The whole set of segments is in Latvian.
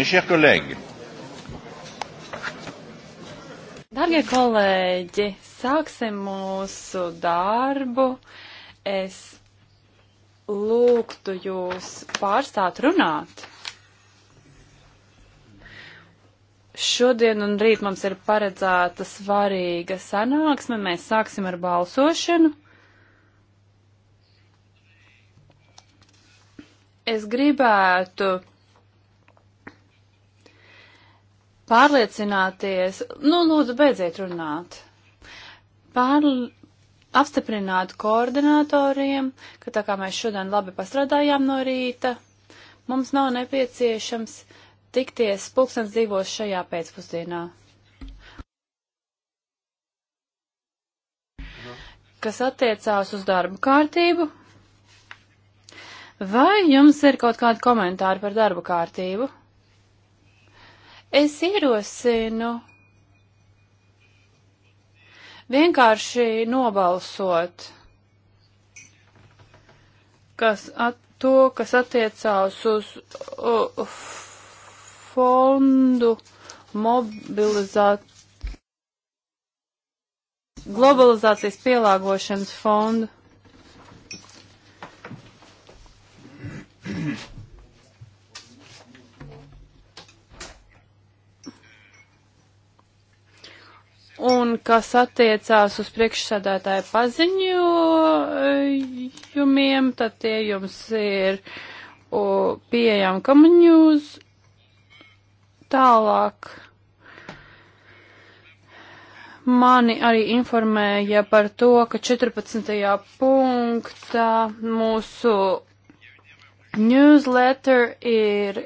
Mes chers collègues. Darbie kolēģi, sāksim mūsu darbu. Es lūgtu jūs pārstāt runāt. Šodien un rīt mums ir paredzēta svarīga sanāksme. Mēs sāksim ar balsošanu. Es gribētu pārliecināties, nu, lūdzu, beidziet runāt. Pār, apstiprināt koordinatoriem, ka tā kā mēs šodien labi pastrādājām no rīta, mums nav nepieciešams tikties pulkstens divos šajā pēcpusdienā. Kas attiecās uz darbu kārtību? Vai jums ir kaut kādi komentāri par darbu kārtību? Es ierosinu vienkārši nobalsot, kas at, to, kas attiecās uz uh, fondu mobilizāt, globalizācijas pielāgošanas fondu. Un kas attiecās uz priekšsādātāju paziņojumiem, tad tie jums ir pieejami kamaņūs. Tālāk mani arī informēja par to, ka 14. punktā mūsu newsletter ir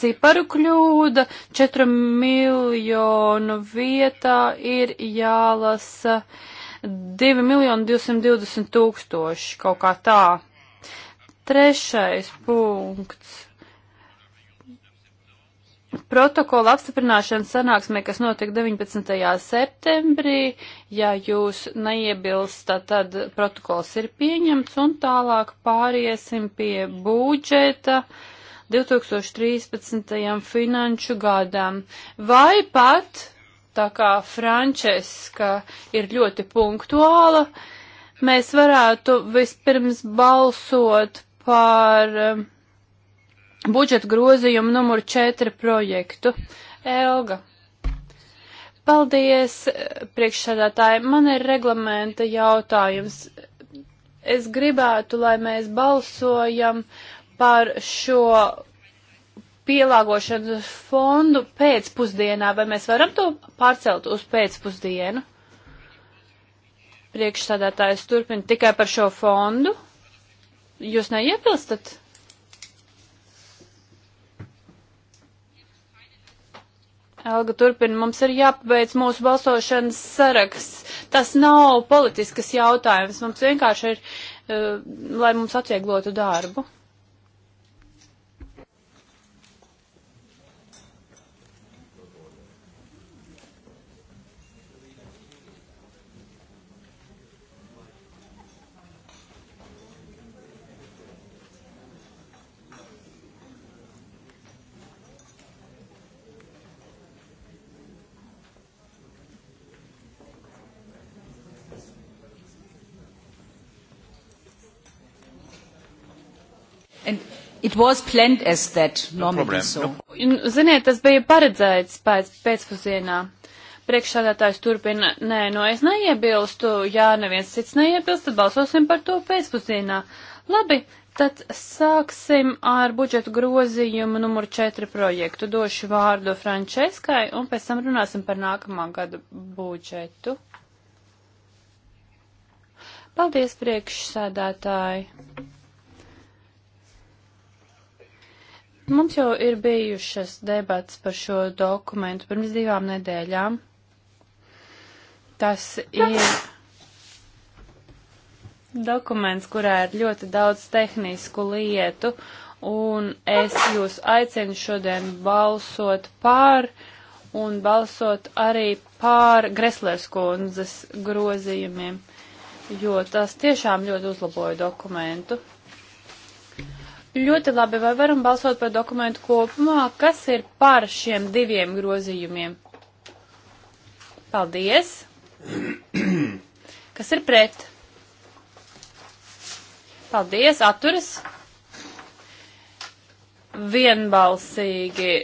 ciparu kļūda, 4 miljonu vietā ir jālasa 2 miljonu 220 tūkstoši, kaut kā tā. Trešais punkts. Protokola apstiprināšanas sanāksmē, kas notika 19. septembrī, ja jūs neiebilstat, tad protokols ir pieņemts un tālāk pāriesim pie budžeta. Uh, 2013. finanšu gadam, vai pat, tā kā Frančeska ir ļoti punktuāla, mēs varētu vispirms balsot par um, budžeta grozījumu numur 4 projektu. Elga. Paldies, priekšsēdētāji. Man ir reglamenta jautājums. Es gribētu, lai mēs balsojam par šo pielāgošanas fondu pēcpusdienā, vai mēs varam to pārcelt uz pēcpusdienu? Priekšsādātājs turpina tikai par šo fondu. Jūs neiebilstat? Elga turpina, mums ir jāpabeidz mūsu balsošanas saraksts. Tas nav politiskas jautājums, mums vienkārši ir, eh, lai mums atvieglotu darbu. That, no so. Ziniet, tas bija paredzēts pēc pēcpusdienā. Priekšsādātājs turpina, nē, no nu, es neiebilstu, ja neviens cits neiebilst, tad balsosim par to pēcpusdienā. Labi, tad sāksim ar budžetu grozījumu numur 4 projektu. Došu vārdu Franceskai un pēc tam runāsim par nākamā gada budžetu. Paldies, priekšsādātāji! Mums jau ir bijušas debats par šo dokumentu pirms divām nedēļām. Tas ir dokuments, kurā ir ļoti daudz tehnisku lietu, un es jūs aicinu šodien balsot pār un balsot arī pār Greslers kundzes grozījumiem, jo tas tiešām ļoti uzlaboja dokumentu. Ļoti labi, vai varam balsot par dokumentu kopumā, kas ir par šiem diviem grozījumiem? Paldies! Kas ir pret? Paldies, atturas! Vienbalsīgi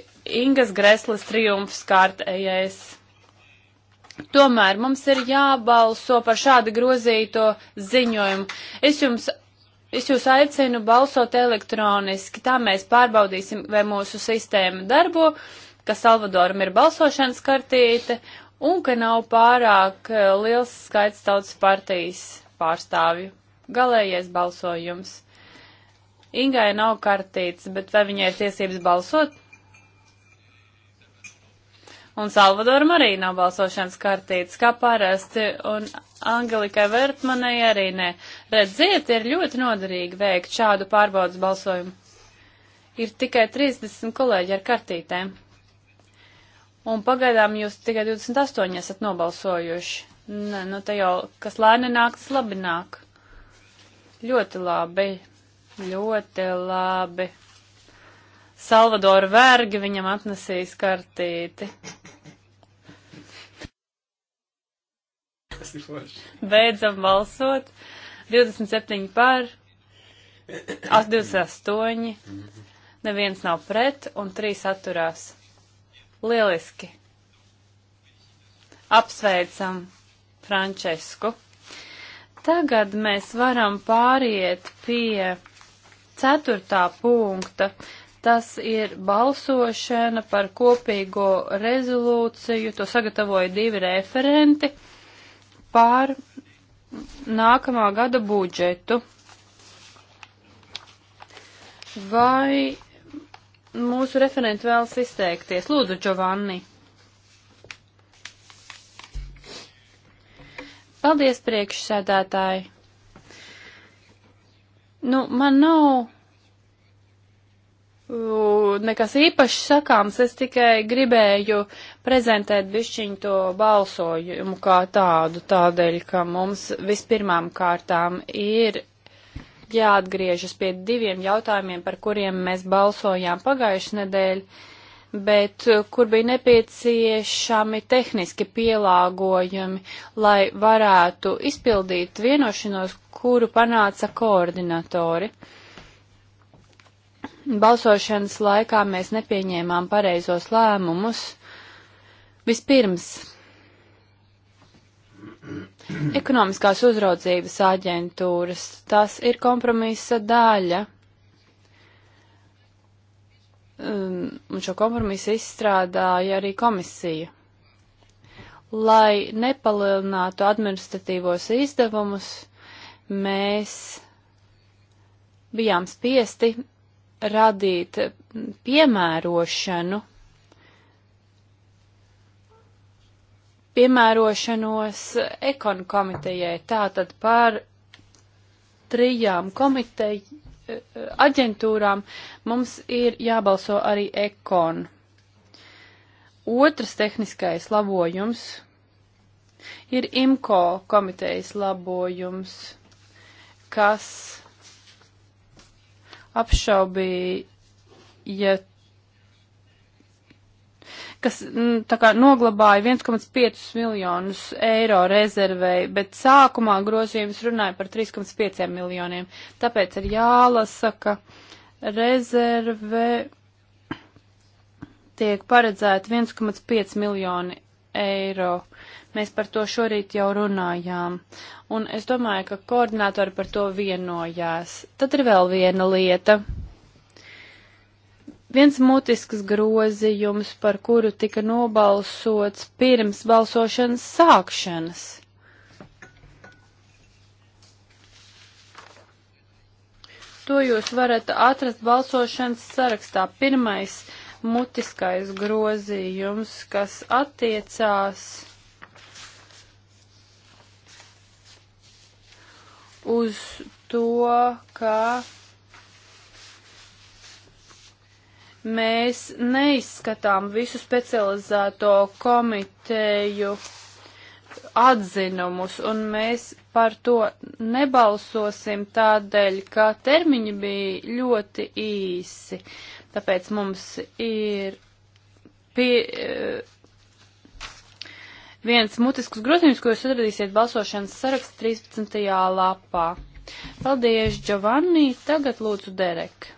Ingas Greslis triumfs kārtējais. Tomēr mums ir jābalso par šādu grozīto ziņojumu. Es jums Es jūs aicinu balsot elektroniski, tā mēs pārbaudīsim, vai mūsu sistēma darbo, ka Salvadoram ir balsošanas kartīte un ka nav pārāk eh, liels skaits tautas partijas pārstāvju. Galējais balsojums. Ingai nav kartītes, bet vai viņai ir tiesības balsot? Un Salvadoram arī nav balsošanas kartītes, kā parasti, un Angelikai Vertmanai arī nē. Redziet, ir ļoti noderīgi veikt šādu pārbaudas balsojumu. Ir tikai 30 kolēģi ar kartītēm. Un pagaidām jūs tikai 28 esat nobalsojuši. Nē, nu te jau, kas lēni nāk, tas labi nāk. Ļoti labi, ļoti labi. Salvadoru vergi viņam atnesīs kartīti. Beidzam balsot. 27 par, 28, neviens nav pret un 3 atturās. Lieliski! Apsveicam Frančesku. Tagad mēs varam pāriet pie ceturtā punkta. Tas ir balsošana par kopīgo rezolūciju. To sagatavoja divi referenti par nākamā gada budžetu. Vai mūsu referenti vēlas izteikties? Lūdzu, Giovanni. Paldies, priekšsēdētāji. Nu, man nav nekas īpašs sakāms, es tikai gribēju prezentēt bišķiņu to balsojumu kā tādu, tādēļ, ka mums vispirmām kārtām ir jāatgriežas pie diviem jautājumiem, par kuriem mēs balsojām pagājušajā nedēļā, bet uh, kur bija nepieciešami tehniski pielāgojumi, lai varētu izpildīt vienošanos, kuru panāca koordinatori. Balsošanas laikā mēs nepieņēmām pareizos lēmumus Vispirms, ekonomiskās uzraudzības aģentūras, tas ir kompromisa daļa. Um, un šo kompromisu izstrādāja arī komisija. Lai nepalielinātu administratīvos izdevumus, mēs bijām spiesti radīt piemērošanu piemērošanos ekonu komitejai, tātad par trijām komiteju e, e, aģentūrām mums ir jābalso arī ekon. Otrs tehniskais labojums ir IMCO komitejas labojums, kas apšaubīja kas n, mm, tā kā noglabāja 1,5 miljonus eiro rezervēji, bet sākumā grozījums runāja par 3,5 miljoniem. Tāpēc ir jālasa, ka rezerve tiek paredzēta 1,5 miljoni eiro. Mēs par to šorīt jau runājām, un es domāju, ka koordinātori par to vienojās. Tad ir vēl viena lieta. Viens mutisks grozījums, par kuru tika nobalsots pirms balsošanas sākšanas. To jūs varat atrast balsošanas sarakstā. Pirmais mutiskais grozījums, kas attiecās uz to, ka. Kā Mēs neizskatām visu specializēto komiteju atzinumus, un mēs par to nebalsosim tādēļ, ka termiņi bija ļoti īsi. Tāpēc mums ir pie, eh, viens mutisks grozījums, ko jūs atradīsiet balsošanas sarakstā 13. lapā. Paldies, Giovanni! Tagad lūdzu Derek.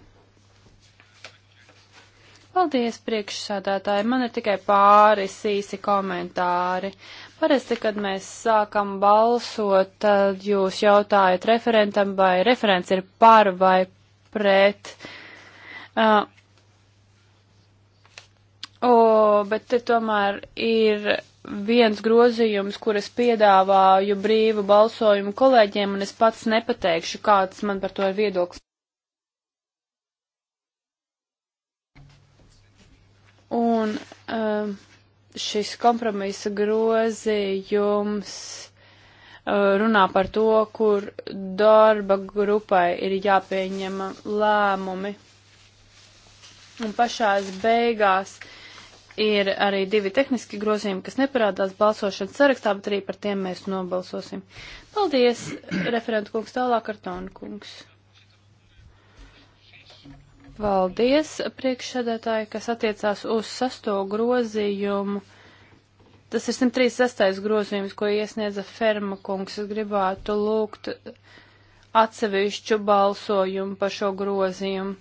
Paldies, priekšsādātāji. Man ir tikai pāris īsi komentāri. Parasti, kad mēs sākam balsot, tad jūs jautājat referentam, vai referents ir par vai pret. Uh, o, bet te tomēr ir viens grozījums, kur es piedāvāju brīvu balsojumu kolēģiem, un es pats nepateikšu, kāds man par to ir viedoklis. Un um, šis kompromisa grozījums uh, runā par to, kur darba grupai ir jāpieņem lēmumi. Un pašās beigās ir arī divi tehniski grozījumi, kas neparādās balsošanas sarakstā, bet arī par tiem mēs nobalsosim. Paldies, referentu kungs, tālāk ar tonu kungs. Paldies, priekšsēdētāji, kas attiecās uz sasto grozījumu. Tas ir 136. grozījums, ko iesniedza Ferma kungs. Es gribētu lūgt atsevišķu balsojumu par šo grozījumu.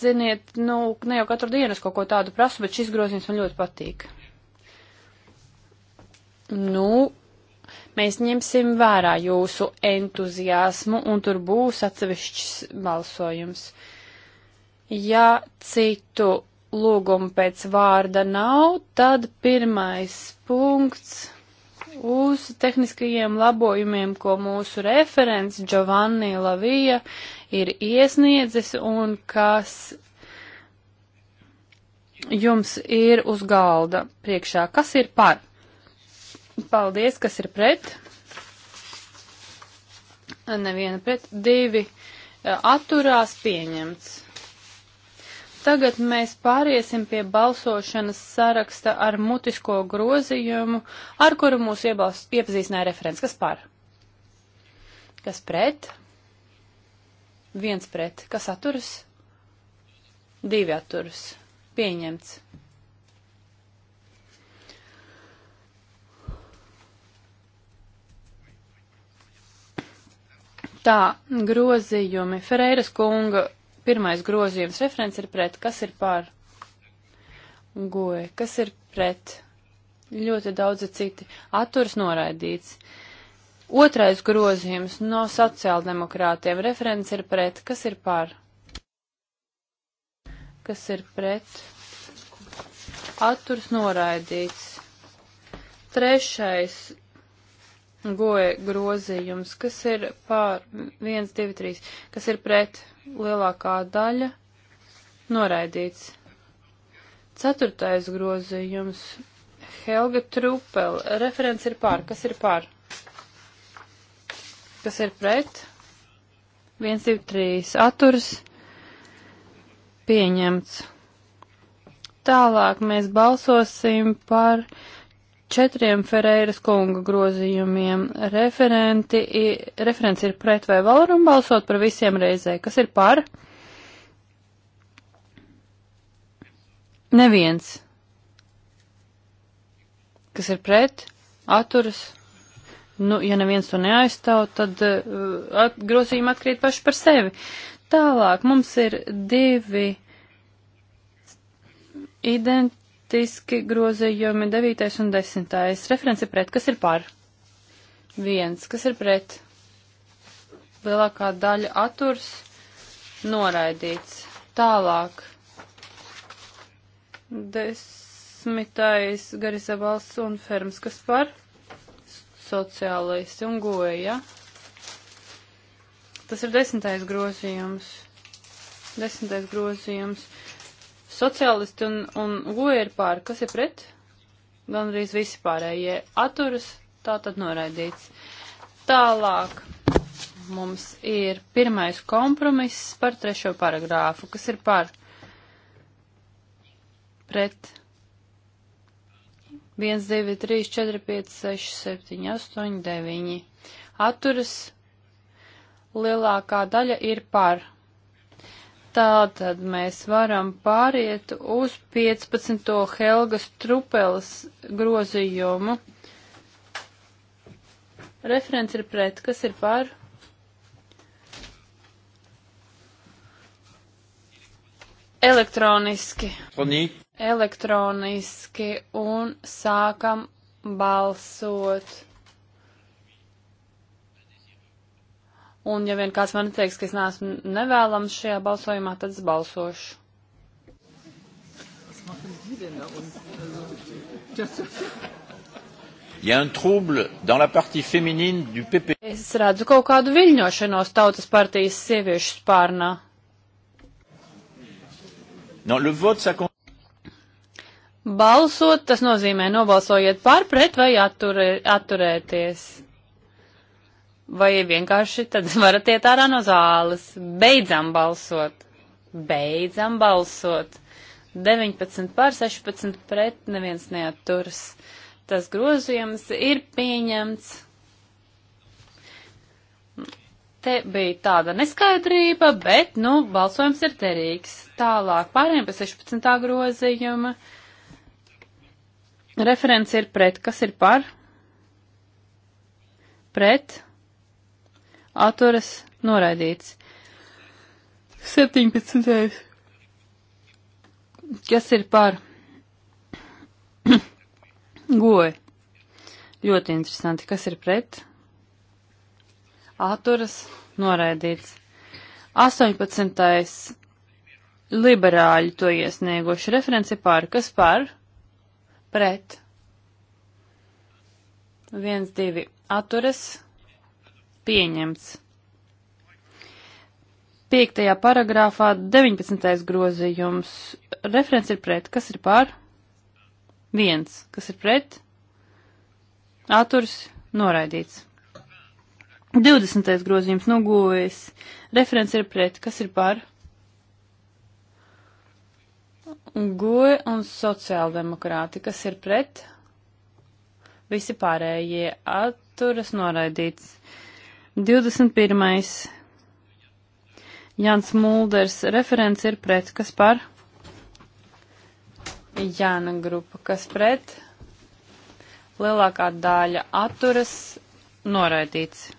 Ziniet, nu, ne jau katru dienu es kaut ko tādu prasu, bet šis grozījums man ļoti patīk. Nu, mēs ņemsim vērā jūsu entuziasmu un tur būs atsevišķs balsojums. Uh, Ja citu lūgumu pēc vārda nav, tad pirmais punkts uz tehniskajiem labojumiem, ko mūsu referents Giovanni Lavija ir iesniedzis un kas jums ir uz galda priekšā. Kas ir par? Paldies, kas ir pret? Neviena pret, divi eh, atturās pieņemts. Tagad mēs pāriesim pie balsošanas saraksta ar mutisko grozījumu, ar kuru mūs iebals, iepazīstināja referents. Kas par? Kas pret? Viens pret. Kas atturas? Divi atturas. Pieņemts. Tā, grozījumi. Ferreiras kunga Pirmais grozījums referents ir pret, kas ir pār goja, kas ir pret. Ļoti daudzi citi. Atturs noraidīts. Otrais grozījums no sociāldemokrātiem. Referents ir pret, kas ir pār. Kas ir pret. Atturs noraidīts. Trešais goja grozījums, kas ir pār 1, 2, 3, kas ir pret lielākā daļa noraidīts. Ceturtais grozījums Helga Trupel. Referents ir pār. Kas ir pār? Kas ir pret? 1, 2, 3. Aturs pieņemts. Tālāk mēs balsosim par četriem Ferēras kunga grozījumiem. Referenti, referents ir pret vai varam balsot par visiem reizē. Kas ir par? Neviens. Kas ir pret? Atturas. Nu, ja neviens to neaizstāv, tad uh, at, grozījumi atkrīt paši par sevi. Tālāk mums ir divi ident identiski grozījumi 9. un 10. Referenci pret, kas ir par? Viens, kas ir pret? Lielākā daļa aturs noraidīts. Tālāk. Desmitais Garizabals un Ferms, kas par? Sociālisti un goja. Tas ir desmitais grozījums. Desmitais grozījums. Sociālisti un, un goja ir pār. Kas ir pret? Gan arī visi pārējie atturas, tā tad noraidīts. Tālāk mums ir pirmais kompromiss par trešo paragrāfu, kas ir par pret 1, 2, 3, 4, 5, 6, 7, 8, 9. Atturas lielākā daļa ir par Tātad mēs varam pāriet uz 15. Helgas Trupeles grozījumu. Referents ir pret, kas ir par? Elektroniski. Ponī. Elektroniski un sākam balsot. Un ja vien kāds man teiks, ka es neesmu nevēlams šajā balsojumā, tad es balsošu. E. Es redzu kaut kādu viļņošanos tautas partijas sieviešu spārnā. Non, le vote, ça... Balsot, tas nozīmē nobalsojiet par, pret vai atturē, atturēties vai vienkārši tad varat iet ārā no zāles. Beidzam balsot. Beidzam balsot. 19 pār 16 pret neviens neaturas. Tas grozījums ir pieņemts. Te bija tāda neskaidrība, bet, nu, balsojums ir derīgs. Tālāk pārējiem pie 16. grozījuma. Referents ir pret, kas ir par? Pret atturas noraidīts. 17. Kas ir par goju? Ļoti interesanti. Kas ir pret? Atturas noraidīts. 18. Liberāļi to iesnieguši. Referenci par. Kas par? Pret. 1, 2. Atturas pieņemts. 5. paragrāfā 19. grozījums. Referents ir pret. Kas ir pār? 1. Kas ir pret? Atturs noraidīts. 20. grozījums nogūvis. Referents ir pret. Kas ir pār? Goja un sociāldemokrāti. Kas ir pret? Visi pārējie atturas noraidīts. 21. Jans Mulders referents ir pret, kas par? Jāna grupa, kas pret? Lielākā daļa atturas noraidīts.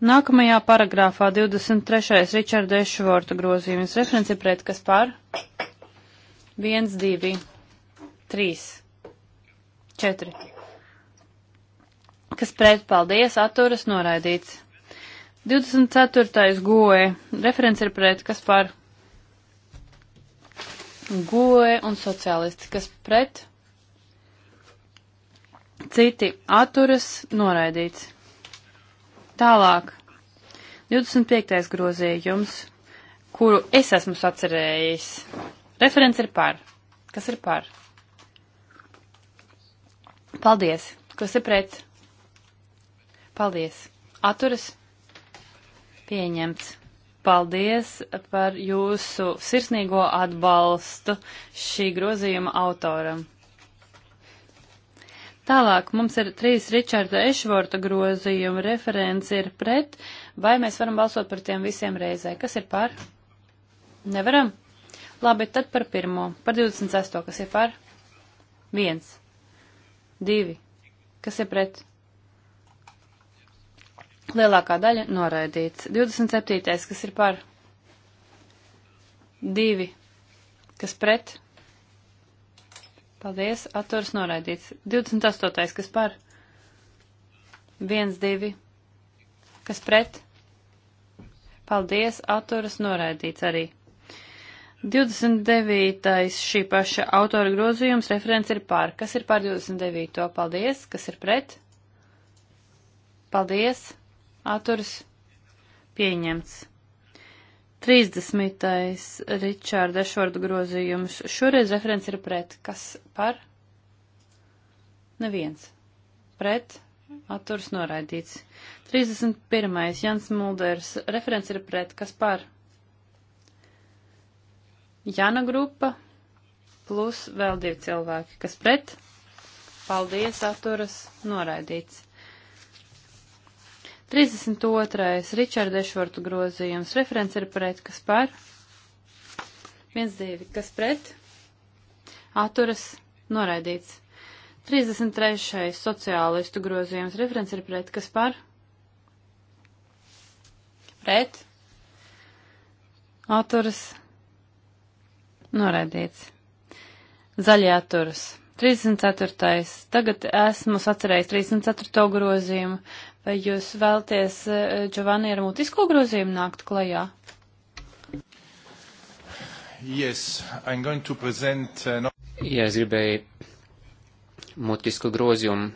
Nākamajā paragrāfā 23. Ričarda Ešvorta grozījums. Referenci pret kas par? 1, 2, 3, 4, kas pret, paldies, atturas, noraidīts. 24. goe, referents ir pret, kas par goe un sociālisti, kas pret, citi atturas, noraidīts. Tālāk, 25. grozījums, kuru es esmu sacerējis. Referents ir par. Kas ir par? Paldies. Kas ir pret? Paldies! Atturas pieņemts. Paldies par jūsu sirsnīgo atbalstu šī grozījuma autoram. Tālāk mums ir trīs Ričarda Ešvorta grozījuma referents ir pret, vai mēs varam balsot par tiem visiem reizē. Kas ir par? Nevaram? Labi, tad par pirmo. Par 26. Kas ir par? Viens. Divi. Kas ir pret? Lielākā daļa noraidīts. 27. kas ir par 2, kas pret. Paldies, atturs noraidīts. 28. kas par 1, 2, kas pret. Paldies, atturs noraidīts arī. 29. šī paša autora grozījums referents ir par. Kas ir par 29. Paldies, kas ir pret. Paldies atturas pieņemts. 30. Ričārda Ešvarda grozījums. Šoreiz referents ir pret. Kas par? Neviens. Pret. Atturs noraidīts. 31. Jans Mulders. Referents ir pret. Kas par? Jana grupa. Plus vēl divi cilvēki. Kas pret? Paldies, atturas noraidīts. 32. Ričarda Ešvortu grozījums. Referents ir pret, kas par? 1-2, kas pret? Atturas noraidīts. 33. Sociālistu grozījums. Referents ir pret, kas par? Pret. Atturas noraidīts. Zaļie atturas. 34. Tagad esmu sacerējis 34. grozījumu. Vai jūs vēlties e, Giovanni ar mutisko grozījumu nākt klajā? Yes, I'm going to present... Uh, no... Jā, es gribēju mutisku grozījumu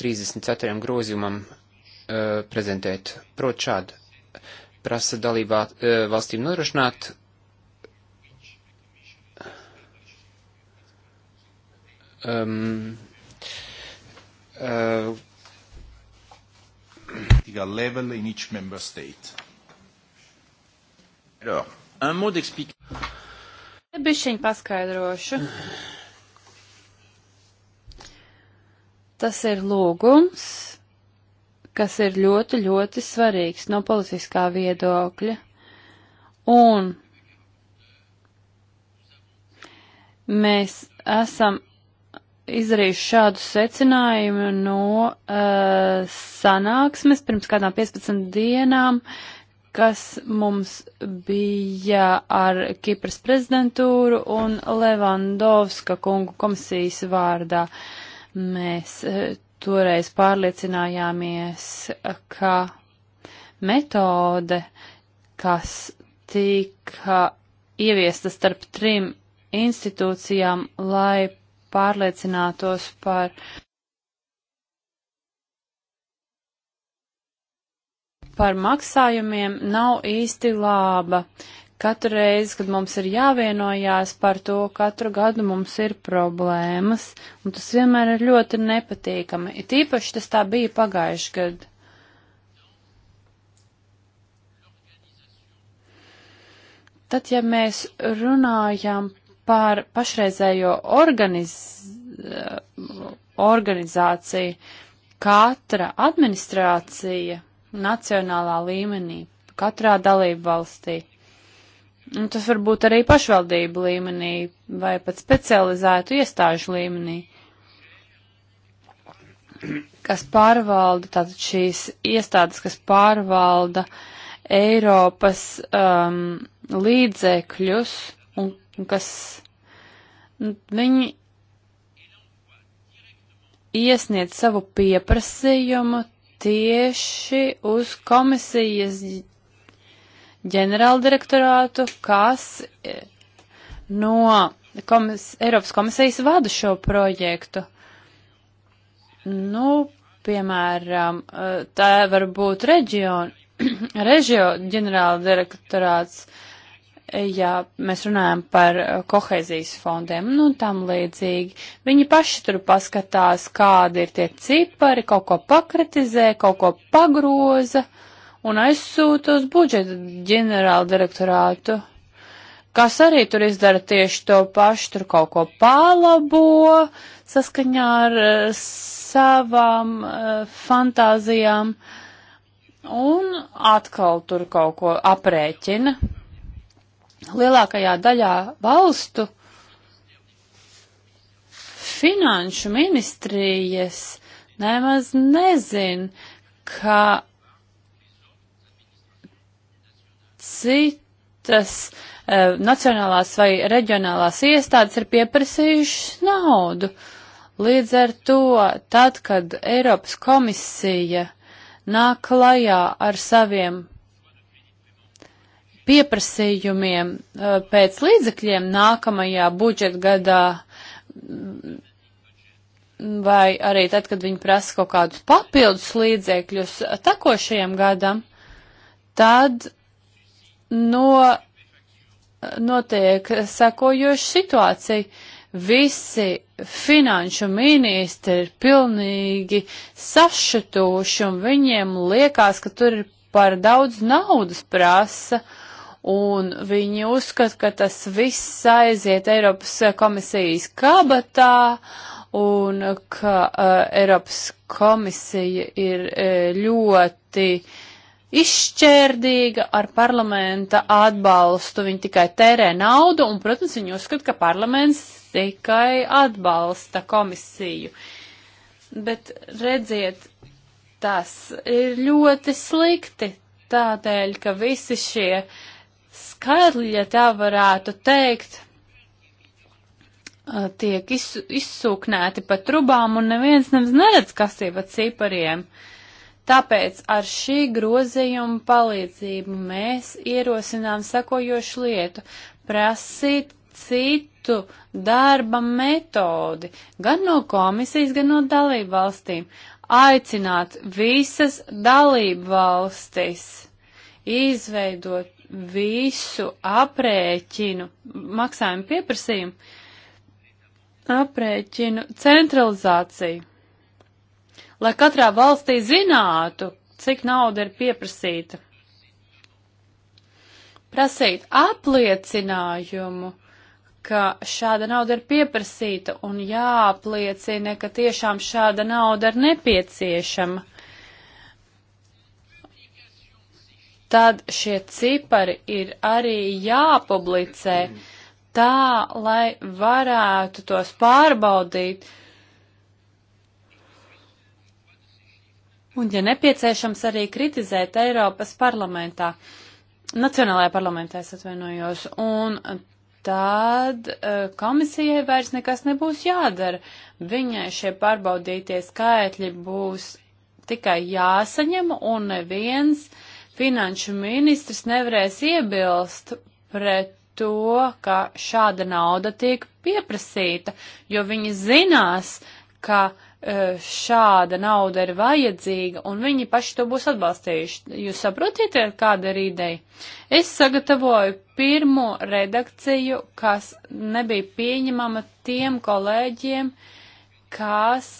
34. grozījumam uh, prezentēt. Prot šādu prasa dalībā uh, e, valstīm nodrošināt um, uh, political level in each member state. Alors, un mot d'explication. Bišķiņ paskaidrošu. Tas ir lūgums, kas ir ļoti, ļoti svarīgs no politiskā viedokļa. Un mēs esam izdarījuši šādu secinājumu no uh, sanāksmes pirms kādām 15 dienām, kas mums bija ar Kipras prezidentūru un Levandovska kungu komisijas vārdā. Mēs uh, toreiz pārliecinājāmies, ka metode, kas tika ieviesta starp trim institūcijām, lai pārliecinātos par. Par maksājumiem nav īsti laba. Katru reizi, kad mums ir jāvienojās par to, katru gadu mums ir problēmas, un tas vienmēr ir ļoti nepatīkami. It īpaši tas tā bija pagājuši gadu. Tad, ja mēs runājam par pašreizējo organiz, organizāciju. Katra administrācija nacionālā līmenī, katrā dalību valstī. Un tas var būt arī pašvaldību līmenī vai pat specializētu iestāžu līmenī, kas pārvalda, tātad šīs iestādes, kas pārvalda Eiropas um, līdzekļus un kas nu, viņi iesniedz savu pieprasījumu tieši uz komisijas ģenerāldirektorātu, kas e, no komis Eiropas komisijas vada šo projektu. Nu, piemēram, e, tā var būt reģiona, reģio ģenerāldirektorāts, ja mēs runājam par eh, kohēzijas fondiem nu, un nu, tam līdzīgi. Viņi paši tur paskatās, kādi ir tie cipari, kaut ko pakritizē, kaut ko pagroza un aizsūta uz budžeta ģenerāla direktorātu, kas arī tur izdara tieši to pašu, tur kaut ko pālabo saskaņā ar eh, savām uh, fantāzijām. Un atkal tur kaut ko aprēķina, lielākajā daļā valstu finanšu ministrijas nemaz nezin, ka citas eh, nacionālās vai reģionālās iestādes ir pieprasījušas naudu. Līdz ar to, tad, kad Eiropas komisija nāk klajā ar saviem pieprasījumiem eh, pēc līdzekļiem nākamajā budžeta gadā, vai arī tad, kad viņi prasa kaut kādus papildus līdzekļus tekošajam gadam, tad no, notiek sekojoša situācija. Visi finanšu ministri ir pilnīgi sašutūši un viņiem liekas, ka tur ir par daudz naudas prasa. Uh, Un viņi uzskata, ka tas viss aiziet Eiropas komisijas kabatā un ka uh, Eiropas komisija ir uh, ļoti izšķērdīga ar parlamenta atbalstu. Viņi tikai tērē naudu un, protams, viņi uzskata, ka parlaments tikai atbalsta komisiju. Bet redziet, tas ir ļoti slikti tādēļ, ka visi šie uh, skaidri, ja tā varētu teikt, tiek izsūknēti pa trubām un neviens nemaz neredz, kas ir pa cipariem. Tāpēc ar šī grozījuma palīdzību mēs ierosinām sekojošu lietu - prasīt citu darba metodi gan no komisijas, gan no dalību valstīm. Aicināt visas dalību valstis izveidot visu aprēķinu, maksājumu pieprasījumu, aprēķinu centralizāciju, lai katrā valstī zinātu, cik nauda ir pieprasīta. Prasīt apliecinājumu, ka šāda nauda ir pieprasīta un jāapliecina, ka tiešām šāda nauda ir nepieciešama tad šie cipari ir arī jāpublicē tā, lai varētu tos pārbaudīt. Un, ja nepieciešams, arī kritizēt Eiropas parlamentā, Nacionālajā parlamentā es atvainojos, un tad e, komisijai vairs nekas nebūs jādara. Viņai šie pārbaudītie skaitļi būs tikai jāsaņem, un neviens uh, finanšu ministrs nevarēs iebilst pret to, ka šāda nauda tiek pieprasīta, jo viņi zinās, ka e, šāda nauda ir vajadzīga, un viņi paši to būs atbalstījuši. Jūs saprotiet, kāda ir ideja? Es sagatavoju pirmo redakciju, kas nebija pieņemama tiem kolēģiem, kas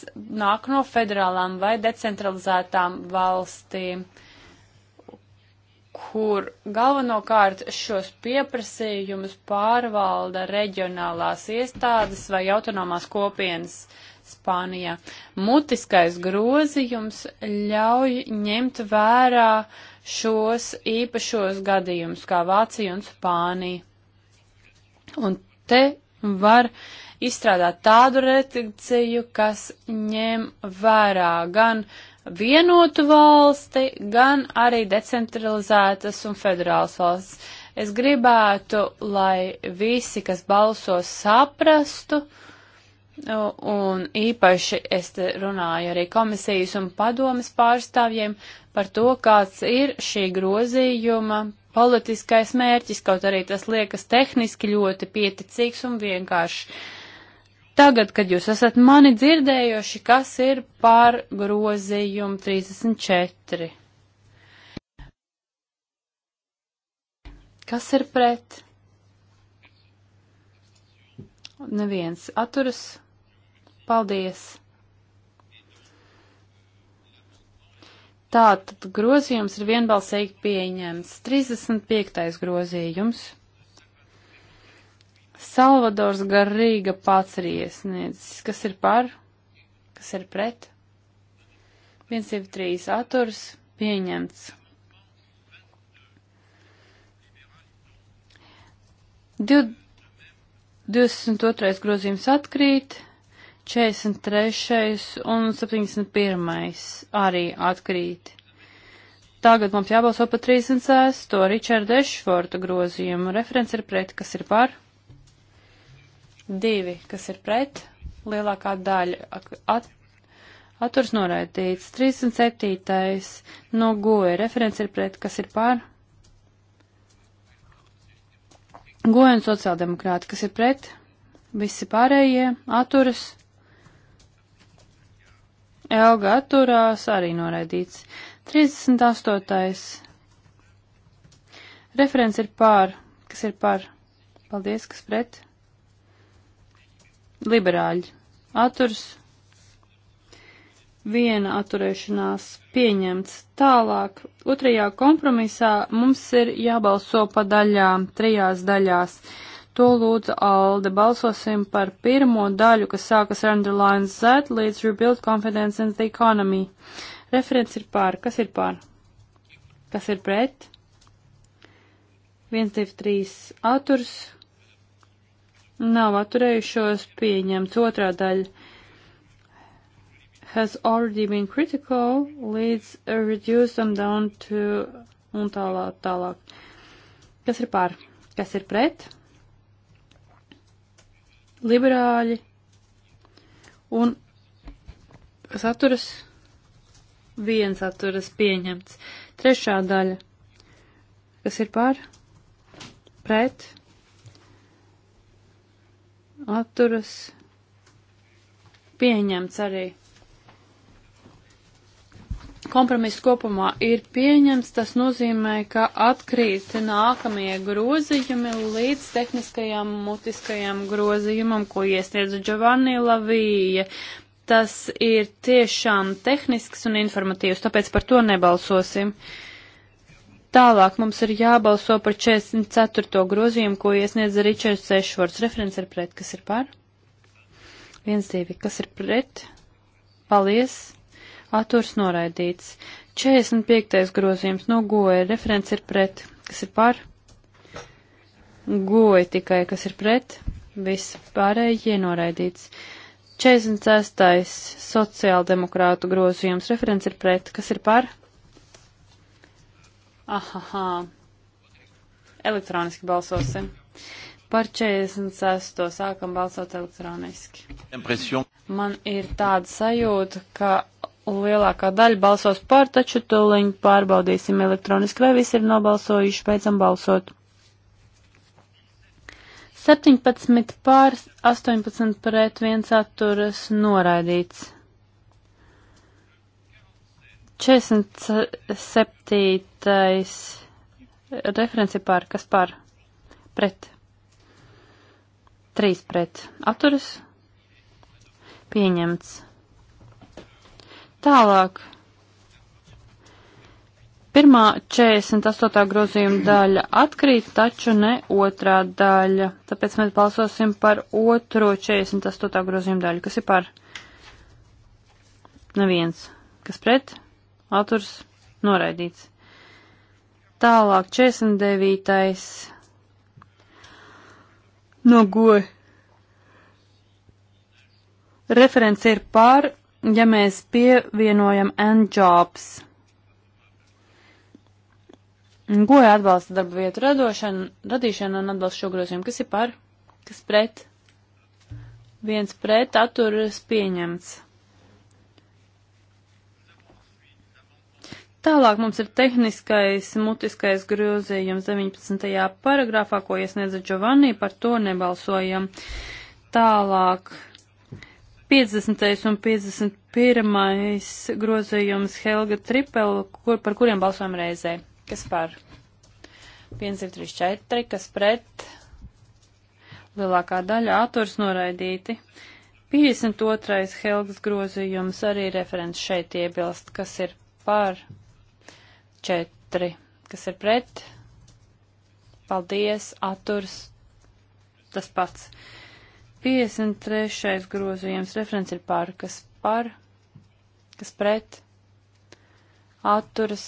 nāk no federālām vai decentralizētām valstīm. Uh, kur galvenokārt šos pieprasījumus pārvalda reģionālās iestādes vai autonomās kopienas Spānijā. Mutiskais grozījums ļauj ņemt vērā šos īpašos gadījumus, kā Vācija un Spānija. Un te var izstrādāt tādu redakciju, kas ņem vērā gan uh, vienotu valsti, gan arī decentralizētas un federālas valsts. Es gribētu, lai visi, kas balso, saprastu, un īpaši es runāju arī komisijas un padomas pārstāvjiem par to, kāds ir šī grozījuma politiskais mērķis, kaut arī tas liekas tehniski ļoti pieticīgs un vienkārši. Uh, Tagad, kad jūs esat mani dzirdējuši, kas ir par grozījumu 34? Kas ir pret? Neviens atturas. Paldies! Tātad grozījums ir vienbalsīgi pieņemts. 35. grozījums. Salvadors Garīga pats ir iesniedzis. Kas ir par? Kas ir pret? 173 atturs pieņemts. 22. grozījums atkrīt, 43. un 71. arī atkrīt. Tagad mums jābalso par 36. Richarda Ešforta grozījumu. Referents ir pret, kas ir par? 2, kas ir pret, lielākā daļa at, atturs noraidīts. 307. no goja, referents ir pret, kas ir pār. Goja un sociāldemokrāti, kas ir pret, visi pārējie atturas. Elga atturās, arī noraidīts. 38. Referents ir pār, kas ir pār. Paldies, kas pret liberāļi atturs, viena atturēšanās pieņemts. Tālāk, otrajā kompromisā mums ir jābalso pa daļām, trijās daļās. To lūdzu Alde. Balsosim par pirmo daļu, kas sākas ar underline Z līdz rebuild confidence in the economy. Referents ir pār. Kas ir pār? Kas ir pret? 1, 2, 3 atturs nav atturējušos pieņemts. Otrā daļa has already been critical, līdz reduce them down to un tālāk, tālāk. Kas ir pār? Kas ir pret? Liberāļi un saturas viens saturas pieņemts. Trešā daļa. Kas ir pār? Pret? atturas pieņemts arī. Kompromiss kopumā ir pieņemts, tas nozīmē, ka atkrīt nākamie grozījumi līdz tehniskajam mutiskajam grozījumam, ko iesniedz Giovanni Lavija. Tas ir tiešām tehnisks un informatīvs, tāpēc par to nebalsosim. Uh, Tālāk mums ir jābalso par 44. grozījumu, ko iesniedz Ričards Sešvords. Referents ir pret, kas ir par? 1, 2, kas ir pret? Palies. Atturs noraidīts. 45. grozījums no goja. Referents ir pret, kas ir par? Goja tikai, kas ir pret? Viss pārējie noraidīts. 46. sociāldemokrātu grozījums. Referents ir pret, kas ir par? Ahahā. Elektroniski balsosim. Par 46. sākam balsot elektroniski. Impression. Man ir tāda sajūta, ka lielākā daļa balsos par, taču tuliņ pārbaudīsim elektroniski, vai visi ir nobalsojuši, beidzam balsot. 17 pār, 18 pret, 1 atturas noraidīts. 47. referenci par, kas par, pret, 3 pret, atturas, pieņemts. Tālāk. Pirmā 48. grozījuma daļa atkrīt, taču ne otrā daļa. Tāpēc mēs balsosim par otro 48. grozījuma daļu, kas ir par neviens. Kas pret? atturs noraidīts. Tālāk 49. no goja. Referents ir pār, ja mēs pievienojam end jobs. Goja atbalsta darba vietu radošanu, radīšanu un atbalsta šo grozījumu. Kas ir par? Kas pret? Viens pret atturas pieņemts. Tālāk mums ir tehniskais mutiskais grozījums 19. paragrāfā, ko iesniedza Giovanni, par to nebalsojam. Tālāk 50. un 51. grozījums Helga Tripel, kur, par kuriem balsojam reizē. Kas par? 534, kas pret? Lielākā daļa atturs noraidīti. 52. Helgas grozījums arī referents šeit iebilst, kas ir par 4, kas ir pret, paldies, atturs, tas pats. 53. grozījums referents ir par, kas par, kas pret, atturas,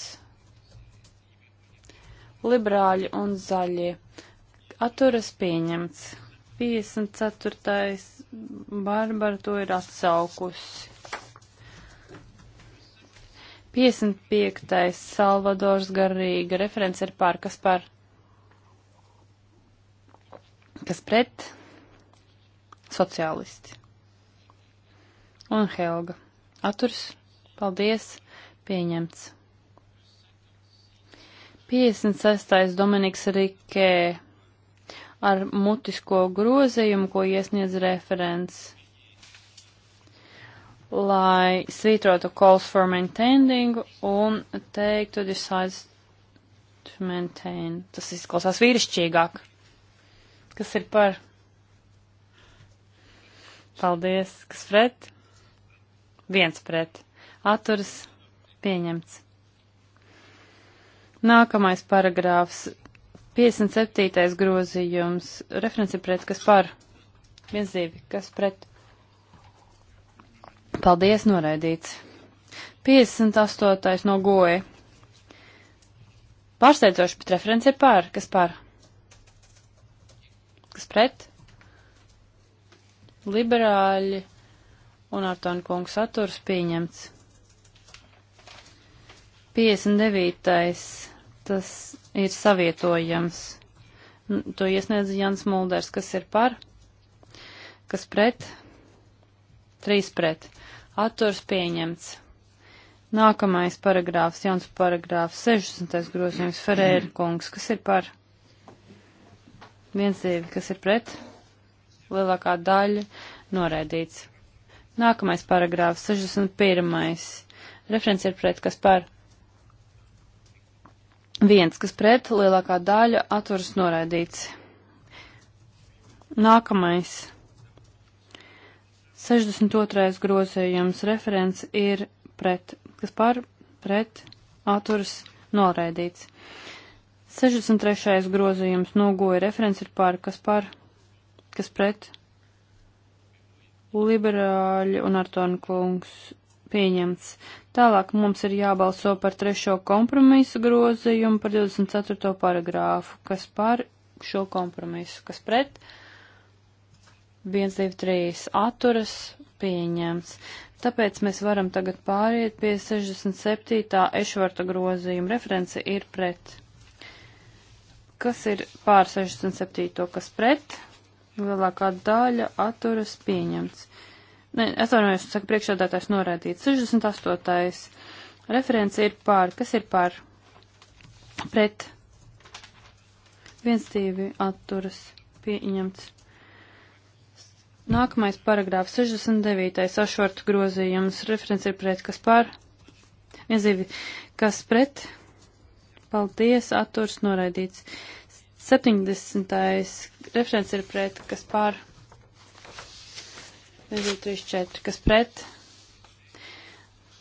liberāļi un zaļie. Atturas pieņemts. 54. Barbara to ir atsaukusi. 55. Salvadors Garīga referents ir par, kas par, kas pret, sociālisti. Un Helga. Aturs, paldies, pieņemts. 56. Dominiks Rikē ar mutisko grozījumu, ko iesniedz referents lai svītrotu calls for maintaining un teiktu decides to maintain. Tas izklausās vīrišķīgāk. Kas ir par? Paldies. Kas pret? Viens pret. Atturas pieņemts. Nākamais paragrāfs. 57. grozījums. Referenci pret, kas par? Viens divi, kas pret? Paldies, noraidīts. 58. no goja. Pārsteidzoši, bet referents ir pār. Kas pār? Kas pret? Liberāļi un Artona kungs saturs pieņemts. 59. Tas ir savietojams. To iesniedz Jans Mulders, kas ir par, kas pret, 3 pret. Atturs pieņemts. Nākamais paragrāfs, jauns paragrāfs, 60. grozījums, Ferēra kungs, kas ir par viensdzīvi, kas ir pret, lielākā daļa noraidīts. Nākamais paragrāfs, 61. Referents ir pret, kas par viens, kas pret, lielākā daļa atturas noraidīts. Nākamais 62. grozījums referents ir pret, kas par pret atturas noraidīts. 63. grozījums nogoja referents ir par, kas par, kas pret liberāļi un Artona kungs pieņemts. Tālāk mums ir jābalso par trešo kompromisu grozījumu par 24. paragrāfu, kas par šo kompromisu, kas pret atturas 1, 2, 3 atturas pieņemts. Tāpēc mēs varam tagad pāriet pie 67. ešvarta grozījuma. Reference ir pret. Kas ir pār 67. kas pret? Lielākā daļa atturas pieņemts. Nē, atvainojos, saka priekšādātājs norādīts. 68. reference ir pār. Kas ir pār? Pret. 1, 2 atturas pieņemts. Nākamais paragrāfs 69. ašortu grozījums. Referents ir pret, kas pār. Iezīvi, kas pret. Paldies, atturs noraidīts. 70. referents ir pret, kas pār. Iezīvi 34. kas pret.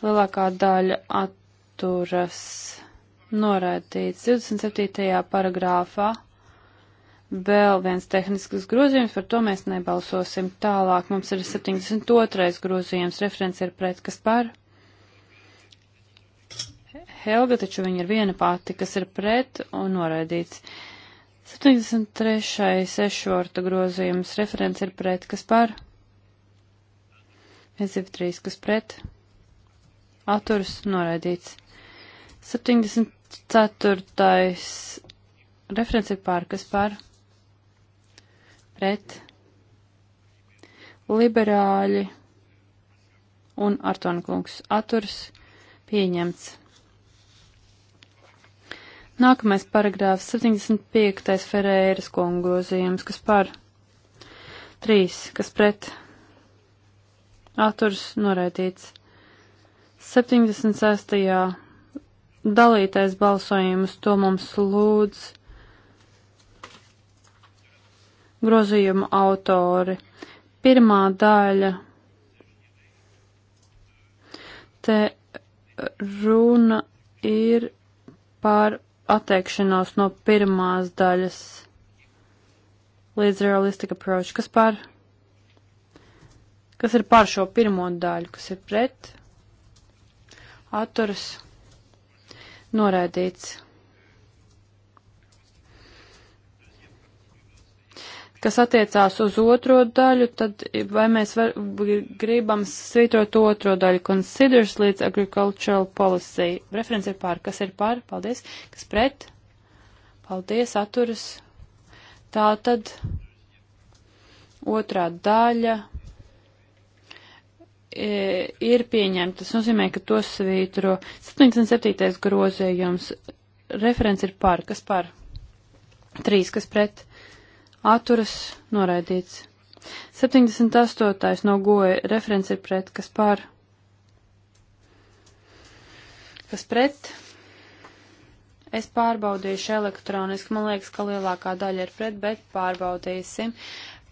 Lielākā daļa atturas noraidīts. 27. paragrāfā vēl viens tehnisks grozījums, par to mēs nebalsosim tālāk. Mums ir 72. grozījums, referents ir pret, kas par. Helga, taču viņa ir viena pati, kas ir pret un noraidīts. 73. sešorta grozījums, referents ir pret, kas par. 123, kas pret. Atturs noraidīts. 74. referents ir pār, kas par pret liberāļi un Artonkungs atturs pieņemts. Nākamais paragrāfs 75. Ferēras kongozījums, kas par 3, kas pret atturs noraidīts. 76. dalītais balsojums to mums lūdz grozījuma autori. Pirmā daļa. Te runa ir par atteikšanos no pirmās daļas līdz realistic approach. Kas par? Kas ir par šo pirmo daļu? Kas ir pret? Atturas. Noraidīts. Kas attiecās uz otro daļu, tad vai mēs var, gribam svītrot otro daļu, considers līdz agricultural policy. Referents ir pār, kas ir pār, paldies, kas pret, paldies, atturas. Tā tad otrā daļa e, ir pieņemta. Tas nozīmē, ka to svītro 77. grozījums. Referents ir par, kas par? Trīs, kas pret? atturas noraidīts. 78. no goja referents ir pret, kas pār, kas pret. Es pārbaudīšu elektroniski, man liekas, ka lielākā daļa ir pret, bet pārbaudīsim.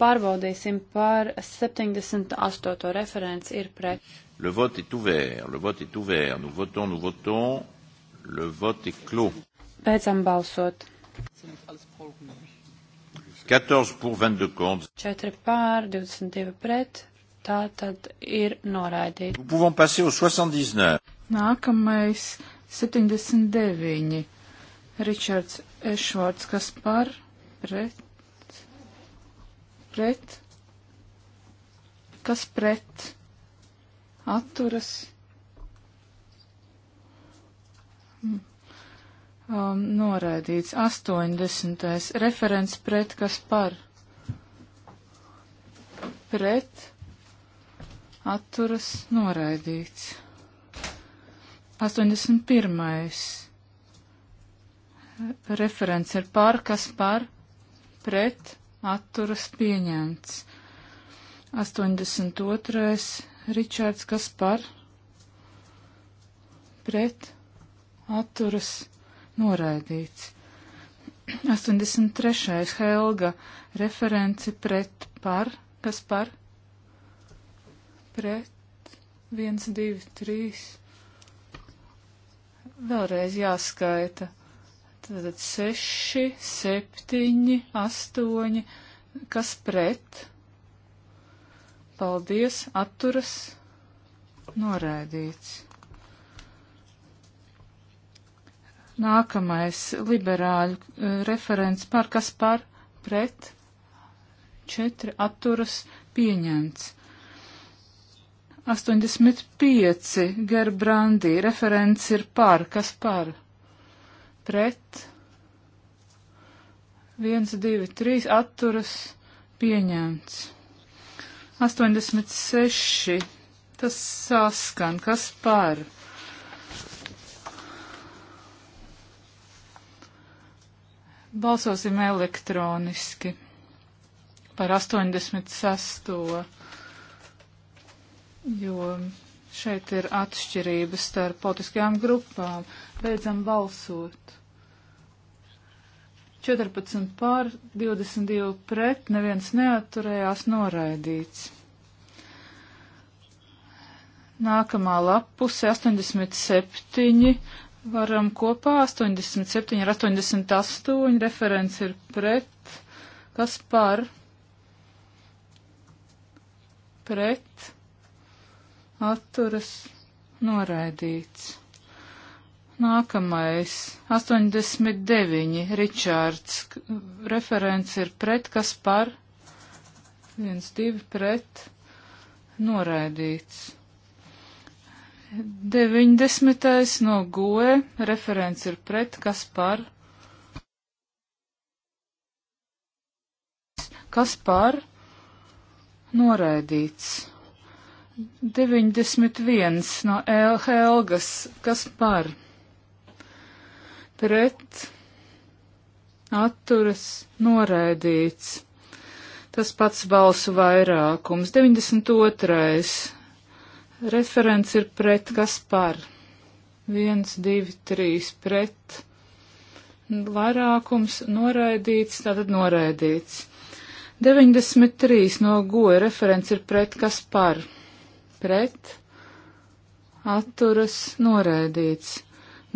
Pārbaudīsim par 78. referents ir pret. Le vote est ouvert, le vote est ouvert, nous votons, nous votons, le vote est clos. Beidzam balsot. Tas ir alles problēma. 4 pār, 22 pret, tā tad ir noraidīta. Nākamais 79. Ričards Ešvārds, kas par, pret, pret, kas pret, atturas um, noraidīts. 80. referents pret kas par? Pret atturas noraidīts. 81. referents ir par kas par? Pret atturas pieņemts. 82. Ričards Kaspar pret atturas pieņemts noraidīts. 83. Helga referenci pret par, kas par? Pret 1, 2, 3. Vēlreiz jāskaita. Tātad 6, 7, 8. Kas pret? Paldies, atturas, noraidīts. Nākamais liberāļu eh, referents par kas par pret četri atturas pieņemts. 85 Gerbrandī referents ir par kas par pret 1, 2, 3 atturas pieņemts. 86 tas saskan kas par pret Balsosim elektroniski par 86. Jo šeit ir atšķirības starp politiskajām grupām. Beidzam balsot. 14 pār, 22 pret, neviens neaturējās noraidīts. Nākamā lapuse 87 Varam kopā 87 ar 88, referents ir pret, kas par, pret, atturas, noraidīts. Nākamais, 89, Ričārds, referents ir pret, kas par, viens, divi, pret, noraidīts. 90. no goe, referents ir pret, kas par? Kas par? Noraidīts. 91 no El Helgas, kas par? Pret, atturas, noraidīts. Tas pats balsu vairākums. 92 Referents ir pret, kas par. Viens, divi, trīs pret. Vairākums noraidīts, tātad noraidīts. 93 no goja referents ir pret, kas par. Pret. Atturas noraidīts.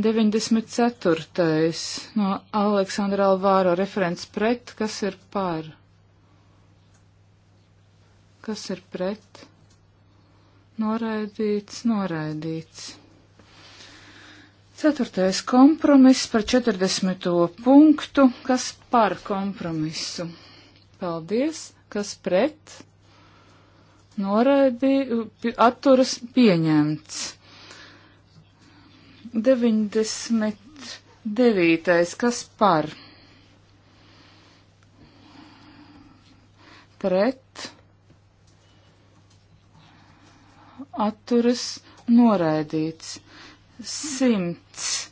94. no Aleksandra Alvāro referents pret, kas ir par. Kas ir pret? noraidīts, noraidīts. Ceturtais kompromiss par 40. punktu, kas par kompromisu. Paldies, kas pret, noraidīja, atturas pieņemts. 99. kas par? Pret atturas noraidīts. Simts.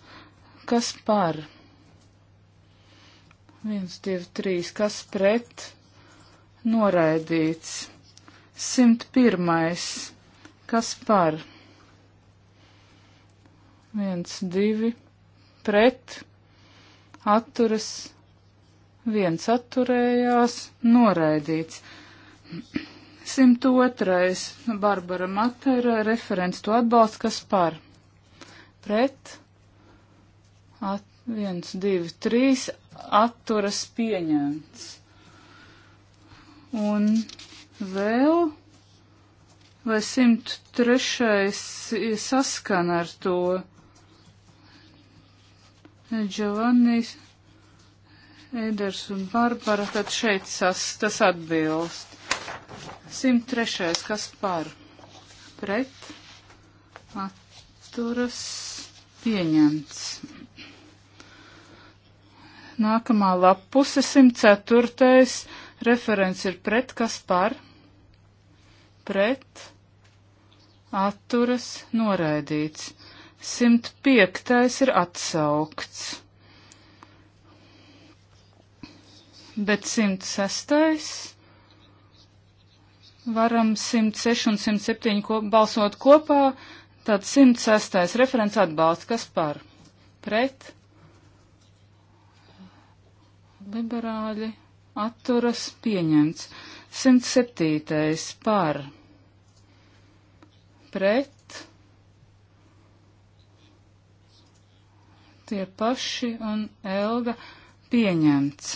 Kas par? Viens, divi, trīs. Kas pret? Noraidīts. Simt pirmais. Kas par? Viens, divi. Pret. Atturas. Viens atturējās. Noraidīts. 102. Barbara Matera, referents to atbalsts, kas par pret, at, 1, 2, 3, atturas pieņemts. Un vēl, vai 103. saskan ar to Giovannis, Eders un Barbara, tad šeit sas, tas atbilst. 103. kas par pret atturas pieņemts. Nākamā lapuse 104. referents ir pret kas par pret atturas noraidīts. 105. ir atsaukts. Bet 106 varam 106 un 107 ko balsot kopā, tad 106. referents atbalsts, kas par pret liberāļi atturas pieņemts. 107. par pret tie paši un Elga pieņemts.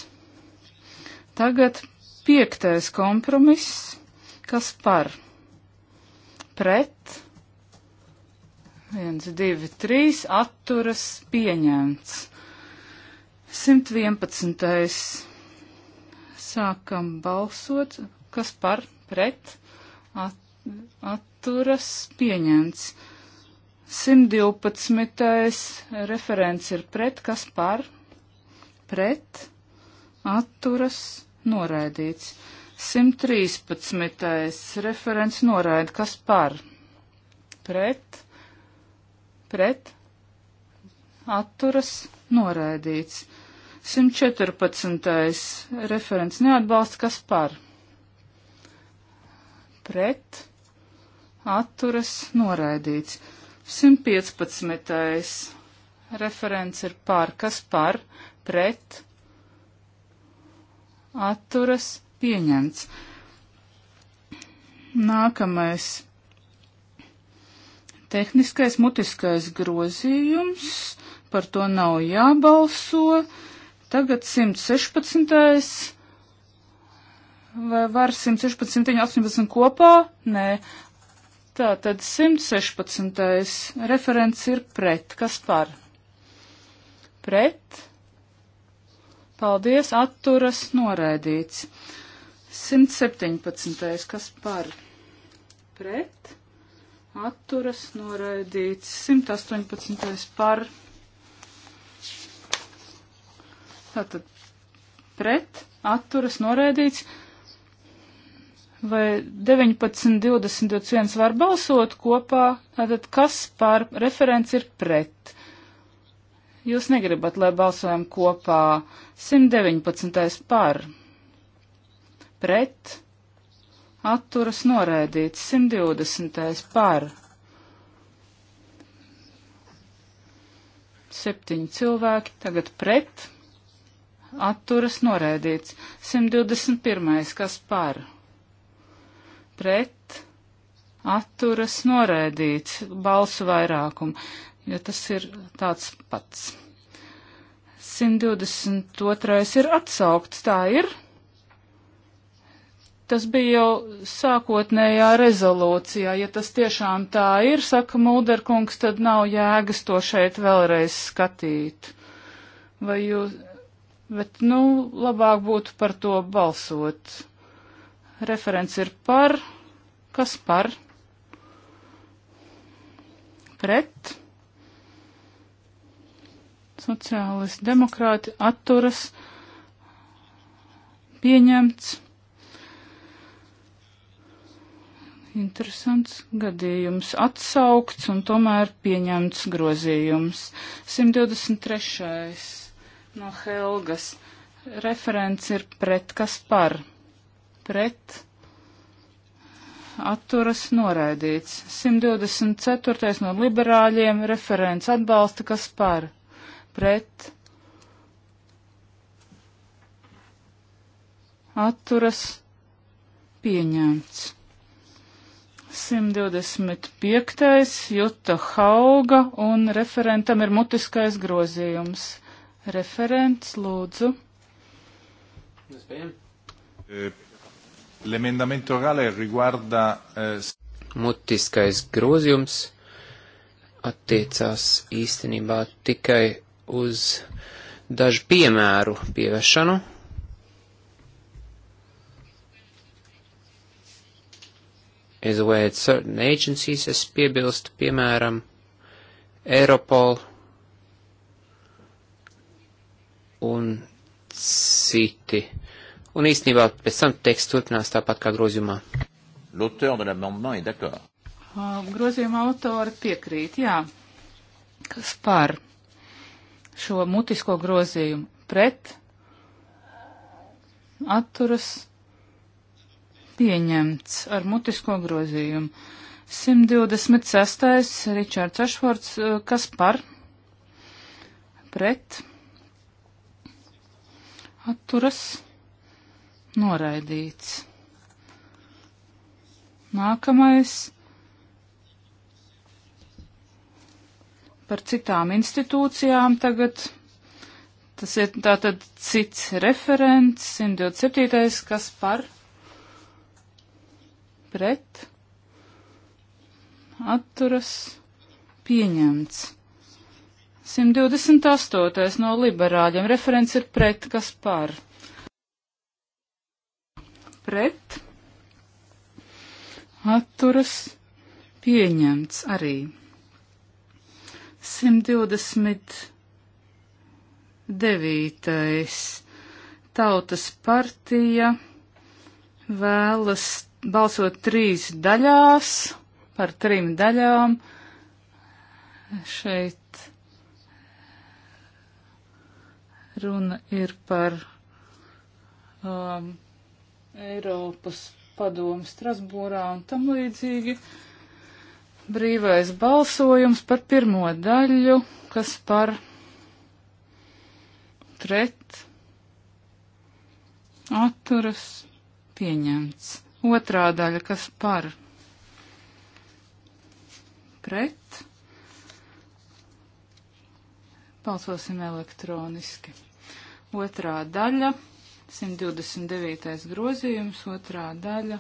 Tagad piektais kompromiss Kas par? Pret. 1, 2, 3. Atturas pieņemts. 111. Sākam balsot. Kas par? Pret. At, atturas pieņemts. 112. referents ir pret, kas par, pret, atturas, noraidīts. 113. referents noraida, kas par, pret, pret, atturas, noraidīts. 114. referents neatbalsta, kas par, pret, atturas, noraidīts. 115. referents ir par, kas par, pret, atturas, noraidīts pieņemts. Nākamais tehniskais mutiskais grozījums, par to nav jābalso. Tagad 116. Vai var 116, 118 kopā? Nē. Tā tad 116. referents ir pret. Kas par? Pret. Paldies, atturas noraidīts. 117. kas par pret atturas noraidīts. 118. par tātad pret atturas noraidīts. Vai 19, 20, 21 var balsot kopā? Tātad kas par referents ir pret? Jūs negribat, lai balsojam kopā 119. par pret, atturas noraidīts 120. par. Septiņi cilvēki tagad pret, atturas noraidīts 121. kas par. Pret, atturas noraidīts balsu vairākumu, jo tas ir tāds pats. 122. ir atsaukts, tā ir. Tas bija jau sākotnējā rezolūcijā. Ja tas tiešām tā ir, saka Mulderkungs, tad nav jēgas to šeit vēlreiz skatīt. Vai jūs, bet, nu, labāk būtu par to balsot. Referents ir par, kas par? Pret? Sociālisti demokrāti atturas. Pieņemts. Interesants gadījums atsaukts un tomēr pieņemts grozījums. 123. no Helgas. Referents ir pret kas par. Pret. Atturas noraidīts. 124. no liberāļiem. Referents atbalsta kas par. Pret. Atturas pieņemts. 125. Juta Hauga un referentam ir mutiskais grozījums. Referents, lūdzu. Eh, l'emendamento orale riguarda. Eh... Mutiskais grozījums attiecās īstenībā tikai uz dažu piemēru pievešanu is the way that certain agencies, es piebilstu, piemēram, Europol un citi. Un īstenībā pēc tam teksts turpinās tāpat kā grozījumā. Grozījuma autori piekrīt, jā. Kas par šo mutisko grozījumu? Pret? Atturas? pieņemts ar mutisko grozījumu. 126. Ričards Ašfords, kas par? Pret? Atturas? Noraidīts. Nākamais. Par citām institūcijām tagad Tas ir tātad cits referents, 127. kas par pret, atturas, pieņemts. 128. no liberāļiem. Referents ir pret, kas par. Pret, atturas, pieņemts arī. 129. Tautas partija vēlas balsot trīs daļās, par trim daļām. Šeit runa ir par um, Eiropas padomu Strasbūrā un tam līdzīgi. Brīvais balsojums par pirmo daļu, kas par pret atturas pieņemts. Otrā daļa, kas par pret. Balsosim elektroniski. Otrā daļa, 129. grozījums, otrā daļa.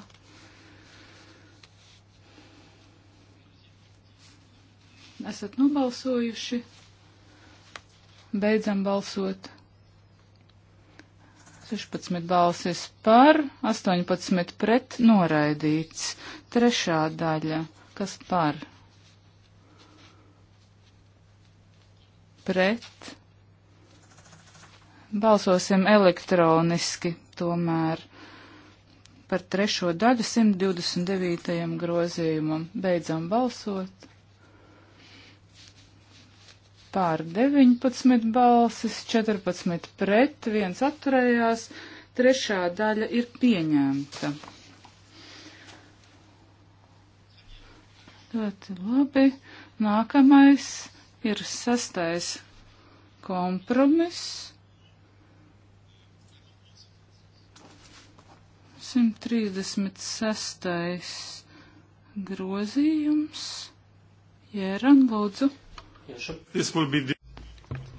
Esat nobalsojuši. Beidzam balsot. 16 balsis par, 18 pret, noraidīts. Trešā daļa, kas par? Pret. Balsosim elektroniski tomēr par trešo daļu 129. grozījumam. Beidzam balsot pār 19 balsis, 14 pret, viens atturējās, trešā daļa ir pieņemta. Ļoti labi. Nākamais ir sastais kompromiss. 136. grozījums. Jēran, lūdzu.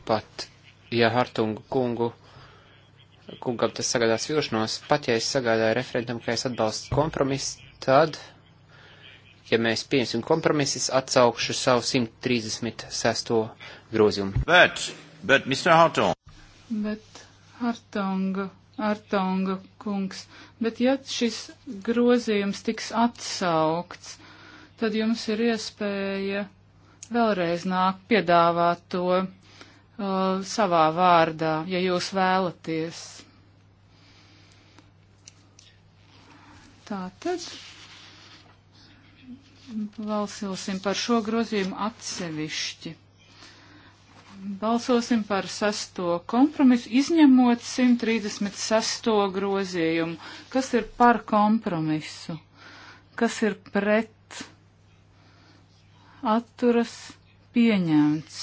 Pat, ja Hartungu kungu, kungam tas sagādās vilšanos, pat ja es sagādāju referendumu, ka es atbalstu kompromisu, tad, ja mēs pieņemsim kompromisu, es atsaukšu savu 136. grozījumu. Bet, bet, Mr. Hartung. Bet, Hartunga. Artonga kungs, bet ja šis grozījums tiks atsaukts, tad jums ir iespēja vēlreiz nāk piedāvāt to uh, savā vārdā, ja jūs vēlaties. Tātad balsosim par šo grozījumu atsevišķi. Balsosim par sesto kompromisu, izņemot 136. grozījumu. Kas ir par kompromisu? Kas ir pret? atturas pieņemts.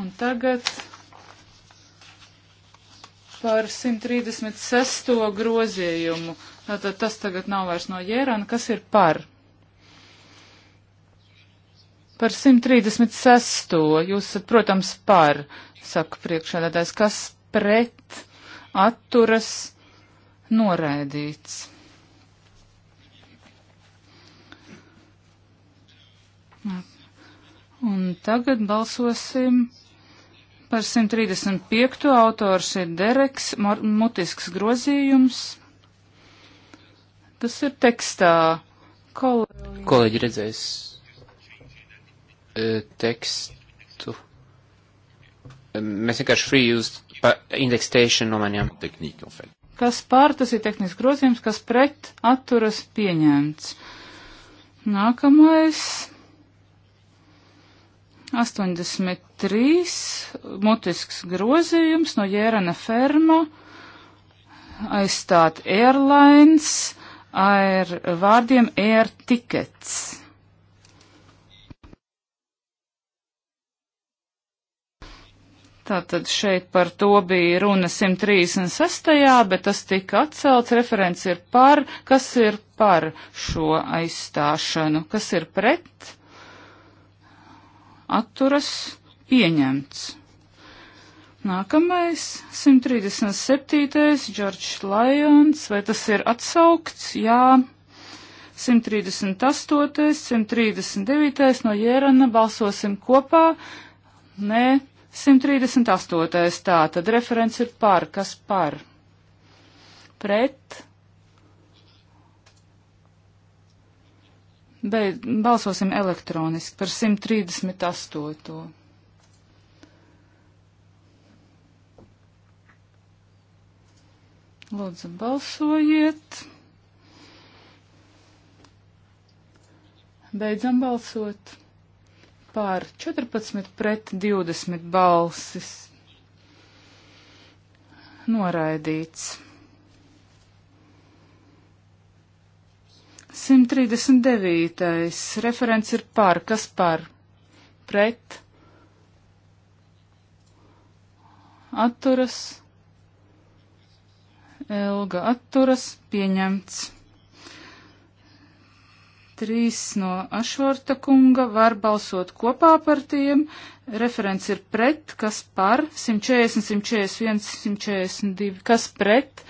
Un tagad par 136. grozījumu. Tātad tas tagad nav vairs no Jērana. Kas ir par? Par 136. Jūs, protams, par, saka priekšādātājs, kas pret atturas noraidīts. Un tagad balsosim par 135. autors ir Dereks, mutisks grozījums. Tas ir tekstā. Kol... Kolēģi redzēs e, tekstu. Eh, mēs vienkārši free used indekstēšanu nomainījām. Tehnika, kas pār, tas ir tehnisks grozījums, kas pret atturas pieņemts. Nākamais 83. mutisks grozījums no Jērana Ferma aizstāt airlines ar vārdiem air tickets. Tātad šeit par to bija runa 136. bet tas tika atcelts. Referents ir par, kas ir par šo aizstāšanu, kas ir pret atturas pieņemts. Nākamais, 137. Džordžs Lajons, vai tas ir atsaukts? Jā. 138. 139. no Jērana balsosim kopā. Nē, 138. tā, tad referents ir par, kas par? Pret Beid, balsosim elektroniski par 138. Lūdzu, balsojiet. Beidzam balsot pār 14 pret 20 balsis. Noraidīts. 139. Referents ir par. Kas par? Pret. Atturas. Elga atturas. Pieņemts. Trīs no Ašorta kunga var balsot kopā par tiem. Referents ir pret, kas par 140, 141, 142, kas pret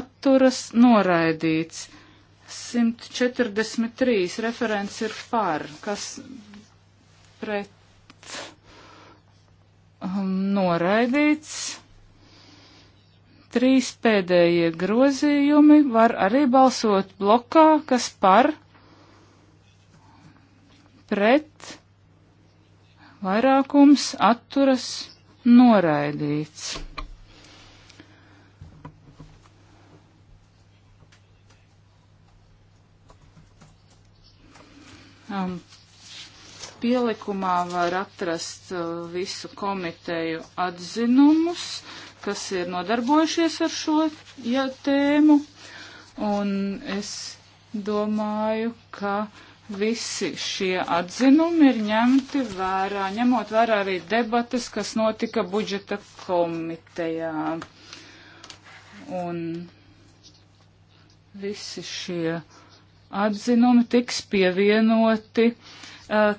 atturas noraidīts. 143 referents ir par, kas pret um, noraidīts. Trīs pēdējie grozījumi var arī balsot blokā, kas par, pret, vairākums atturas noraidīts. Um, pielikumā var atrast uh, visu komiteju atzinumus, kas ir nodarbojušies ar šo ja, tēmu. Un es domāju, ka visi šie atzinumi ir ņemti vērā, ņemot vērā arī debatas, kas notika budžeta komitejā. Un visi šie atzinumi tiks pievienoti uh,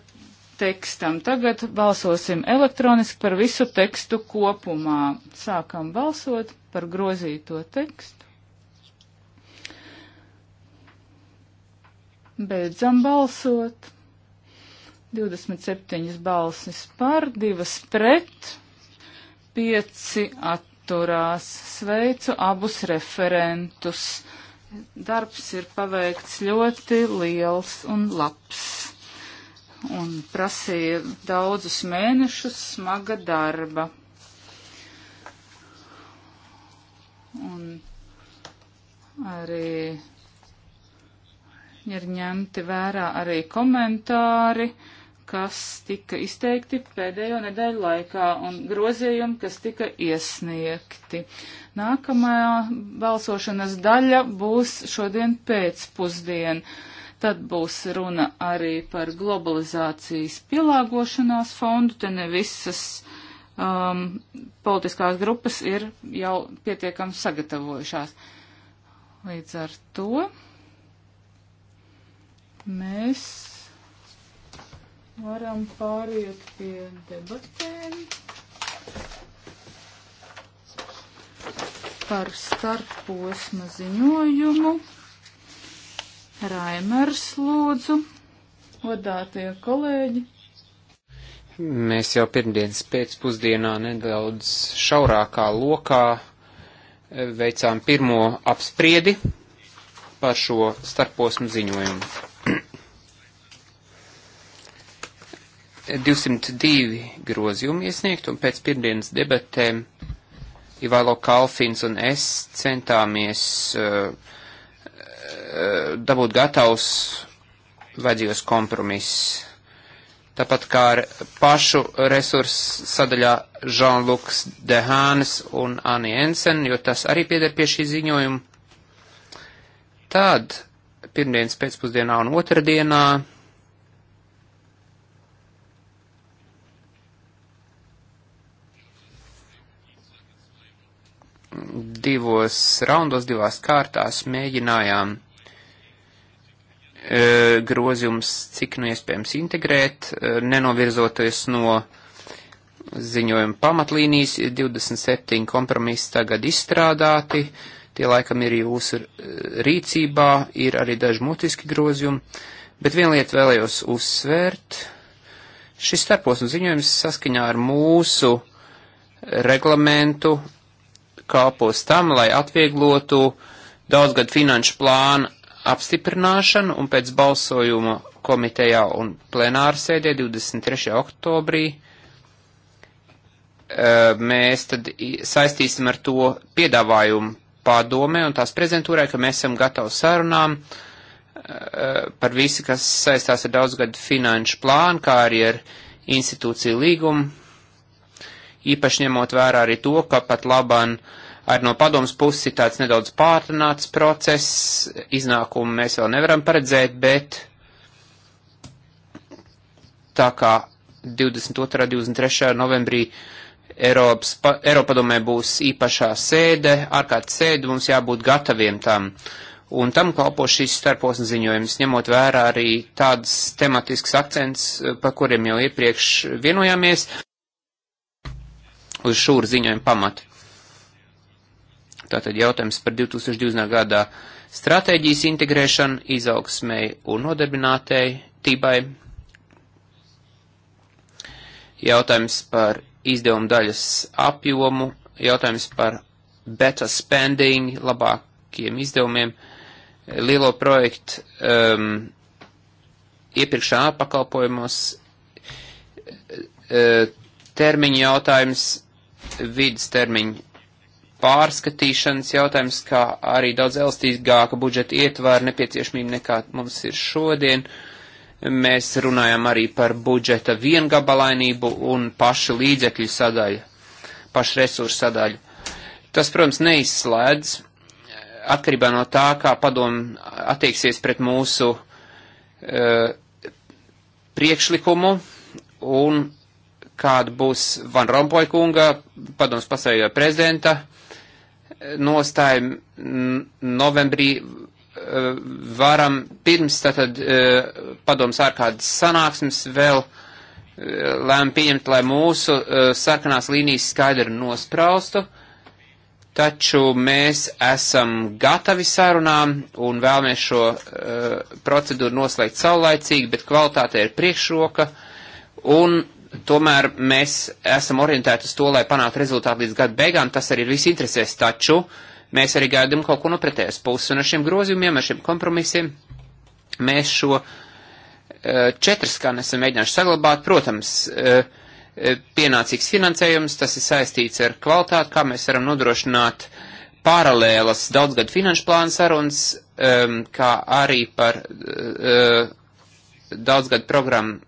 tekstam. Tagad balsosim elektroniski par visu tekstu kopumā. Sākam balsot par grozīto tekstu. Beidzam balsot. 27 balsis par, 2 pret, 5 atturās. Sveicu abus referentus. Darbs ir paveikts ļoti liels un labs un prasīja daudzus mēnešus smaga darba. Un arī ir ņemti vērā arī komentāri, uh, kas tika izteikti pēdējo nedēļu laikā un grozījumi, kas tika iesniegti. Nākamā balsošanas daļa būs šodien pēcpusdien. Tad būs runa arī par globalizācijas pielāgošanās fondu. Te ne visas um, politiskās grupas ir jau pietiekami sagatavojušās. Līdz ar to mēs varam pāriet pie debatēm par starposma ziņojumu. Raimers lūdzu, godātie kolēģi. Mēs jau pirmdienas pēcpusdienā nedaudz šaurākā lokā eh, veicām pirmo apspriedi par šo starposmu ziņojumu 202 grozījumi iesniegt, un pēc pirmdienas debatēm Ivalo Kalfins un es centāmies uh, dabūt gatavs vajadzīgos kompromiss. Tāpat kā ar pašu resursu sadaļā Jean-Luks Dehānes un Anni Ensen, jo tas arī pieder pie šī ziņojuma. Tad pirmdienas pēcpusdienā un otrdienā divos raundos, divās kārtās mēģinājām e, grozījums, cik nu iespējams integrēt, e, nenovirzoties no ziņojuma pamatlīnijas, 27 kompromisi tagad izstrādāti, tie laikam ir jūsu rīcībā, ir arī daži mutiski grozījumi, bet viena lieta vēlējos uzsvērt, šis starposmu ziņojums saskaņā ar mūsu reglamentu kalpos tam, lai atvieglotu daudzgad finanšu plānu apstiprināšanu un pēc balsojuma komitejā un plenāra sēdē 23. oktobrī eh, mēs tad saistīsim ar to piedāvājumu pārdomē un tās prezentūrai, ka mēs esam gatavi sarunām eh, par visu, kas saistās ar daudzgadu finanšu plānu, kā arī ar institūciju līgumu, īpaši ņemot vērā arī to, ka pat labāk Arī no padomas puses ir tāds nedaudz pārrunāts process, iznākumu mēs vēl nevaram paredzēt, bet tā kā 22. un 23. novembrī Eiropas, pa, Eiropadomē būs īpašā sēde, ārkārtas sēde, mums jābūt gataviem tam. Un tam kalpo šis starposma ziņojums, ņemot vērā arī tādas tematiskas akcents, pa kuriem jau iepriekš vienojāmies uz šūru ziņojumu pamatu. Tātad jautājums par 2020. gadā stratēģijas integrēšanu izaugsmēji un nodarbinātēji tībai. Jautājums par izdevumu daļas apjomu, jautājums par better spending, labākiem izdevumiem, lielo projektu um, iepirkšanā pakalpojumos, uh, termiņu jautājums, vidas termiņu pārskatīšanas jautājums, kā arī daudz elastīgāka budžeta ietvāra nepieciešamība nekā mums ir šodien. Mēs runājam arī par budžeta viengabalainību un pašu līdzekļu sadaļu, pašu resursu sadaļu. Tas, protams, neizslēdz atkarībā no tā, kā padomu attieksies pret mūsu uh, priekšlikumu un kāda būs Van Rompuy kunga, padoms pasauļā prezidenta nostāju novembrī eh, varam pirms tātad eh, padoms ārkārtas sanāksmes vēl eh, lēma pieņemt, lai mūsu sarkanās līnijas skaidri nospraustu, taču mēs esam gatavi sarunām un vēlamies šo procedūru noslēgt saulaicīgi, bet kvalitāte ir priekšroka un tomēr mēs esam orientēti uz to, lai panāktu rezultātu līdz gada beigām, tas arī ir viss interesēs, taču mēs arī gaidām kaut ko no pretējas puses, un ar šiem grozījumiem, ar šiem kompromisiem mēs šo uh, eh, četras skan esam mēģinājuši saglabāt, protams, uh, pienācīgs finansējums, tas ir saistīts ar kvalitāti, kā mēs varam nodrošināt paralēlas daudzgadu finanšu plānu sarunas, um, kā arī par uh, daudzgadu programmu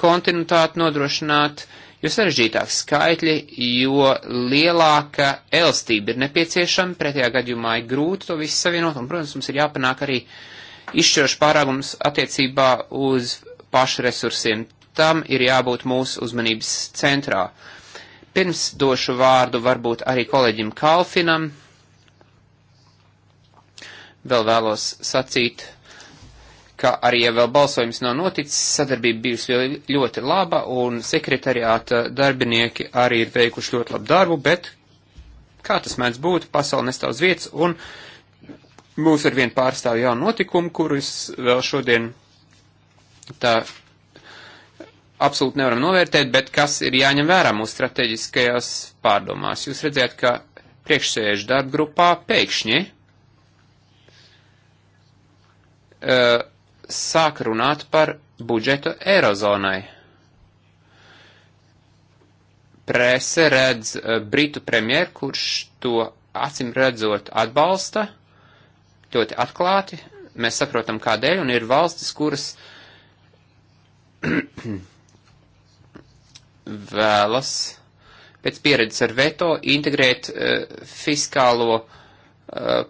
kontinuitāti nodrošināt, jo sarežģītāk skaitļi, jo lielāka elastība ir nepieciešama, pretējā gadījumā ir grūti to visu savienot, un, protams, mums ir jāpanāk arī izšķirošs pārāgums attiecībā uz pašu resursiem. Tam ir jābūt mūsu uzmanības centrā. Pirms došu vārdu varbūt arī kolēģim Kalfinam. Vēl vēlos sacīt ka arī ja vēl balsojums nav noticis, sadarbība bijusi ļoti laba un sekretariāta darbinieki arī ir veikuši ļoti labu darbu, bet kā tas mēdz būt, pasauli nestāv uz vietas un mūs ar vien pārstāv jaunu notikumu, kurus vēl šodien tā absolūti nevaram novērtēt, bet kas ir jāņem vērā mūsu strateģiskajās pārdomās. Jūs redzējāt, ka priekšsēžu darba grupā pēkšņi uh, sāk runāt par budžetu Eirozonai. Prese redz eh, Britu premjeru, kurš to acim redzot atbalsta ļoti atklāti. Mēs saprotam, kādēļ, un ir valstis, kuras vēlas pēc pieredzes ar veto integrēt uh, fiskālo uh,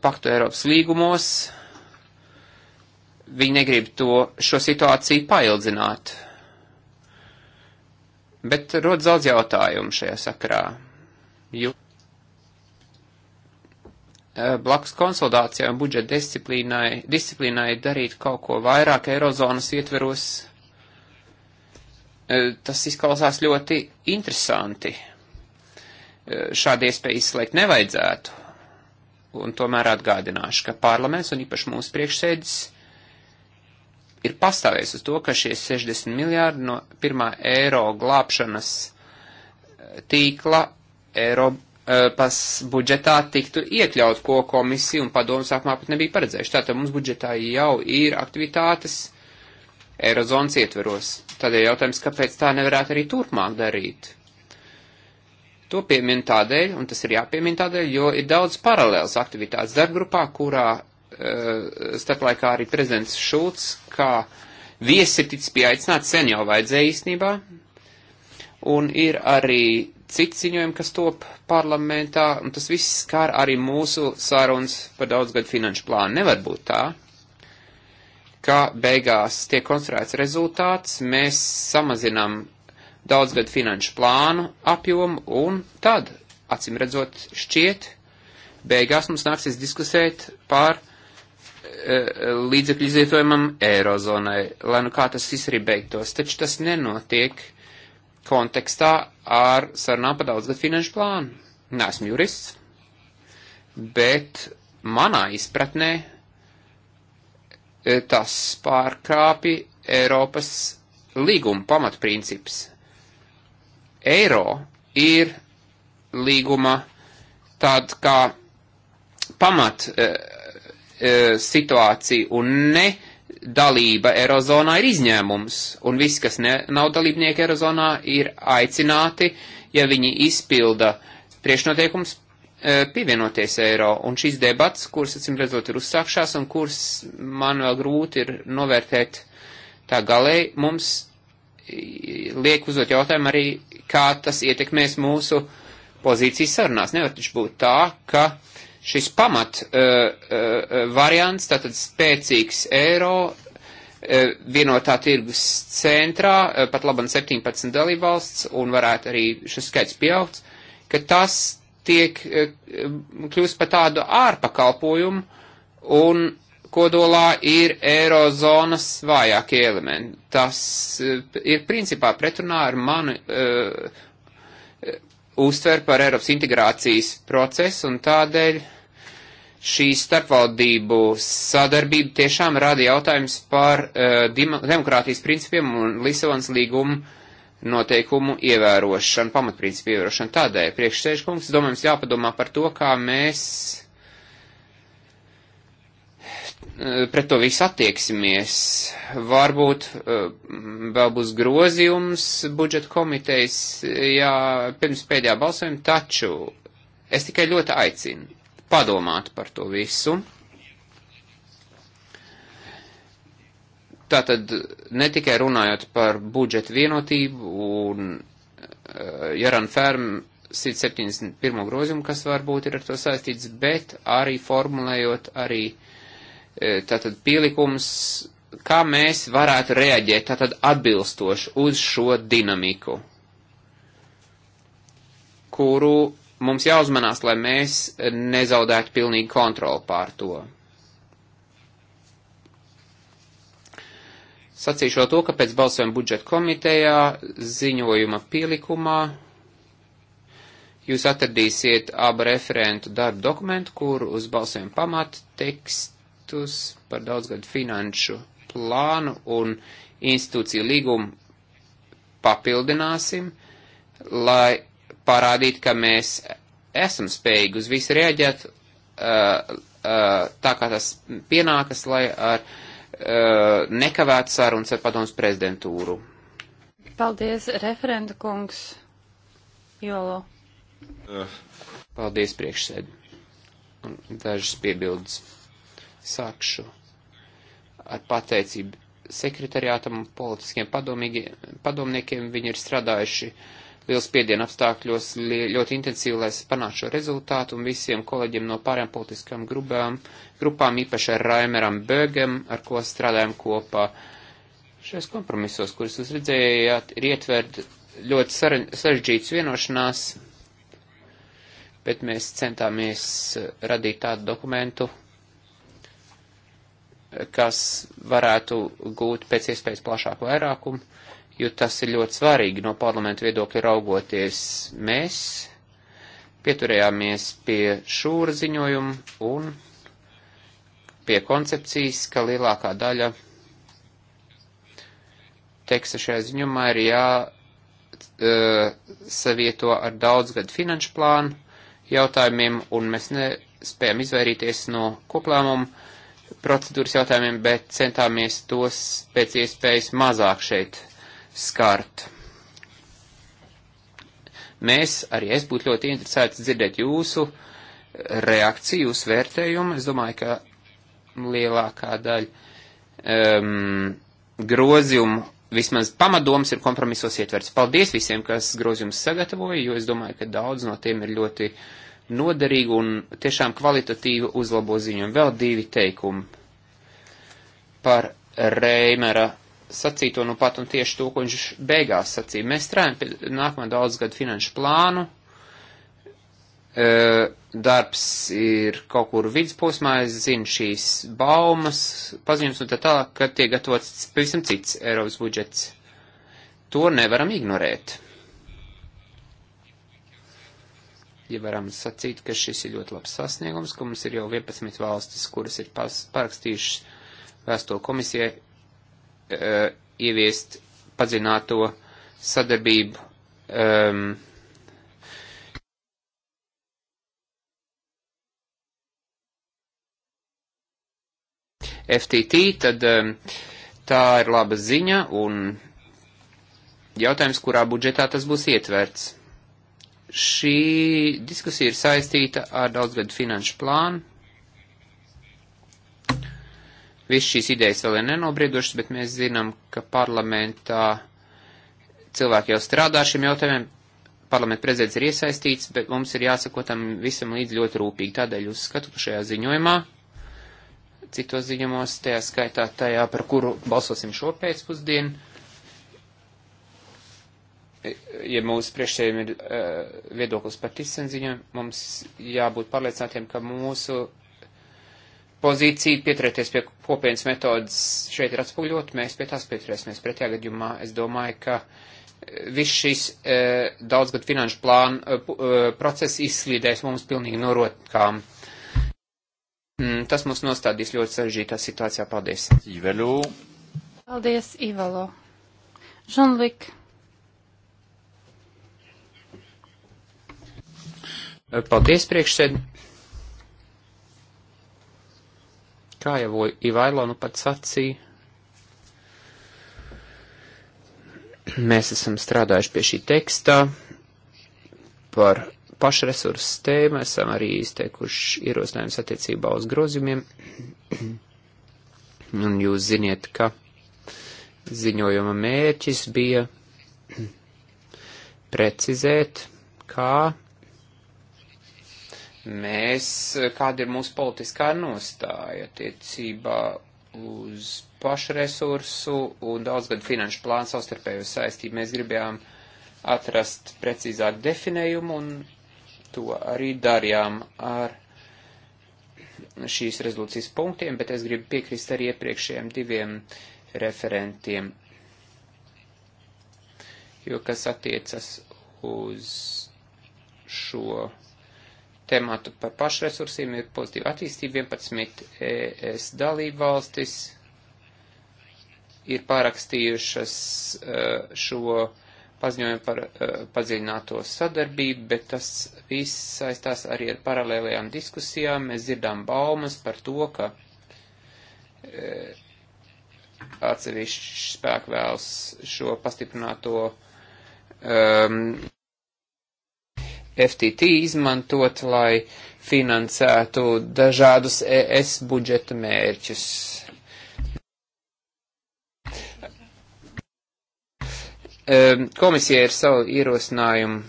paktu Eiropas līgumos, viņi negrib to, šo situāciju paildzināt. Bet rod daudz jautājumu šajā sakarā. Jo eh, blakus konsolidācijām budžeta disciplīnai, disciplīnai darīt kaut ko vairāk eirozonas ietveros, eh, tas izklausās ļoti interesanti. Eh, Šādi iespēja izslēgt nevajadzētu. Un tomēr atgādināšu, ka parlaments un īpaši mūsu priekšsēdis ir pastāvējis uz to, ka šie 60 miljārdi no pirmā eiro glābšanas eh, tīkla Eiropas eh, budžetā tiktu iekļaut, ko komisija un padomu sākumā pat nebija paredzējuši. Tātad mums budžetā jau ir aktivitātes Eirozonas ietveros. Tādēļ ja jautājums, kāpēc tā nevarētu arī turpmāk darīt? To piemin tādēļ, un tas ir jāpiemin tādēļ, jo ir daudz paralēlas aktivitātes darbgrupā, kurā Eh, starplaikā arī prezidents Šulcs, kā viesi ir ticis pieaicināts, sen jau vajadzēja īstenībā, un ir arī citi ziņojumi, kas top parlamentā, un tas viss skar arī mūsu sarunas par daudzgadu finanšu plānu. Nevar būt tā, ka beigās tiek konstruēts rezultāts, mēs samazinām daudzgadu finanšu plānu apjomu, un tad, acim redzot, šķiet, beigās mums nāksies diskusēt par uh, līdzekļu izvietojumam Eirozonai, lai nu kā tas visarī beigtos. Taču tas nenotiek kontekstā ar sarunām par daudzgad finanšu plānu. Nesmu jurists, bet manā izpratnē e, tas pārkāpi Eiropas līguma pamatprincips. Eiro ir līguma tāda kā pamat e, E, situācija un ne dalība Eirozonā ir izņēmums, un viss, kas ne, nav dalībnieki Eirozonā, ir aicināti, ja viņi izpilda priekšnoteikums, e, pievienoties eiro. Un šīs debats, kuras, acīm redzot, ir uzsākšās, un kuras man vēl grūti ir novērtēt tā galēji, mums liek uzdot jautājumu arī, kā tas ietekmēs mūsu pozīcijas sarunās. Nevar taču būt tā, ka uh, šis pamat uh, uh, variants, tātad spēcīgs eiro, uh, vienotā tirgus centrā, uh, pat labam 17 dalībvalsts, un varētu arī šis skaits pieaugt, ka tas tiek, uh, kļūst par tādu ārpakalpojumu, un kodolā ir eirozonas vājākie elementi. Tas uh, ir principā pretrunā ar manu uh, uztver par Eiropas integrācijas procesu, un tādēļ uh, šī starpvaldību sadarbība tiešām rada jautājums par uh, demokrātijas principiem un Lisabonas līgumu noteikumu ievērošanu, pamatprincipu ievērošanu. Tādēļ, priekšsēžkungs, domāju, mums jāpadomā par to, kā mēs eh, pret to visu attieksimies. Varbūt eh, vēl būs grozījums budžeta komitejas jā, pirms pēdējā balsojuma, taču es tikai ļoti aicinu padomāt par to visu. Tātad ne tikai runājot par budžetu vienotību un uh, Jaran Ferm 171. grozījumu, kas varbūt ir ar to saistīts, bet arī formulējot arī uh, tātad pielikums, kā mēs varētu reaģēt tātad atbilstoši uz šo dinamiku, kuru mums jāuzmanās, lai mēs nezaudētu pilnīgi kontroli pār to. Sacīšu to, ka pēc balsojuma budžeta komitejā ziņojuma pielikumā jūs atradīsiet abu referentu darbu dokumentu, kur uz balsojuma pamata tekstus par daudzgadu finanšu plānu un institūciju līgumu papildināsim, lai parādīt, ka mēs esam spējīgi uz visu reaģēt uh, uh, tā kā tas pienākas, lai ar uh, nekavētu sarunas ar padomus prezidentūru. Paldies, referenta kungs, Jolo. Uh. Paldies, priekšsēdi. Dažas piebildes. Sākšu ar pateicību sekretariātam un politiskiem padomniekiem. Viņi ir strādājuši uh, liels spiediena apstākļos ļoti intensīvi, lai panāktu šo rezultātu, un visiem kolēģiem no pārējām politiskām grupām, grupām īpaši ar Raimeram Bögem, ar ko strādājam kopā. Šajos kompromisos, kurus jūs redzējāt, ir ietvert ļoti sarežģīts vienošanās, bet mēs centāmies radīt tādu dokumentu, kas varētu gūt pēc iespējas plašāku vairākumu jo tas ir ļoti svarīgi no parlamentu viedokļa raugoties. Mēs pieturējāmies pie šūra ziņojuma un pie koncepcijas, ka lielākā daļa teksta šajā ziņumā ir jā e, savieto ar daudzgadu finanšu plānu jautājumiem, un mēs nespējam izvairīties no koplēmumu procedūras jautājumiem, bet centāmies tos pēc iespējas mazāk šeit skart. Mēs, arī es būtu ļoti interesēts dzirdēt jūsu reakciju, jūsu vērtējumu. Es domāju, ka lielākā daļa um, grozījumu, vismaz pamadoms ir kompromisos ietverts. Paldies visiem, kas grozījumus sagatavoja, jo es domāju, ka daudz no tiem ir ļoti noderīgi un tiešām kvalitatīvi uzlabo ziņu. Un vēl divi teikumi par Reimera sacīto nu pat un tieši to, ko viņš beigās sacīja. Mēs strādājam pie nākamā daudzgada finanšu plānu. E, darbs ir kaut kur vidusposmā, es zinu šīs baumas, paziņums un tā tālāk, ka tiek gatavots pavisam cits Eiropas budžets. To nevaram ignorēt. ja varam sacīt, ka šis ir ļoti labs sasniegums, ka mums ir jau 11 valstis, kuras ir parakstījušas vēstuli komisijai uh, ieviest padzināto sadarbību. Um, ehm, FTT, tad um, tā ir laba ziņa un jautājums, kurā budžetā tas būs ietverts. Šī diskusija ir saistīta ar daudzgadu finanšu plānu, Viss šīs idejas vēl ir nenobriedušas, bet mēs zinām, ka parlamentā cilvēki jau strādā šiem jautājumiem, parlamenta prezidents ir iesaistīts, bet mums ir jāsako tam visam līdz ļoti rūpīgi. Tādēļ uzskatu, ka šajā ziņojumā, citos ziņojumos, tajā skaitā tajā, par kuru balsosim šo pēcpusdienu, ja mūsu priekšējiem ir uh, viedoklis par tisenziņu, mums jābūt pārliecinātiem, ka mūsu pozīcija pieturēties pie kopienas metodas šeit ir atspoguļot, mēs pie tās pieturēsimies. Pretējā gadījumā es domāju, ka eh, viss šis e, daudzgad finanšu plānu eh, e, process izslīdēs mums pilnīgi norokām. Mm, tas mums nostādīs ļoti sarežģītā situācijā. Paldies. Ivelo. Paldies, Ivalo. Žanlik. Paldies, priekšsēdētāji. Kā jau Ivailo nu pat sacīja, mēs esam strādājuši pie šī tekstā par pašresursu tēmu, esam arī izteikuši ierosinājums attiecībā uz grozījumiem. Un jūs ziniet, ka ziņojuma mērķis bija precizēt, kā mēs, kāda ir mūsu politiskā nostāja attiecībā uz pašresursu un daudzgadu finanšu plānu savstarpējo saistību. Mēs gribējām atrast precīzāk definējumu un to arī darījām ar šīs rezolūcijas punktiem, bet es gribu piekrist arī iepriekšējiem diviem referentiem, jo kas attiecas uz šo tematu par pašresursiem ir pozitīva attīstība. 11 ES dalību valstis ir pārakstījušas eh, šo paziņojumu par eh, padziļināto sadarbību, bet tas viss saistās arī ar paralēlējām diskusijām. Mēs dzirdām baumas par to, ka eh, atsevišķi spēku vēlas šo pastiprināto um, FTT izmantot, lai finansētu dažādus ES budžeta mērķus. Ehm, komisija ir savu ierosinājumu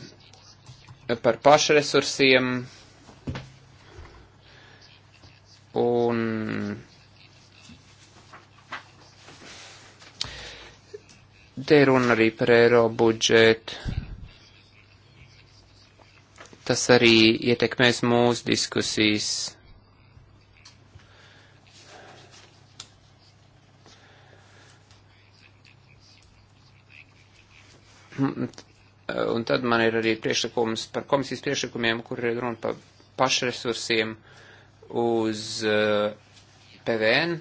par pašresursiem un te runa arī par eiro budžetu Tas arī ietekmēs mūsu diskusijas. Un tad man ir arī priekšlikums par komisijas priekšlikumiem, kur ir runa par pašresursiem uz eh, PVN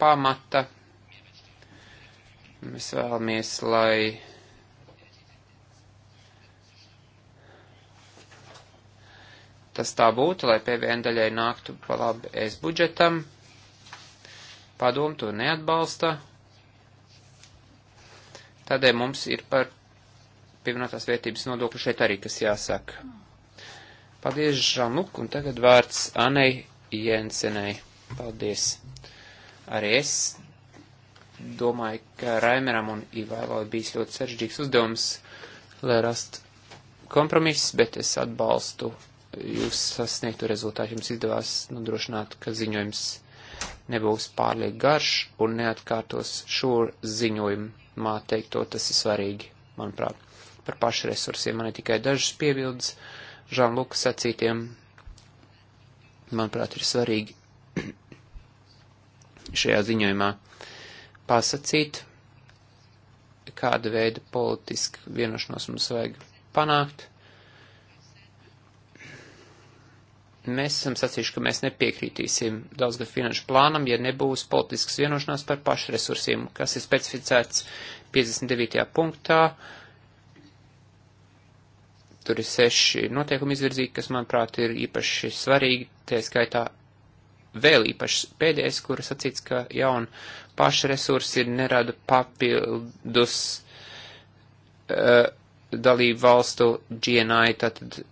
pamata. Mēs vēlamies, lai tas tā būtu, lai PVN daļai nāktu pa labi es budžetam. Padomu to neatbalsta. Tādēļ mums ir par pievienotās vērtības nodokli šeit arī, kas jāsaka. Paldies, Žanluk, un tagad vārds Anei Jensenei. Paldies. Arī es domāju, ka Raimeram un Ivailo bijis ļoti sarežģīts uzdevums, lai rastu kompromiss, bet es atbalstu jūs sasniegtu rezultātu jums izdevās nodrošināt, ka ziņojums nebūs pārlieku garš un neatkārtos šo ziņojumu mā teikto, tas ir svarīgi, manuprāt. Par pašu resursiem man ir tikai dažas piebildes Žanluka sacītiem, manuprāt, ir svarīgi šajā ziņojumā pasacīt, kāda veida politiski vienošanos mums vajag panākt Mēs esam sacījuši, ka mēs nepiekrītīsim daudzgad finanšu plānam, ja nebūs politisks vienošanās par pašresursiem, kas ir specificēts 59. punktā. Tur ir seši noteikumi izvirzīti, kas, manuprāt, ir īpaši svarīgi, tie skaitā vēl īpaši pēdējais, kur sacīts, ka jauna pašresursi nerada papildus uh, dalību valstu GNI, tātad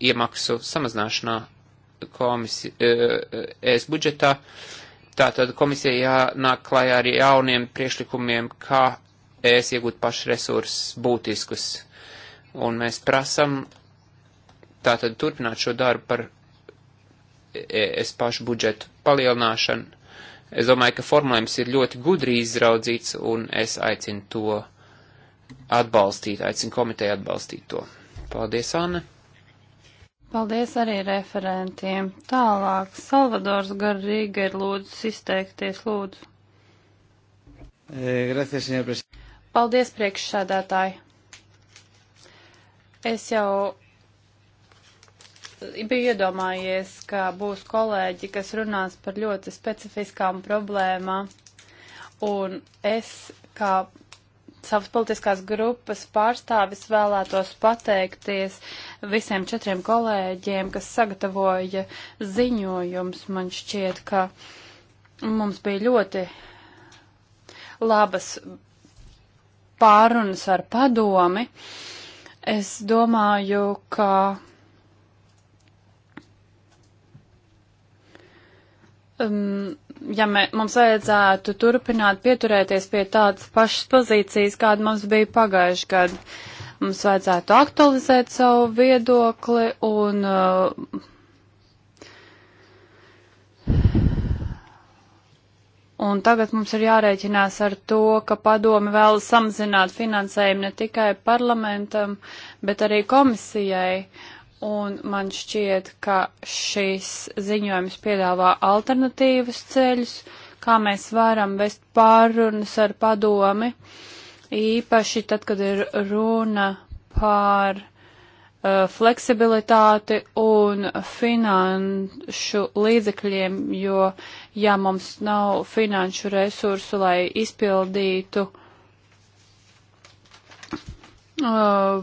iemaksu samazināšanā komisi, e, e, ES budžetā. Tātad komisija jānāk klajā ar jauniem priekšlikumiem, kā ES iegūt pašu resursus būtiskus. Un mēs prasam tātad turpināt šo darbu par ES pašu budžetu palielināšanu. Es domāju, ka formulējums ir ļoti gudri izraudzīts, un es aicinu to atbalstīt, aicinu komiteju atbalstīt to. Paldies, Anna! Paldies arī referentiem. Tālāk, Salvadors Garīga ir lūdzis izteikties, lūdzu. E, gracias, Paldies, priekšsādātāji. Es jau biju iedomājies, ka būs kolēģi, kas runās par ļoti specifiskām problēmām, un es kā savas politiskās grupas pārstāvis vēlētos pateikties visiem četriem kolēģiem, kas sagatavoja ziņojums. Man šķiet, ka mums bija ļoti labas pārunas ar padomi. Es domāju, ka um, ja me, mums vajadzētu turpināt pieturēties pie tādas pašas pozīcijas, kāda mums bija pagājuši gadu. Mums vajadzētu aktualizēt savu viedokli un uh, Un tagad mums ir jārēķinās ar to, ka padomi vēl samazināt finansējumu ne tikai parlamentam, bet arī komisijai. Uh, un man šķiet, ka šis ziņojums piedāvā alternatīvas ceļus, kā mēs varam vest pārunas ar padomi, īpaši tad, kad ir runa par uh, fleksibilitāti un finanšu līdzekļiem, jo ja mums nav finanšu resursu, lai izpildītu uh,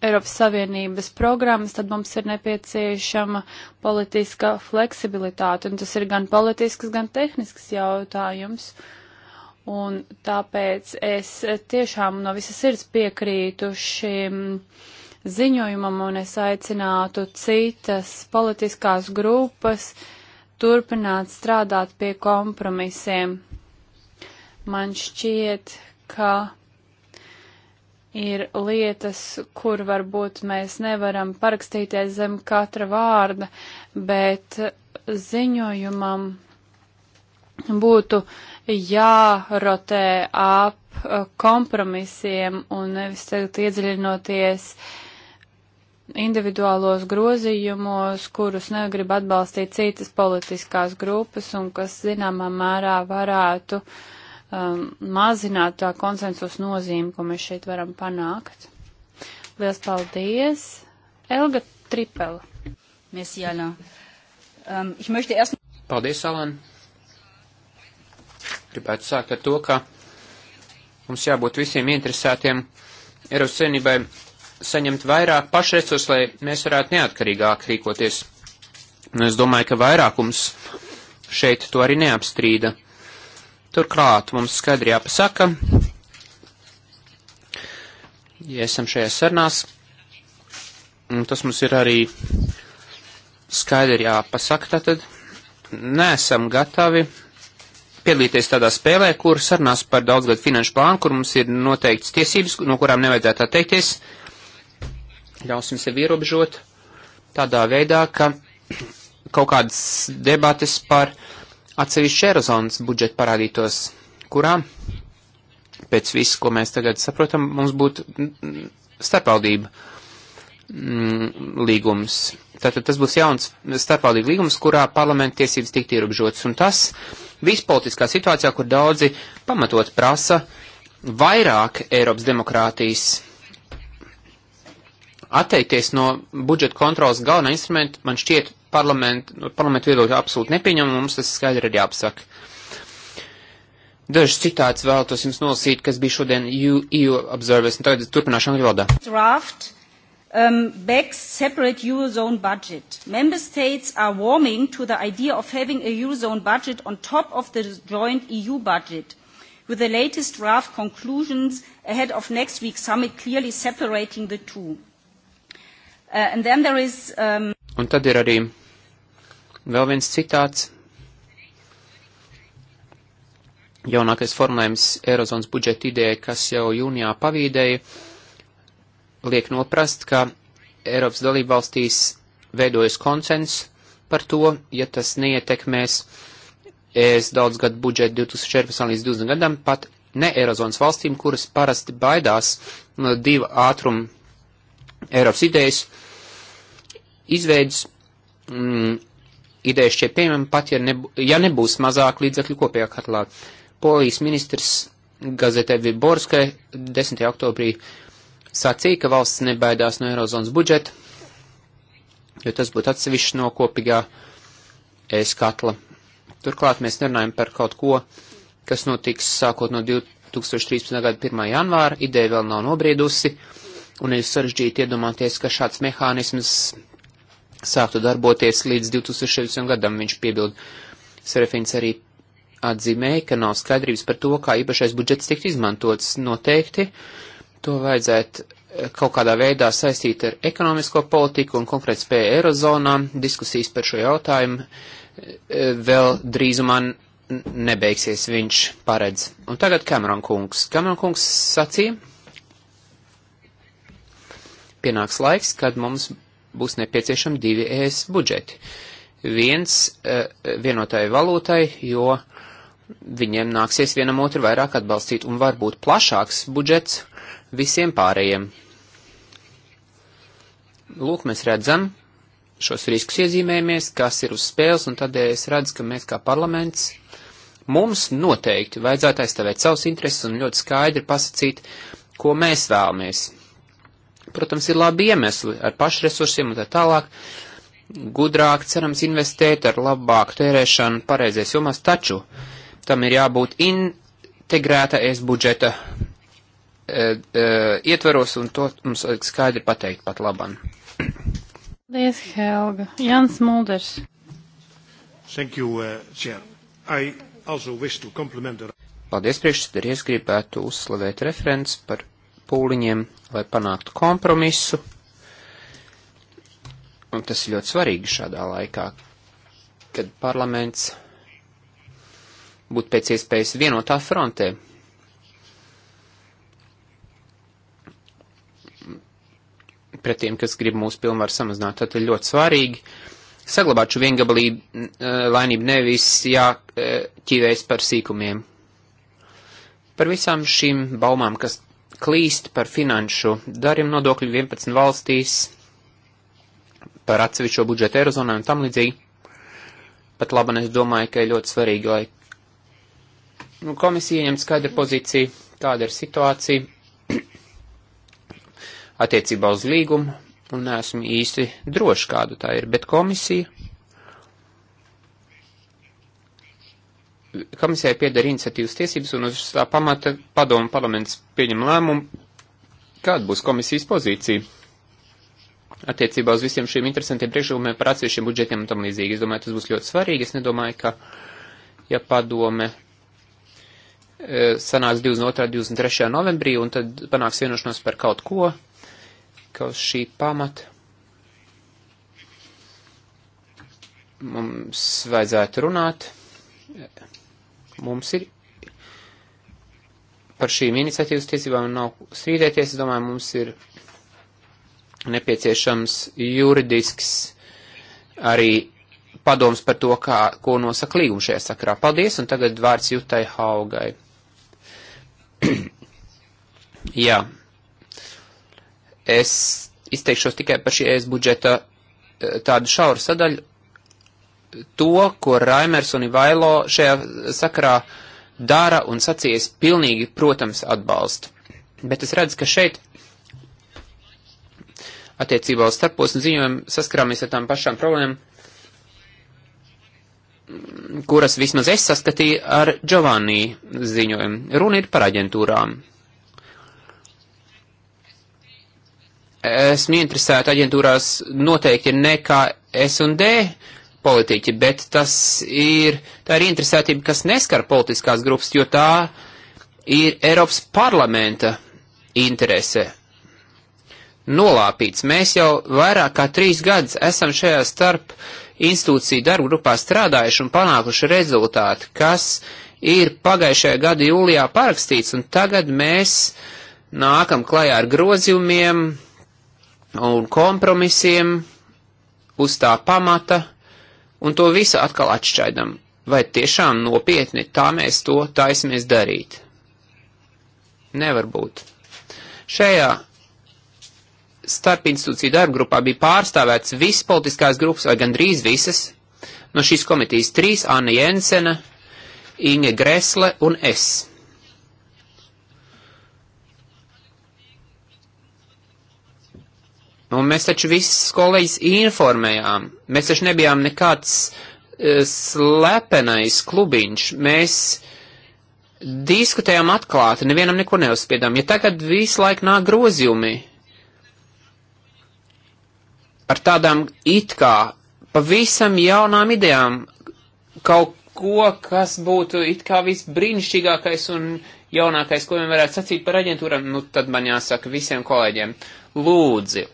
Eiropas Savienības programmas, tad mums ir nepieciešama politiska fleksibilitāte, un tas ir gan politisks, gan tehnisks jautājums. Un tāpēc es tiešām no visas sirds piekrītu šim ziņojumam, un es aicinātu citas politiskās grupas turpināt strādāt pie kompromisiem. Man šķiet, ka ir lietas, kur varbūt mēs nevaram parakstīties zem katra vārda, bet ziņojumam būtu jārotē ap kompromisiem un nevis tagad iedziļinoties individuālos grozījumos, kurus negrib atbalstīt citas politiskās grupas un kas zināmā mērā varētu uh, um, mazināt tā konsensus nozīmi, ko mēs šeit varam panākt. Lielas paldies! Elga Tripela. Merci, Alain. Um, ich möchte erst... Paldies, Alain. Gribētu sākt ar to, ka mums jābūt visiem interesētiem Eiropas Savienībai saņemt vairāk pašresursu, lai mēs varētu neatkarīgāk rīkoties. Un es domāju, ka vairākums šeit to arī neapstrīda. Turklāt mums skaidri jāpasaka, ja esam šajā sarunās, tas mums ir arī skaidri jāpasaka, tātad neesam gatavi piedalīties tādā spēlē, kur sarunās par daudzgadu finanšu plānu, kur mums ir noteikts tiesības, no kurām nevajadzētu atteikties. Ļausim sev ierobežot tādā veidā, ka kaut kādas debates par uh, atsevišķi Eirozonas budžeta parādītos, kurā pēc viss, ko mēs tagad saprotam, mums būtu starpvaldība mm, līgums. Tātad tas būs jauns starpvaldība līgums, kurā parlamenta tiesības tikt ierobežotas. Un tas vispolitiskā situācijā, kur daudzi pamatot prasa vairāk Eiropas demokrātijas atteikties no budžeta kontrolas galvenā instrumenta man šķiet parlamentu, parlamentu viedokļu absolūti nepieņem, mums tas skaidri ir jāapsaka. Dažs citāts vēlētos jums nolasīt, kas bija šodien EU, EU Observers, un nu, tagad turpināšu angļu valodā. Draft um, backs separate Eurozone budget. Member states are warming to the idea of having a Eurozone budget on top of the joint EU budget. With the latest draft conclusions ahead of next week's summit clearly separating the two. Uh, and then there is... Um, Un tad ir arī vēl viens citāts. Jaunākais formulējums Eirozonas budžeta idejai, kas jau jūnijā pavīdēja, liek noprast, ka Eiropas dalībvalstīs veidojas konsens par to, ja tas neietekmēs ES daudzgadu budžetu 2014 līdz 2020 gadam, pat ne Eirozonas valstīm, kuras parasti baidās no divu ātrumu Eiropas idejas, uh, izveidus mm, ideja šķiet pieņemama, pat ja, nebū, ja nebūs mazāk līdzekļu kopējā katlā. Polijas ministrs gazetē Viborskai 10. oktobrī sacīja, ka valsts nebaidās no Eirozonas budžeta, jo tas būtu atsevišķi no kopīgā ES katla. Turklāt mēs nerunājam par kaut ko, kas notiks sākot no 2013. gada 1. janvāra, ideja vēl nav nobriedusi, un ir sarežģīti iedomāties, ka šāds mehānisms sāktu darboties līdz 2060. gadam, viņš piebild. Serefins arī atzīmēja, ka nav skaidrības par to, kā īpašais budžets tikt izmantots noteikti. To vajadzētu eh, kaut kādā veidā saistīt ar ekonomisko politiku un konkrēt spēju Eirozonā. Diskusijas par šo jautājumu eh, vēl drīzumā nebeigsies, viņš paredz. Un tagad Kameron kungs. Kameron kungs sacīja, pienāks laiks, kad mums būs nepieciešami divi ES budžeti. Viens e, vienotai valūtai, jo viņiem nāksies vienam otru vairāk atbalstīt un varbūt plašāks budžets visiem pārējiem. Lūk, mēs redzam šos riskus iezīmējamies, kas ir uz spēles, un tādēļ es redzu, ka mēs kā parlaments mums noteikti vajadzētu aizstāvēt savus intereses un ļoti skaidri pasakīt, ko mēs vēlamies. Protams, ir labi iemesli ar pašresursiem un tā tālāk. Gudrāk, cerams, investēt ar labāku tērēšanu pareizais jomās, taču tam ir jābūt integrēta es budžeta e, e, ietveros, un to mums skaidri pateikt pat laban. Lies Helga. Jans Mulders. Thank you, uh, Chair. I also wish to compliment the... Paldies priekšsēdētājs, gribētu uzslavēt referents par pūliņiem, lai panāktu kompromisu. Un tas ir ļoti svarīgi šādā laikā, kad parlaments būtu pēc iespējas vienotā frontē. Pret tiem, kas grib mūsu pilnvaru samazināt, tad ir ļoti svarīgi saglabāt šo viengabalību eh, lainību nevis jāķīvēs par sīkumiem. Par visām šīm baumām, kas klīst par finanšu darījumu nodokļu 11 valstīs, par atsevišķo budžetu Eirozonā un tam līdzīgi. Pat labi, es domāju, ka ir ļoti svarīgi, lai nu, komisija ieņemtu skaidru pozīciju, kāda ir situācija attiecībā uz līgumu, un neesmu īsti droši, kāda tā ir, bet komisija komisijai pieder iniciatīvas tiesības un uz tā pamata padomu parlaments pieņem lēmumu, kāda būs komisijas pozīcija attiecībā uz visiem šiem interesantiem priekšlikumiem par atsevišķiem budžetiem un tam līdzīgi. Es domāju, tas būs ļoti svarīgi. Es nedomāju, ka, ja padome e, sanāks 22. un 23. novembrī un tad panāks vienošanos par kaut ko, ka uz šī pamata mums vajadzētu runāt. Mums ir par šīm iniciatīvas tiesībām nav strīdēties. Es domāju, mums ir nepieciešams juridisks arī padoms par to, kā, ko nosaka līguma šajā sakarā. Paldies, un tagad vārds Jutai Haugai. Jā. Es izteikšos tikai par šī ES budžeta eh, tādu šauru sadaļu to, ko Raimers un Ivailo šajā sakarā dara un sacies pilnīgi, protams, atbalst. Bet es redzu, ka šeit attiecībā uz starposmu ziņojumu saskarāmies ar tām pašām problēmām, kuras vismaz es saskatīju ar Giovanni ziņojumu. Runa ir par aģentūrām. Esmu interesēta aģentūrās noteikti nekā S un D, uh, politiķi, bet tas ir, tā ir interesētība, kas neskar politiskās grupas, jo tā ir Eiropas parlamenta interese. Nolāpīts. Mēs jau vairāk kā trīs gadus esam šajā starp institūciju darba grupā strādājuši un panākuši rezultāti, kas ir pagājušajā gada jūlijā parakstīts, un tagad mēs nākam klajā ar grozījumiem un kompromisiem uz tā pamata, un to visu atkal atšķaidam. Vai tiešām nopietni tā mēs to taismies darīt? Nevar būt. Šajā starpinstitūciju darbgrupā bija pārstāvēts visas politiskās grupas, vai gandrīz visas, no šīs komitīs trīs - Anna Jensena, Inge Gresle un es. Un mēs taču visus kolēģis informējām. Mēs taču nebijām nekāds uh, slepenais klubiņš. Mēs diskutējām atklāti, nevienam neko neuzspiedām. Ja tagad visu laiku nāk grozījumi ar tādām it kā pavisam jaunām idejām, kaut ko, kas būtu it kā visbrīnišķīgākais un jaunākais, ko vien varētu sacīt par aģentūram, nu tad man jāsaka visiem kolēģiem, lūdzu,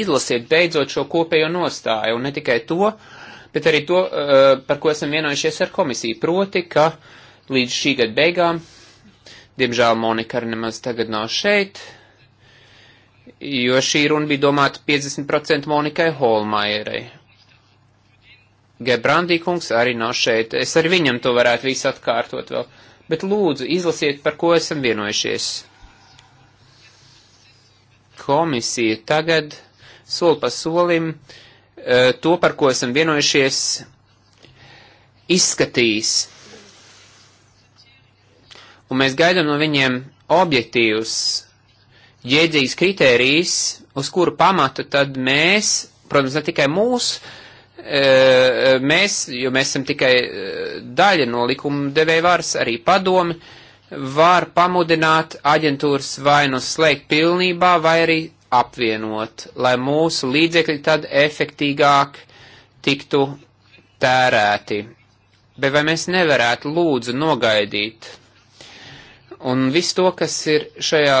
izlasiet beidzot šo kopējo nostāju, un ne tikai to, bet arī to, uh, par ko esam vienojušies ar komisiju. Proti, ka līdz šī gada beigām, diemžēl Monika arī nemaz tagad nav šeit, jo šī runa bija domāta 50% Monikai Holmaierai. Gebrandī kungs arī nav šeit, es ar viņam to varētu visu atkārtot vēl, bet lūdzu izlasiet, par ko esam vienojušies. Komisija tagad soli pa solim e, to, par ko esam vienojušies, izskatīs. Un mēs gaidām no viņiem objektīvs, jēdzīgs kritērijs, uz kuru pamatu tad mēs, protams, ne tikai mūs, e, mēs, jo mēs esam tikai e, daļa no likuma devēja varas, arī padomi, var pamudināt aģentūras vai nu slēgt pilnībā, vai arī apvienot, lai mūsu līdzekļi tad efektīgāk tiktu tērēti. Bet vai mēs nevarētu lūdzu nogaidīt? Un viss to, kas ir šajā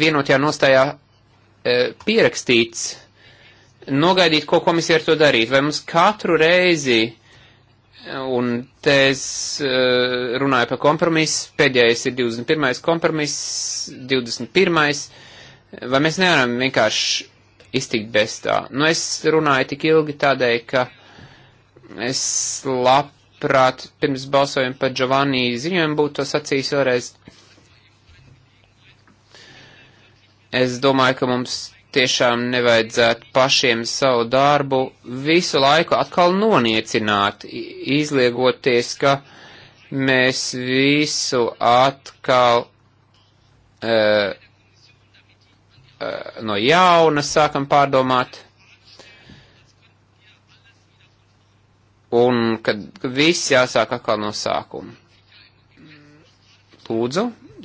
vienotajā nostājā e, pierakstīts, nogaidīt, ko komisija ar to darīt. Vai mums katru reizi, e, un te es e, runāju par kompromisu, pēdējais ir 21. kompromiss, 21 Vai mēs nevaram vienkārši iztikt bez tā? Nu, es runāju tik ilgi tādēļ, ka es labprāt pirms balsojuma par Giovanni ziņojumu būtu to sacījis vēlreiz. Es domāju, ka mums tiešām nevajadzētu pašiem savu darbu visu laiku atkal noniecināt, izliegoties, ka mēs visu atkal uh, Eh, no jauna sākam pārdomāt. Un kad, kad viss jāsāk atkal no sākuma. Lūdzu,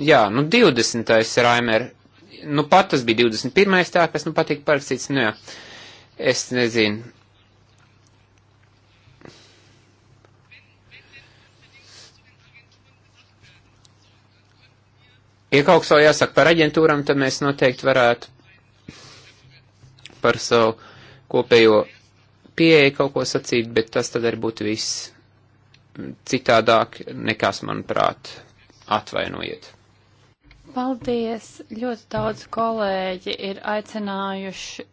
jā, nu 20. Raimer, nu pat tas bija 21. tā, kas nu patīk parakstīts, nu jā, es nezinu, Ja kaut kas vēl jāsaka par aģentūram, tad mēs noteikti varētu par savu kopējo pieeju kaut ko sacīt, bet tas tad arī būtu viss citādāk nekas, manuprāt, atvainojiet. Paldies! Ļoti daudz kolēģi ir aicinājuši,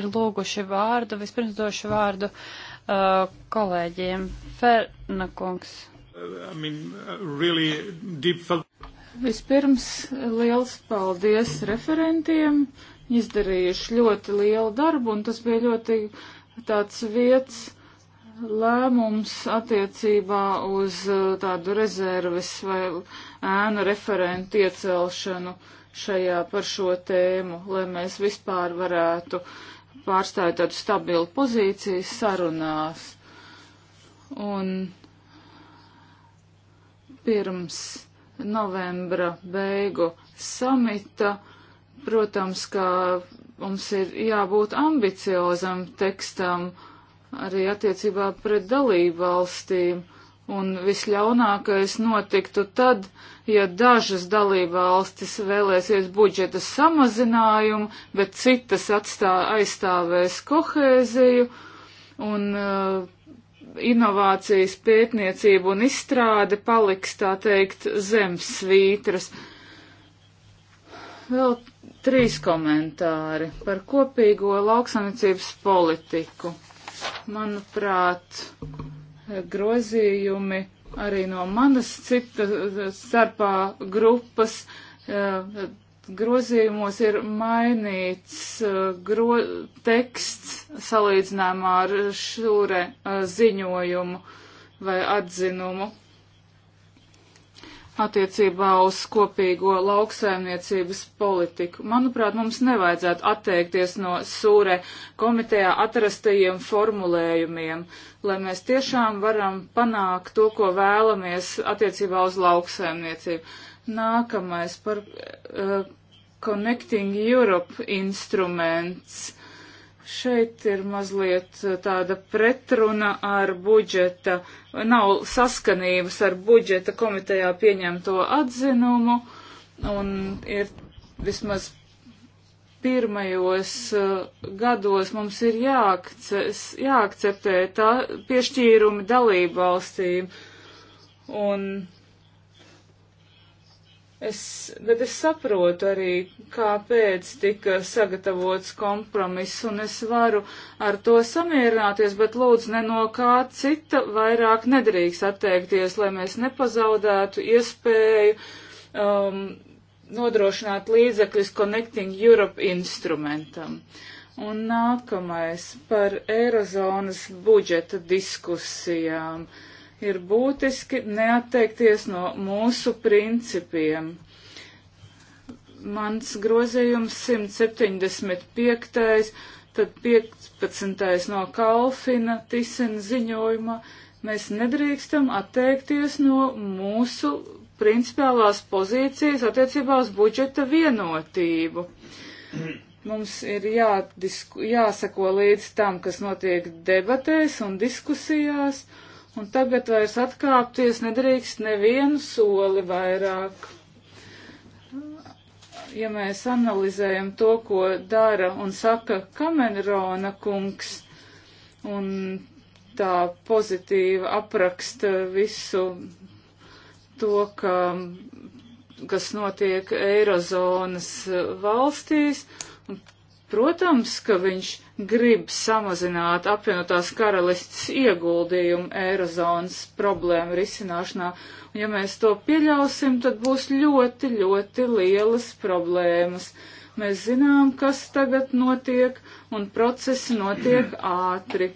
ir lūguši vārdu. Vispirms došu vārdu uh, kolēģiem. Fernakungs. Uh, I mean, uh, really deep... Vispirms liels paldies referentiem. Viņi izdarījuši ļoti lielu darbu, un tas bija ļoti tāds vietas lēmums attiecībā uz uh, tādu rezerves vai ēnu referentu iecelšanu šajā par šo tēmu, lai mēs vispār varētu pārstāvēt tādu stabilu pozīciju sarunās. Un pirms novembra beigu samita. Protams, ka mums ir jābūt ambiciozam tekstam arī attiecībā pret dalību valstīm. Un visļaunākais notiktu tad, ja dažas dalībvalstis vēlēsies budžeta samazinājumu, bet citas atstā, aizstāvēs kohēziju. Un uh, inovācijas pētniecība un izstrāde paliks, tā teikt, zem svītras. Vēl trīs komentāri par kopīgo lauksanicības politiku. Manuprāt, grozījumi arī no manas citas starpā grupas eh, grozījumos ir mainīts uh, gro teksts salīdzinājumā ar šūre uh, ziņojumu vai atzinumu attiecībā uz kopīgo lauksaimniecības politiku. Manuprāt, mums nevajadzētu atteikties no sūre komitejā atrastajiem formulējumiem, lai mēs tiešām varam panākt to, ko vēlamies attiecībā uz lauksaimniecību Nākamais par uh, Connecting Europe instruments. Šeit ir mazliet eh, tāda pretruna ar budžeta, nav saskanības ar budžeta komitejā pieņemto atzinumu un ir vismaz pirmajos eh, gados mums ir jāakces, jāakceptē tā piešķīrumi dalību valstīm. Un Es, bet es saprotu arī, kāpēc tika sagatavots kompromiss, un es varu ar to samierināties, bet lūdzu, ne no kā cita vairāk nedrīkst atteikties, lai mēs nepazaudētu iespēju um, nodrošināt līdzekļus Connecting Europe instrumentam. Un nākamais par Eirozonas budžeta diskusijām. Uh, ir būtiski neatteikties no mūsu principiem. Mans grozījums 175. tad 15. no Kalfina Tisena ziņojuma. Mēs nedrīkstam atteikties no mūsu principiālās pozīcijas attiecībā uz budžeta vienotību. Mums ir jādisku, jāsako līdz tam, kas notiek debatēs un diskusijās. Uh, un tagad vairs atkāpties nedrīkst nevienu soli vairāk. Ja mēs analizējam to, ko dara un saka Kamerona kungs, un tā pozitīva apraksta visu to, ka, kas notiek Eirozonas valstīs, un, protams, ka viņš grib samazināt apvienotās karalists ieguldījumu Eirozonas problēmu risināšanā. Un ja mēs to pieļausim, tad būs ļoti, ļoti lielas problēmas. Mēs zinām, kas tagad notiek, un procesi notiek ātri.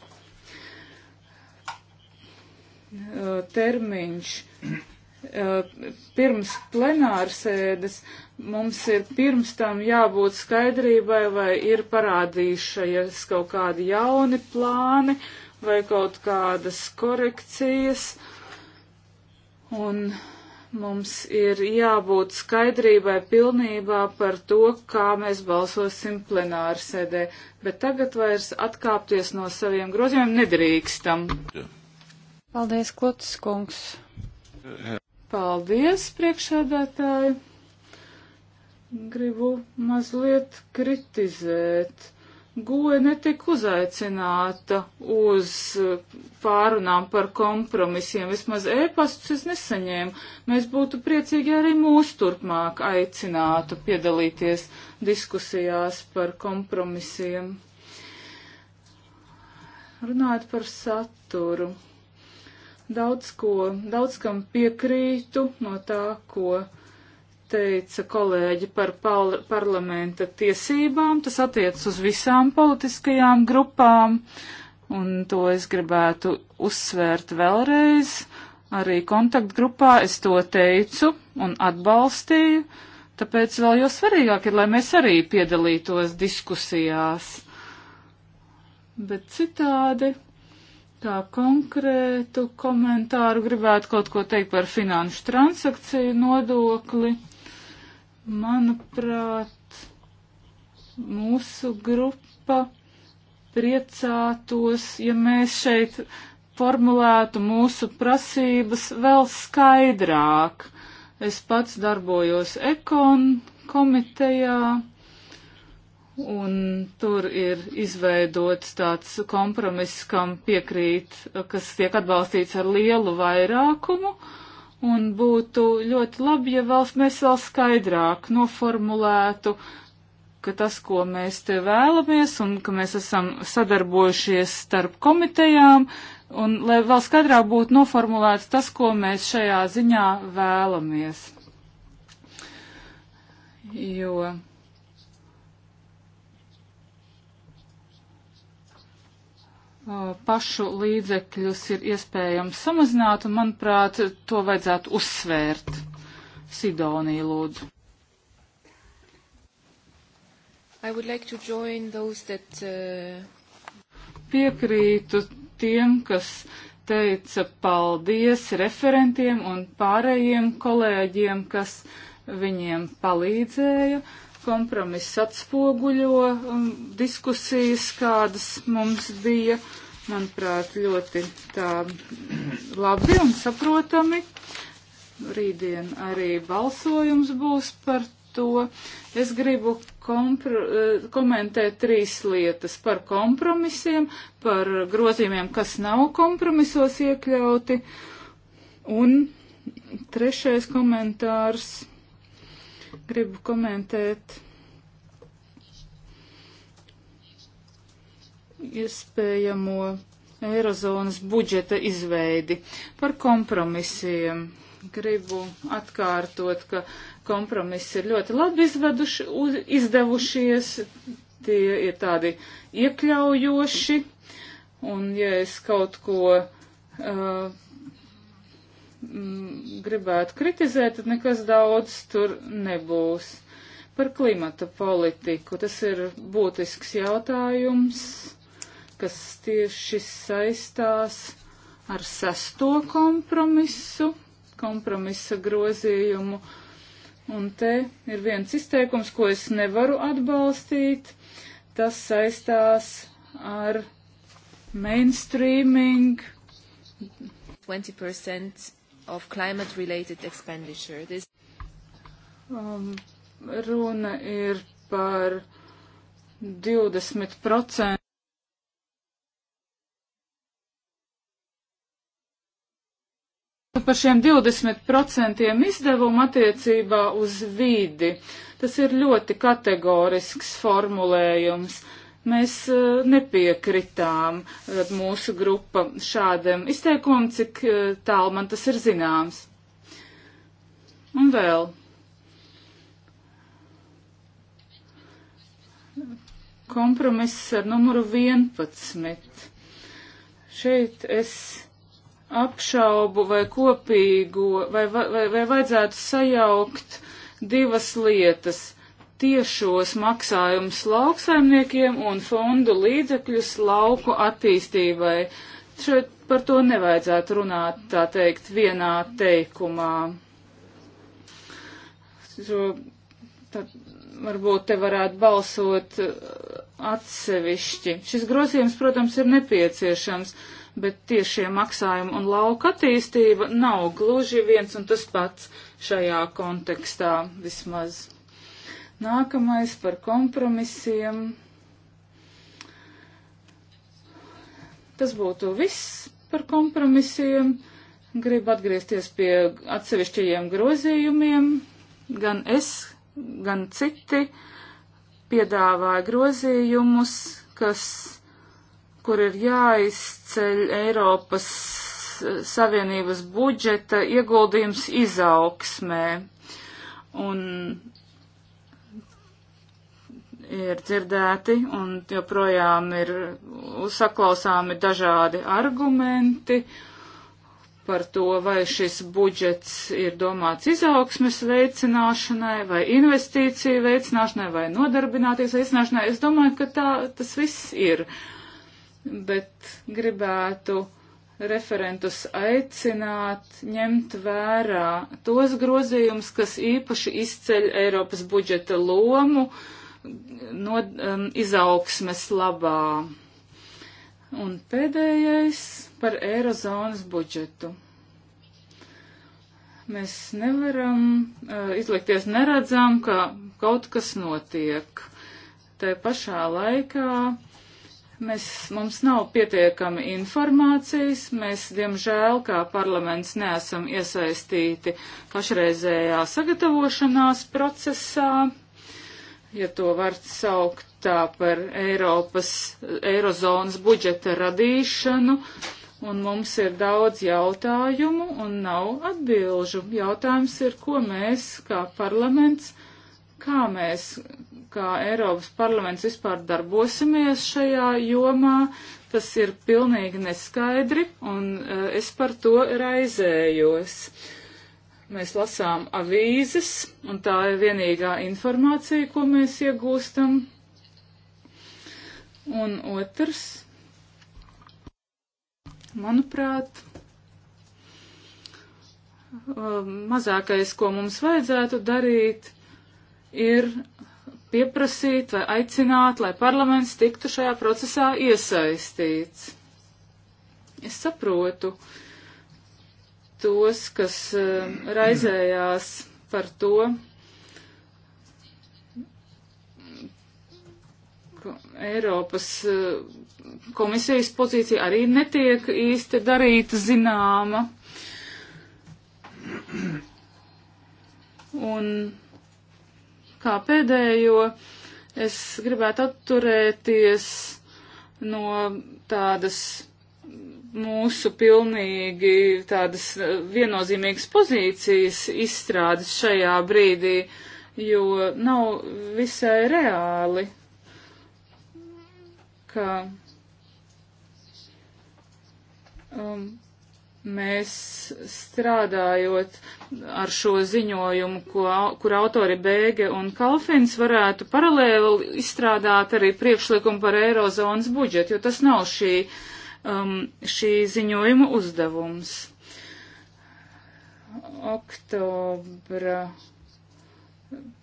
Termiņš eh, pirms plenārsēdes mums ir pirms tam jābūt skaidrībai, vai ir parādījušies kaut kādi jauni plāni vai kaut kādas korekcijas. Un mums ir jābūt skaidrībai pilnībā par to, kā mēs balsosim plenāru sēdē. Bet tagad vairs atkāpties no saviem grozījumiem nedrīkstam. Paldies, Klotis kungs. Paldies, priekšādātāji gribu mazliet kritizēt. Goja netika uzaicināta uz pārunām par kompromisiem, vismaz ēpastus es nesaņēmu. Mēs būtu priecīgi arī mūs turpmāk aicinātu piedalīties diskusijās par kompromisiem. Runājot par saturu. Daudz ko, daudz kam piekrītu no tā, ko teica kolēģi par parlamenta tiesībām, tas attiec uz visām politiskajām grupām, un to es gribētu uzsvērt vēlreiz. Arī kontaktgrupā es to teicu un atbalstīju, tāpēc vēl jau svarīgāk ir, lai mēs arī piedalītos diskusijās. Bet citādi Tā konkrētu komentāru gribētu kaut ko teikt par finanšu transakciju nodokli. Manuprāt, mūsu grupa priecātos, ja mēs šeit formulētu mūsu prasības vēl skaidrāk. Es pats darbojos ekon komitejā, un tur ir izveidots tāds kompromiss, kam piekrīt, kas tiek atbalstīts ar lielu vairākumu. Uh, Un būtu ļoti labi, ja vēl, mēs vēl skaidrāk noformulētu, ka tas, ko mēs te vēlamies un ka mēs esam sadarbojušies starp komitejām, un lai vēl skaidrāk būtu noformulēts tas, ko mēs šajā ziņā vēlamies. Jo pašu līdzekļus ir iespējams samazināt, un, manuprāt, to vajadzētu uzsvērt. Sidonija, lūdzu. Like that, uh... Piekrītu tiem, kas teica paldies referentiem un pārējiem kolēģiem, kas viņiem palīdzēja. Uh, kompromiss atspoguļo um, diskusijas, kādas mums bija, manuprāt, ļoti tā labi un saprotami. Rītdien arī balsojums būs par to. Es gribu eh, komentēt trīs lietas par kompromisiem, par grozījumiem, kas nav kompromisos iekļauti. Un trešais komentārs Gribu komentēt iespējamo Eirozonas budžeta izveidi par kompromisiem. Gribu atkārtot, ka kompromisi ir ļoti labi izveduši, uz, izdevušies, tie ir tādi iekļaujoši, un ja es kaut ko uh, Mm, gribētu kritizēt, tad nekas daudz tur nebūs. Par klimata politiku tas ir būtisks jautājums, kas tieši saistās ar sesto kompromisu, kompromisa grozījumu. Un te ir viens izteikums, ko es nevaru atbalstīt. Tas saistās ar mainstreaming 20% of climate-related expenditure. This um, runa ir par 20%. Par šiem 20% izdevumu attiecībā uz vidi. Tas ir ļoti kategorisks formulējums. Uh, Mēs uh, nepiekritām uh, mūsu grupa šādam izteikumam, cik uh, tālu man tas ir zināms. Un vēl. Kompromiss ar numuru 11. Šeit es apšaubu vai kopīgo, vai, vai, vai, vai vajadzētu sajaukt divas lietas tiešos maksājumus lauksaimniekiem un fondu līdzekļus lauku attīstībai. Šeit par to nevajadzētu runāt, tā teikt, vienā teikumā. So, tad varbūt te varētu balsot uh, atsevišķi. Šis grozījums, protams, ir nepieciešams, bet tiešie maksājumi un lauka attīstība nav gluži viens un tas pats šajā kontekstā vismaz. Nākamais par kompromisiem. Tas būtu viss par kompromisiem. Gribu atgriezties pie atsevišķajiem grozījumiem. Gan es, gan citi piedāvāja grozījumus, kas, kur ir jāizceļ Eiropas Savienības budžeta ieguldījums izaugsmē. Un ir dzirdēti un joprojām ir saklausāmi dažādi argumenti par to, vai šis budžets ir domāts izaugsmes veicināšanai, vai investīciju veicināšanai, vai nodarbinātības veicināšanai. Es domāju, ka tā tas viss ir. Bet gribētu referentus aicināt ņemt vērā tos grozījumus, kas īpaši izceļ Eiropas budžeta lomu, uh, no, um, izaugsmes labā. Un pēdējais par Eirozonas budžetu. Mēs nevaram uh, izlikties neredzām, ka kaut kas notiek. Tā pašā laikā mēs, mums nav pietiekami informācijas, mēs, diemžēl, kā parlaments neesam iesaistīti pašreizējā sagatavošanās procesā ja to var saukt tā par Eiropas, Eirozonas budžeta radīšanu, un mums ir daudz jautājumu un nav atbilžu. Jautājums ir, ko mēs kā parlaments, kā mēs, kā Eiropas parlaments vispār darbosimies šajā jomā, tas ir pilnīgi neskaidri, un eh, es par to raizējos. Uh, Mēs lasām avīzes, un tā ir vienīgā informācija, ko mēs iegūstam. Un otrs, manuprāt, um, mazākais, ko mums vajadzētu darīt, ir pieprasīt vai aicināt, lai parlaments tiktu šajā procesā iesaistīts. Es saprotu, uh, tos, kas eh, raizējās par to, ka Eiropas eh, komisijas pozīcija arī netiek īsti darīta zināma. Un kā pēdējo, es gribētu atturēties no tādas mūsu pilnīgi tādas eh, viennozīmīgas pozīcijas izstrādes šajā brīdī, jo nav visai reāli, ka um, mēs strādājot ar šo ziņojumu, ko, kur autori Bēge un Kalfins varētu paralēli izstrādāt arī priekšlikumu par Eirozonas budžetu, jo tas nav šī uh, um, šī ziņojuma uzdevums. Oktobra,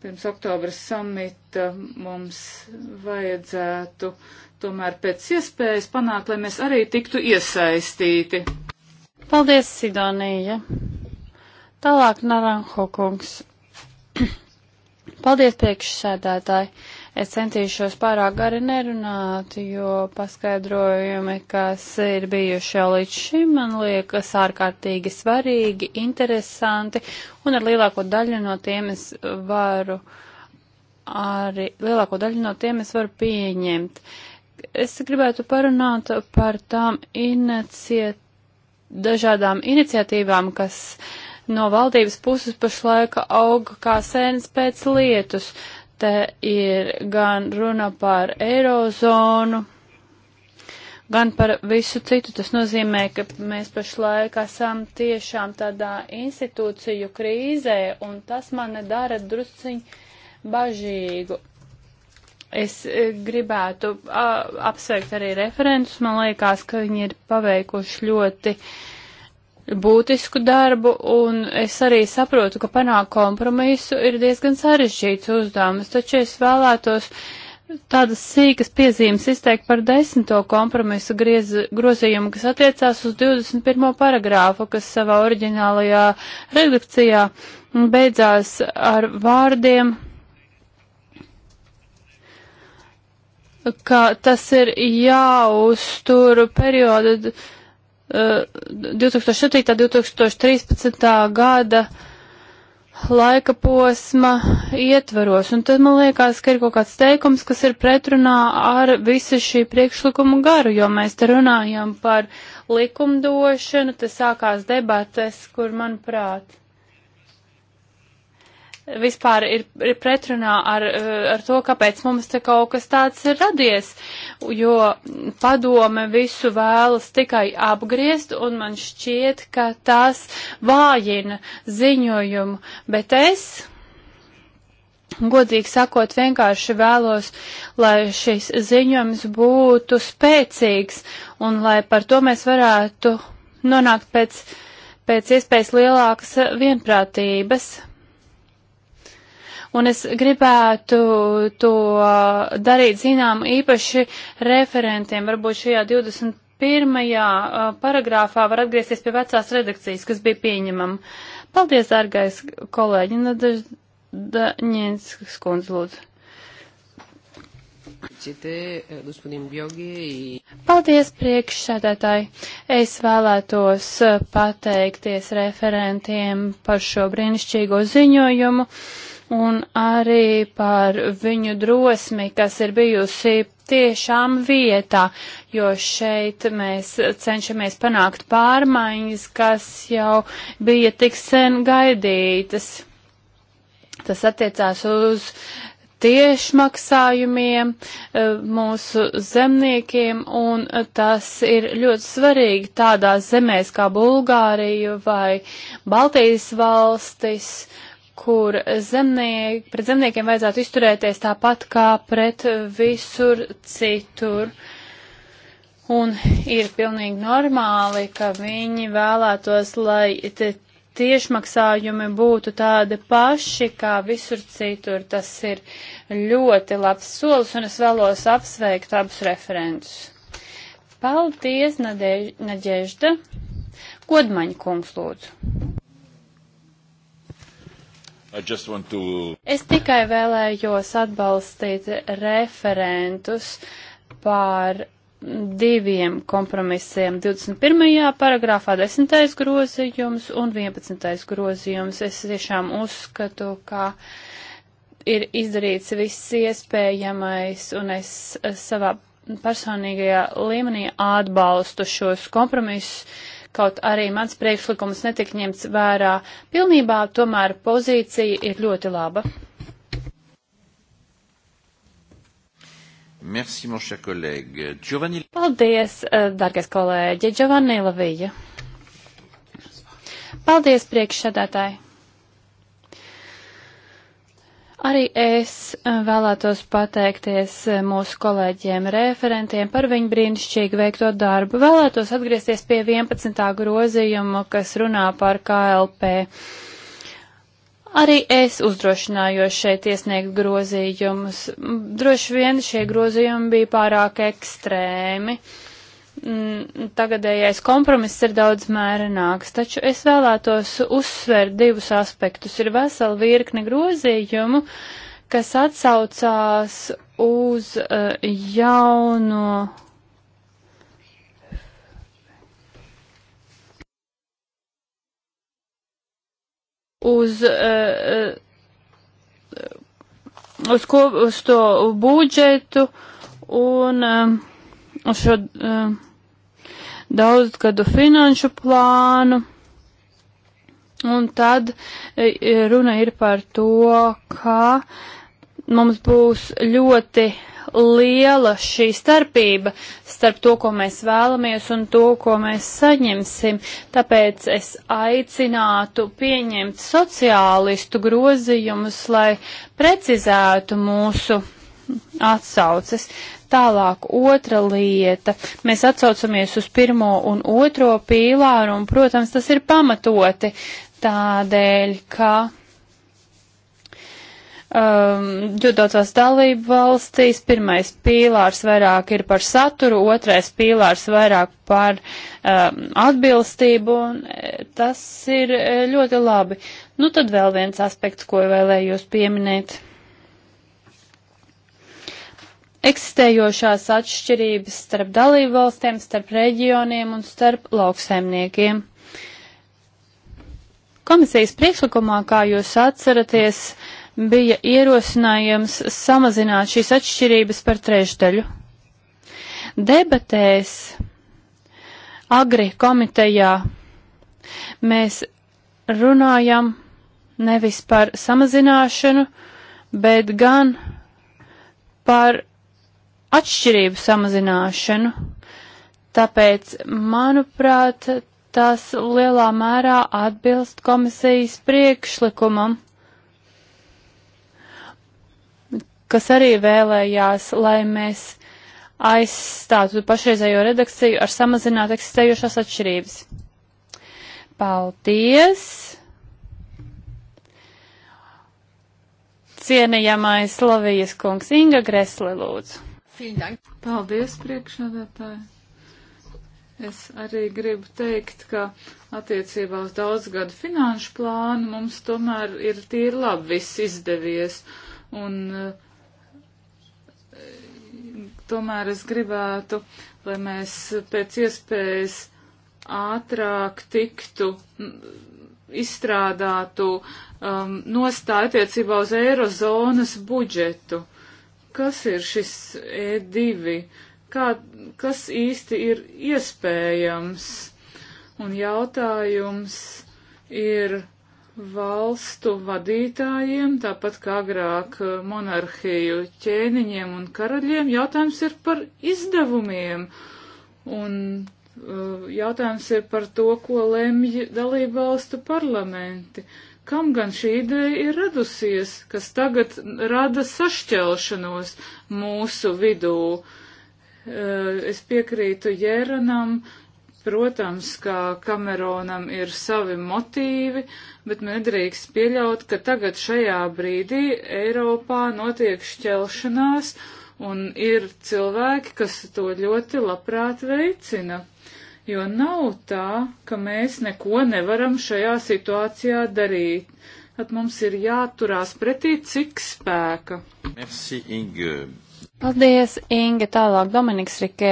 pirms oktobra samita mums vajadzētu tomēr pēc iespējas panākt, lai mēs arī tiktu iesaistīti. Paldies, Sidonija. Tālāk Naranho kungs. Paldies, priekšsēdētāji. Es centīšos pārāk gari nerunāt, jo paskaidrojumi, kas ir bijuši jau līdz šim, man liekas ārkārtīgi svarīgi, interesanti, un ar lielāko daļu no tiem es varu arī, lielāko daļu no tiem es varu pieņemt. Es gribētu parunāt par tām iniciat, dažādām iniciatīvām, kas no valdības puses pašlaika auga kā sēnes pēc lietus. Uh, Te ir gan runa par eirozonu, gan par visu citu. Tas nozīmē, ka mēs pašlaik esam tiešām tādā institūciju krīzē, un tas mani dara drusciņ bažīgu. Es e, gribētu a, apsveikt arī referentus. Man liekas, ka viņi ir paveikuši ļoti uh, būtisku darbu, un es arī saprotu, ka panākt kompromisu ir diezgan sarežģīts uzdevums, taču es vēlētos tādas sīkas piezīmes izteikt par desmito kompromisu griez, grozījumu, kas attiecās uz 21. paragrāfu, kas savā oriģinālajā redakcijā beidzās ar vārdiem, ka tas ir jāuztur perioda 2007. Uh, 2013. gada laika posma ietvaros. Un tad man liekas, ka ir kaut kāds teikums, kas ir pretrunā ar visu šī priekšlikumu garu, jo mēs te runājam par likumdošanu, te sākās debates, kur, manuprāt, vispār ir, ir pretrunā ar, eh, ar to, kāpēc mums te kaut kas tāds ir radies, jo padome visu vēlas tikai apgriezt, un man šķiet, ka tas vājina ziņojumu, bet es. Godīgi sakot, vienkārši vēlos, lai šis ziņojums būtu spēcīgs un lai par to mēs varētu nonākt pēc, pēc iespējas lielākas vienprātības un es gribētu to darīt zinām īpaši referentiem, varbūt šajā 20. Pirmajā paragrāfā var atgriezties pie vecās redakcijas, kas bija pieņemama. Paldies, dārgais kolēģi, Nadaņinskas nu, kundze, lūdzu. Paldies, priekšsēdētāji! Es vēlētos pateikties referentiem par šo brīnišķīgo ziņojumu un arī par viņu drosmi, kas ir bijusi tiešām vietā, jo šeit mēs cenšamies panākt pārmaiņas, kas jau bija tik sen gaidītas. Tas attiecās uz tiešmaksājumiem eh, mūsu zemniekiem, un tas ir ļoti svarīgi tādās zemēs kā Bulgārija vai Baltijas valstis, kur zemnieki, pret zemniekiem vajadzētu izturēties tāpat kā pret visur citur. Un ir pilnīgi normāli, ka viņi vēlētos, lai tiešmaksājumi būtu tādi paši kā visur citur. Tas ir ļoti labs solis, un es vēlos apsveikt abus referentus. Paldies, Nadežda! Godmaņa kungs lūdzu. To... Es tikai vēlējos atbalstīt referentus pār diviem kompromisiem. 21. paragrāfā 10. grozījums un 11. grozījums. Es tiešām uzskatu, ka ir izdarīts viss iespējamais un es savā personīgajā līmenī atbalstu šos kompromisus Kaut arī mans priekšlikums netika ņemts vērā pilnībā, tomēr pozīcija ir ļoti laba. Merci, mon cher collègue. Giovanni... Paldies, eh, dargais kolēģi, Giovanni Lavija. Paldies, priekšsēdētāji. Arī es eh, vēlētos pateikties eh, mūsu kolēģiem referentiem par viņu brīnišķīgi veikto darbu. Vēlētos atgriezties pie 11. grozījuma, kas runā par KLP. Arī es uzdrošinājos šeit iesniegt grozījumus. Droši vien šie grozījumi bija pārāk ekstrēmi. Uh, Mm, tagadējais kompromiss ir daudz mērenāks, taču es vēlētos uzsvērt divus aspektus. Ir vesela virkne grozījumu, kas atsaucās uz uh, jauno. Uz, uh, uz, ko, uz to budžetu un uh, uz šo. Uh, daudzgadu finanšu plānu. Un tad e, e, runa ir par to, ka mums būs ļoti liela šī starpība starp to, ko mēs vēlamies un to, ko mēs saņemsim. Tāpēc es aicinātu pieņemt sociālistu grozījumus, lai precizētu mūsu atsauces. Tālāk otra lieta. Mēs atsaucamies uz pirmo un otro pīlāru, un, protams, tas ir pamatoti tādēļ, ka um, ļoti daudzās dalību valstīs pirmais pīlārs vairāk ir par saturu, otrais pīlārs vairāk par um, atbilstību, un e, tas ir e, ļoti labi. Nu, tad vēl viens aspekts, ko vēlējos pieminēt eksistējošās atšķirības starp dalībvalstiem, starp reģioniem un starp lauksaimniekiem. Komisijas priekšlikumā, kā jūs atceraties, bija ierosinājums samazināt šīs atšķirības par trešdaļu. Debatēs agri komitejā mēs runājam nevis par samazināšanu, bet gan par atšķirību samazināšanu. Tāpēc, manuprāt, tas lielā mērā atbilst komisijas priekšlikumam, kas arī vēlējās, lai mēs aizstātu pašreizējo redakciju ar samazināt eksistējošās atšķirības. Paldies! Cienījamais Slavijas kungs Inga Gresli lūdzu. Paldies, priekšsādātāji! Es arī gribu teikt, ka attiecībā uz daudzgadu finanšu plānu mums tomēr ir tīri labi viss izdevies. Un eh, tomēr es gribētu, lai mēs pēc iespējas ātrāk tiktu izstrādātu um, nostāju attiecībā uz eirozonas budžetu kas ir šis E2, kā, kas īsti ir iespējams. Un jautājums ir valstu vadītājiem, tāpat kā agrāk monarhiju ķēniņiem un karaļiem, jautājums ir par izdevumiem. Un uh, jautājums ir par to, ko lemj dalību valstu parlamenti. Kam gan šī ideja ir radusies, kas tagad rada sašķelšanos mūsu vidū? Eh, es piekrītu Jēranam, protams, ka Kameronam ir savi motīvi, bet nedrīkst pieļaut, ka tagad šajā brīdī Eiropā notiek šķelšanās un ir cilvēki, kas to ļoti labprāt veicina jo nav tā, ka mēs neko nevaram šajā situācijā darīt. Tad mums ir jāturās pretī cik spēka. Merci, Inge. Paldies, Inga. Tālāk Dominiks Rikē.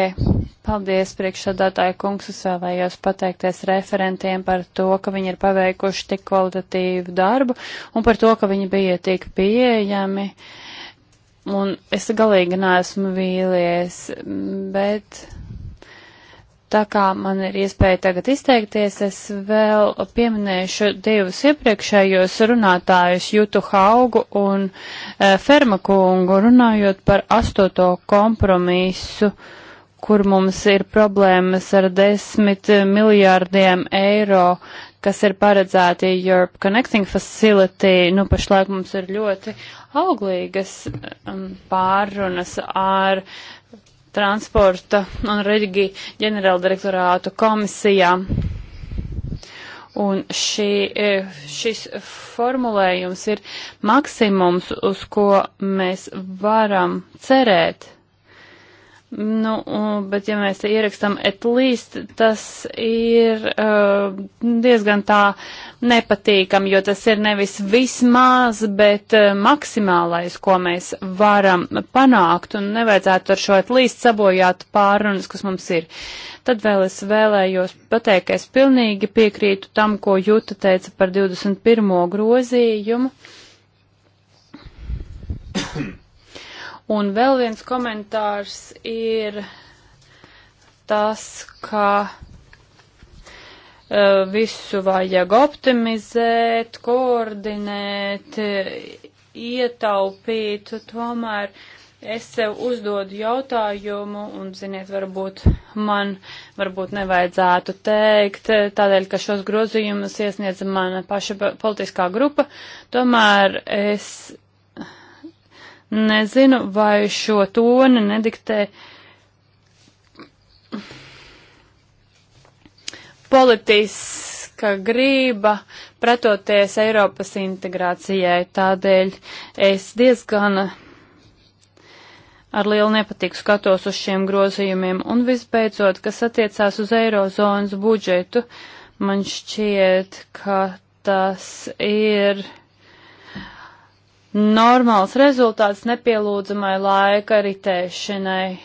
Paldies, priekšsādātāja kungs, es vēlējos pateikties referentiem par to, ka viņi ir paveikuši tik kvalitatīvu darbu un par to, ka viņi bija tik pieejami. Un es galīgi neesmu vīlies, bet Tā kā man ir iespēja tagad izteikties, es vēl pieminēšu divus iepriekšējos runātājus, Jutu Haugu un e, eh, Fermakungu, runājot par astoto kompromisu, kur mums ir problēmas ar desmit miljārdiem eiro, kas ir paredzēti Europe Connecting Facility. Nu, pašlaik mums ir ļoti auglīgas um, pārunas ar transporta un reģi ģenerāldirektorātu komisijā. Un šī, e, šis formulējums ir maksimums, uz ko mēs varam cerēt Nu, bet ja mēs ierakstam at least, tas ir uh, diezgan tā nepatīkam, jo tas ir nevis vismaz, bet uh, maksimālais, ko mēs varam panākt, un nevajadzētu ar šo at least sabojāt pārunas, kas mums ir. Tad vēl es vēlējos pateikt, ka es pilnīgi piekrītu tam, ko Juta teica par 21. grozījumu. Un vēl viens komentārs ir tas, ka e, visu vajag optimizēt, koordinēt, e, ietaupīt, tomēr es sev uzdodu jautājumu, un, ziniet, varbūt man, varbūt nevajadzētu teikt, e, tādēļ, ka šos grozījumus iesniedz mana paša politiskā grupa, tomēr es Nezinu, vai šo toni nediktē politiska grība pretoties Eiropas integrācijai. Tādēļ es diezgan ar lielu nepatiku skatos uz šiem grozījumiem. Un visbeidzot, kas attiecās uz Eirozonas budžetu, man šķiet, ka tas ir normāls rezultāts nepielūdzamai laika ritēšanai.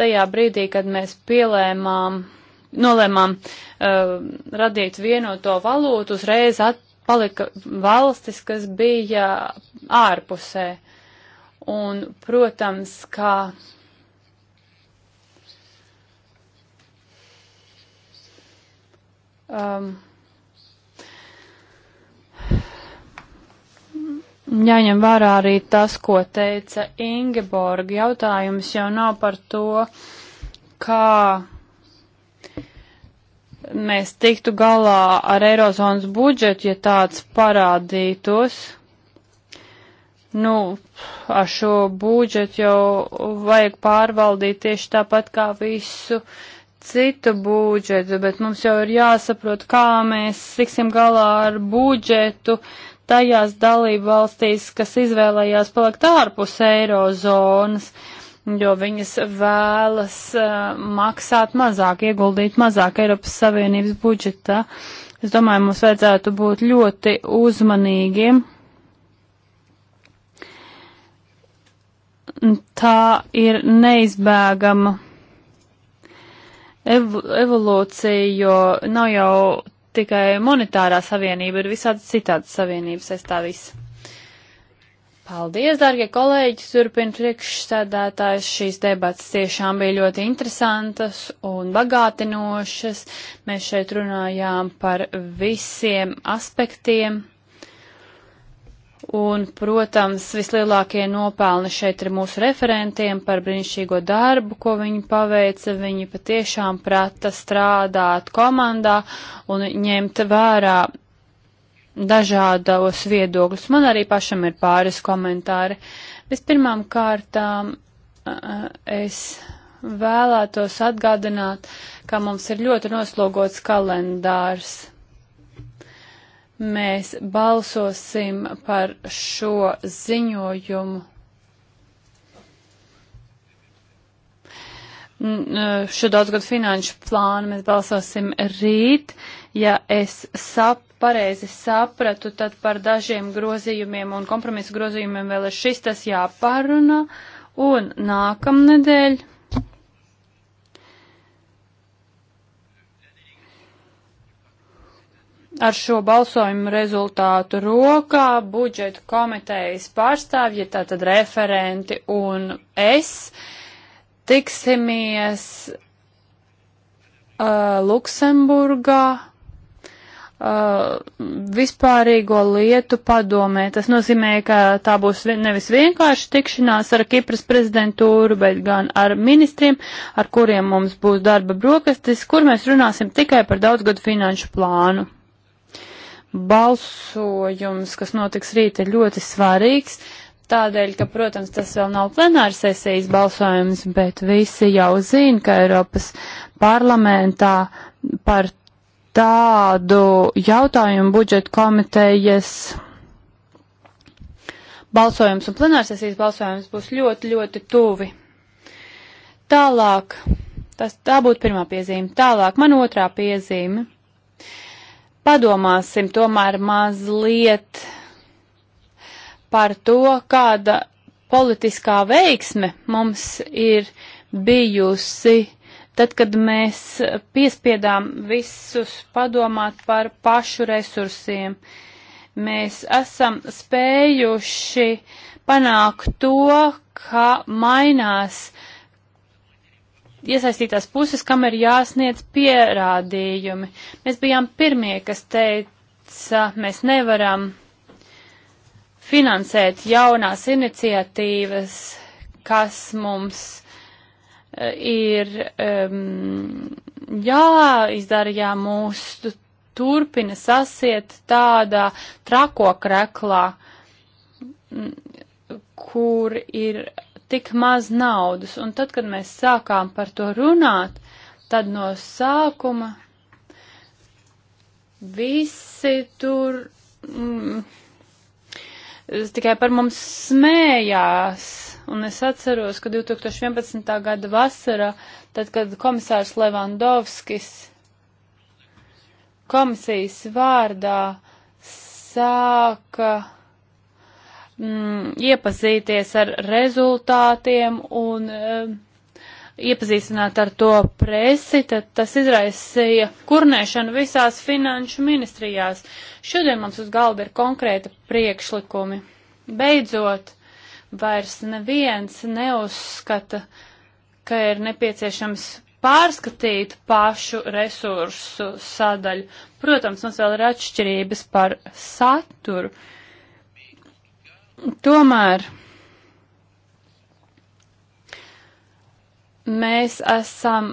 Tajā brīdī, kad mēs pielēmām, nolēmām uh, radīt vienoto valūtu, uzreiz palika valstis, kas bija ārpusē. Un, protams, kā um, jāņem vērā arī tas, ko teica Ingeborg. Jautājums jau nav par to, kā mēs tiktu galā ar Eirozonas budžetu, ja tāds parādītos. Nu, ar šo budžetu jau vajag pārvaldīt tieši tāpat kā visu citu budžetu, bet mums jau ir jāsaprot, kā mēs tiksim galā ar budžetu, uh, tajās dalību valstīs, kas izvēlējās palikt ārpus eirozonas, jo viņas vēlas uh, maksāt mazāk, ieguldīt mazāk Eiropas Savienības budžetā. Es domāju, mums vajadzētu būt ļoti uzmanīgiem. Tā ir neizbēgama ev evolūcija, jo nav jau tikai monetārā savienība, ir visādas citādas savienības aiz tā viss. Paldies, dārgie kolēģi, turpina priekšsēdētājs. Šīs debats tiešām bija ļoti interesantas un bagātinošas. Mēs šeit runājām par visiem aspektiem Un, protams, vislielākie nopelni šeit ir mūsu referentiem par brīnišķīgo darbu, ko viņi paveica. Viņi patiešām prata strādāt komandā un ņemt vērā dažādos viedokļus. Man arī pašam ir pāris komentāri. Vispirmām kārtām es vēlētos atgādināt, ka mums ir ļoti noslogots kalendārs mēs balsosim par šo ziņojumu. E, šo daudzgadu finanšu plānu mēs balsosim rīt. Ja es sap, pareizi sapratu, tad par dažiem grozījumiem un kompromisu grozījumiem vēl ir šis tas jāparunā. Un nākamnedēļ ar šo balsojumu rezultātu rokā budžeta komitejas pārstāvji, tātad referenti un es, tiksimies uh, Luksemburgā uh, vispārīgo lietu padomē. Tas nozīmē, ka tā būs nevis vienkārši tikšanās ar Kipras prezidentūru, bet gan ar ministriem, ar kuriem mums būs darba brokastis, kur mēs runāsim tikai par daudzgadu finanšu plānu balsojums, kas notiks rīt, ir ļoti svarīgs. Tādēļ, ka, protams, tas vēl nav plenāra sesijas balsojums, bet visi jau zina, ka Eiropas parlamentā par tādu jautājumu budžeta komitejas balsojums un plenārsesijas balsojums būs ļoti, ļoti tuvi. Tālāk, tas, tā būtu pirmā piezīme. Tālāk, man otrā piezīme padomāsim tomēr mazliet par to, kāda politiskā veiksme mums ir bijusi, tad, kad mēs piespiedām visus padomāt par pašu resursiem. Mēs esam spējuši panākt to, ka mainās uh, iesaistītās puses, kam ir jāsniedz pierādījumi. Mēs bijām pirmie, kas teica, mēs nevaram finansēt jaunās iniciatīvas, kas mums e, ir um, jāizdara, jā, mūs turpina sasiet tādā trako kreklā, kur ir tik maz naudas. Un tad, kad mēs sākām par to runāt, tad no sākuma visi tur mm, tikai par mums smējās. Un es atceros, ka 2011. gada vasarā, tad, kad komisārs Levandovskis komisijas vārdā sāka mm, iepazīties ar rezultātiem un mm, iepazīstināt ar to presi, tad tas izraisīja kurnēšanu visās finanšu ministrijās. Šodien mums uz galda ir konkrēta priekšlikumi. Beidzot, vairs neviens neuzskata, ka ir nepieciešams pārskatīt pašu resursu sadaļu. Protams, mums vēl ir atšķirības par saturu. Uh, Tomēr mēs esam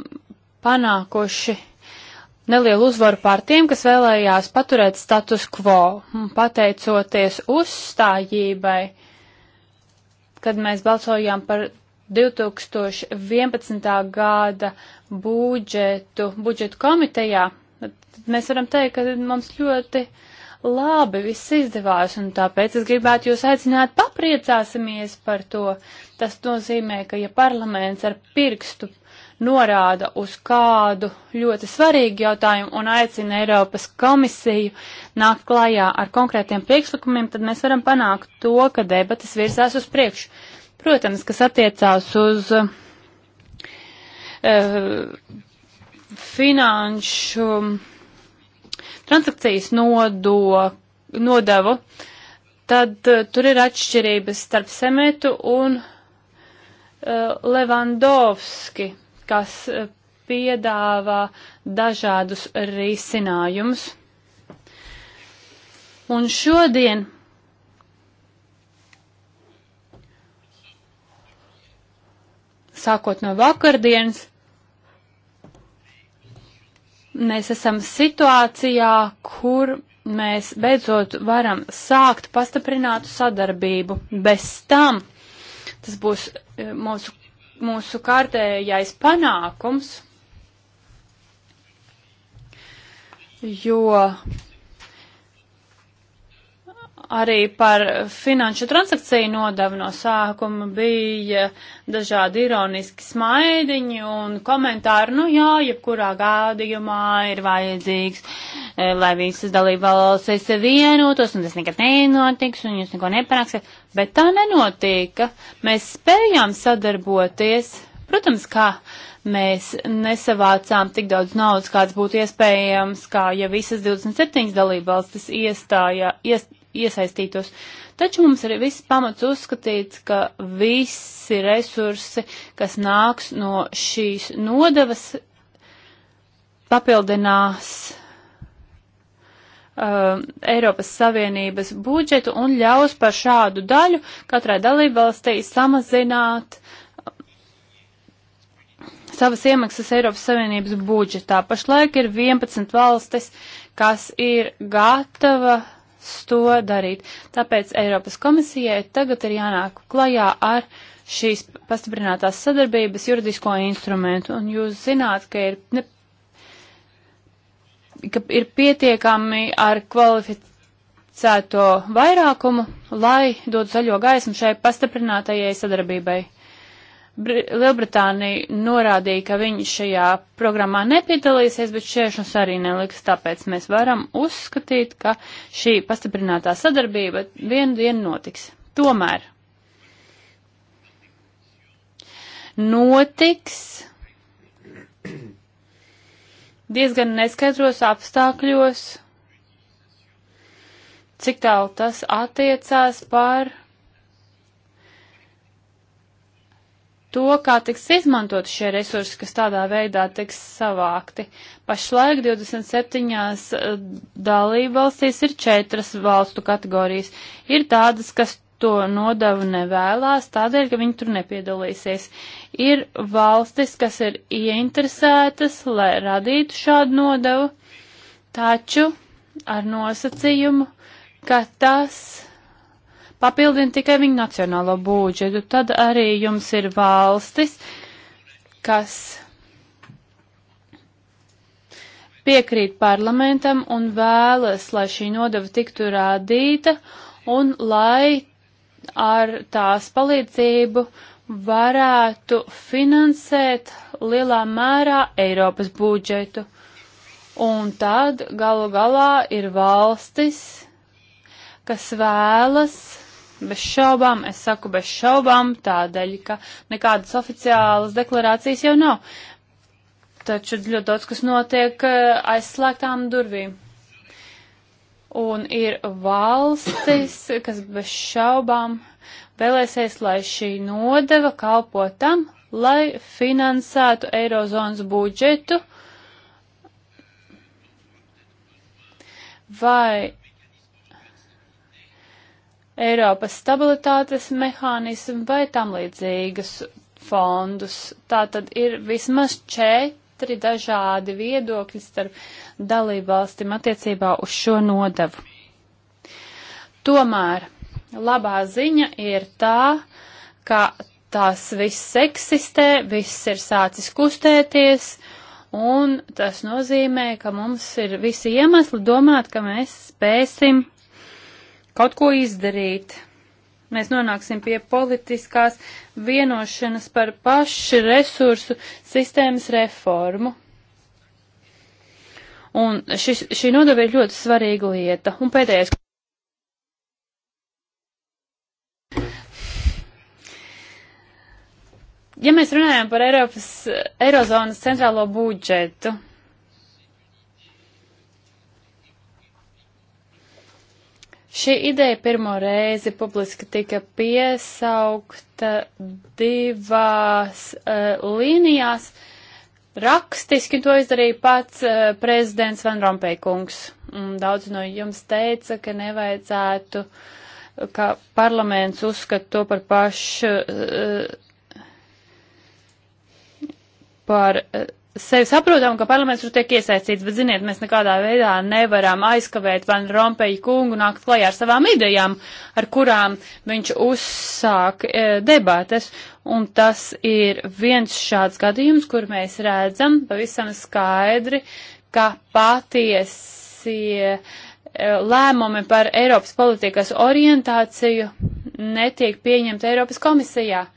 panākuši nelielu uzvaru pār tiem, kas vēlējās paturēt status quo, pateicoties uzstājībai, kad mēs balsojām par 2011. gada budžetu, budžetu komitejā. Mēs varam teikt, ka mums ļoti uh, labi, viss izdevās, un tāpēc es gribētu jūs aicināt papriecāsimies par to. Tas nozīmē, ka ja parlaments ar pirkstu norāda uz kādu ļoti svarīgu jautājumu un aicina Eiropas komisiju nākt klajā ar konkrētiem priekšlikumiem, tad mēs varam panākt to, ka debatas virzās uz priekšu. Protams, kas attiecās uz uh, finanšu transakcijas nodo, nodevu, tad uh, tur ir atšķirības starp Semetu un uh, Levandovski, kas uh, piedāvā dažādus risinājumus. Un šodien sākot no vakardienas, mēs esam situācijā, kur mēs beidzot varam sākt pastiprinātu sadarbību. Bez tam tas būs e, mūsu, mūsu kārtējais panākums, jo Arī par finanšu transakciju nodevu no sākuma bija dažādi ironiski smaidiņi un komentāri, nu jā, jebkurā gādījumā ir vajadzīgs, eh, lai visas dalība valstis vienotos, un tas nekad nenotiks, un jūs neko nepanāksiet. Bet tā nenotika. Mēs spējām sadarboties. Protams, kā mēs nesavācām tik daudz naudas, kāds būtu iespējams, kā ja visas 27 dalībvalstis iestājā, iest, iesaistītos. Taču mums ir viss pamats uzskatīt, ka visi resursi, kas nāks no šīs nodevas, papildinās uh, Eiropas Savienības budžetu un ļaus par šādu daļu katrai dalībvalstī samazināt savas iemaksas Eiropas Savienības budžetā. Pašlaik ir 11 valstis, kas ir gatava uh, piespiestas to darīt. Tāpēc Eiropas komisijai tagad ir jānāk klajā ar šīs pastiprinātās sadarbības juridisko instrumentu. Un jūs zināt, ka ir, ne, ka ir pietiekami ar kvalificēto vairākumu, lai dod zaļo gaismu šai pastiprinātajai sadarbībai. Br Lielbritānija norādīja, ka viņi šajā programmā nepiedalīsies, bet šķēršus arī neliks, tāpēc mēs varam uzskatīt, ka šī pastiprinātā sadarbība vienu dienu notiks. Tomēr notiks diezgan neskaidros apstākļos, cik tālu tas attiecās par to, kā tiks izmantot šie resursi, kas tādā veidā tiks savākti. Pašlaik 27 eh, dalībvalstīs ir četras valstu kategorijas. Ir tādas, kas to nodevu nevēlās, tādēļ, ka viņi tur nepiedalīsies. Ir valstis, kas ir ieinteresētas, lai radītu šādu nodevu, taču ar nosacījumu, ka tas papildina tikai viņu nacionālo būdžetu. Tad arī jums ir valstis, kas piekrīt parlamentam un vēlas, lai šī nodeva tiktu rādīta un lai ar tās palīdzību varētu finansēt lielā mērā Eiropas budžetu. Un tad galu galā ir valstis, kas vēlas Bez šaubām, es saku bez šaubām, tādēļ, ka nekādas oficiālas deklarācijas jau nav. Taču ļoti daudz, kas notiek eh, aizslēgtām durvīm. Un ir valstis, kas bez šaubām vēlēsies, lai šī nodeva kalpo tam, lai finansētu Eirozonas budžetu. Vai Eiropas stabilitātes mehānismu vai tam līdzīgas fondus. Tā tad ir vismaz četri dažādi viedokļi starp dalībvalstīm attiecībā uz šo nodevu. Tomēr labā ziņa ir tā, ka tās viss eksistē, viss ir sācis kustēties, un tas nozīmē, ka mums ir visi iemesli domāt, ka mēs spēsim kaut ko izdarīt. Mēs nonāksim pie politiskās vienošanas par pašu resursu sistēmas reformu. Un šis, šī nodeva ir ļoti svarīga lieta. Un pēdējais. Ja mēs runājam par Eiropas, Eirozonas centrālo budžetu, Šī ideja pirmo reizi publiski tika piesaukta divās uh, līnijās. Rakstiski to izdarīja pats uh, prezidents Van Rompēkungs. Daudz no jums teica, ka nevajadzētu, ka parlaments uzskata to par pašu. Uh, par uh, sevi saprotam, ka parlaments tur tiek iesaistīts, bet ziniet, mēs nekādā veidā nevaram aizkavēt Van Rompeju kungu nākt klajā ar savām idejām, ar kurām viņš uzsāk e, debates. Un tas ir viens šāds gadījums, kur mēs redzam pavisam skaidri, ka patiesie e, lēmumi par Eiropas politikas orientāciju netiek pieņemti Eiropas komisijā. Uh,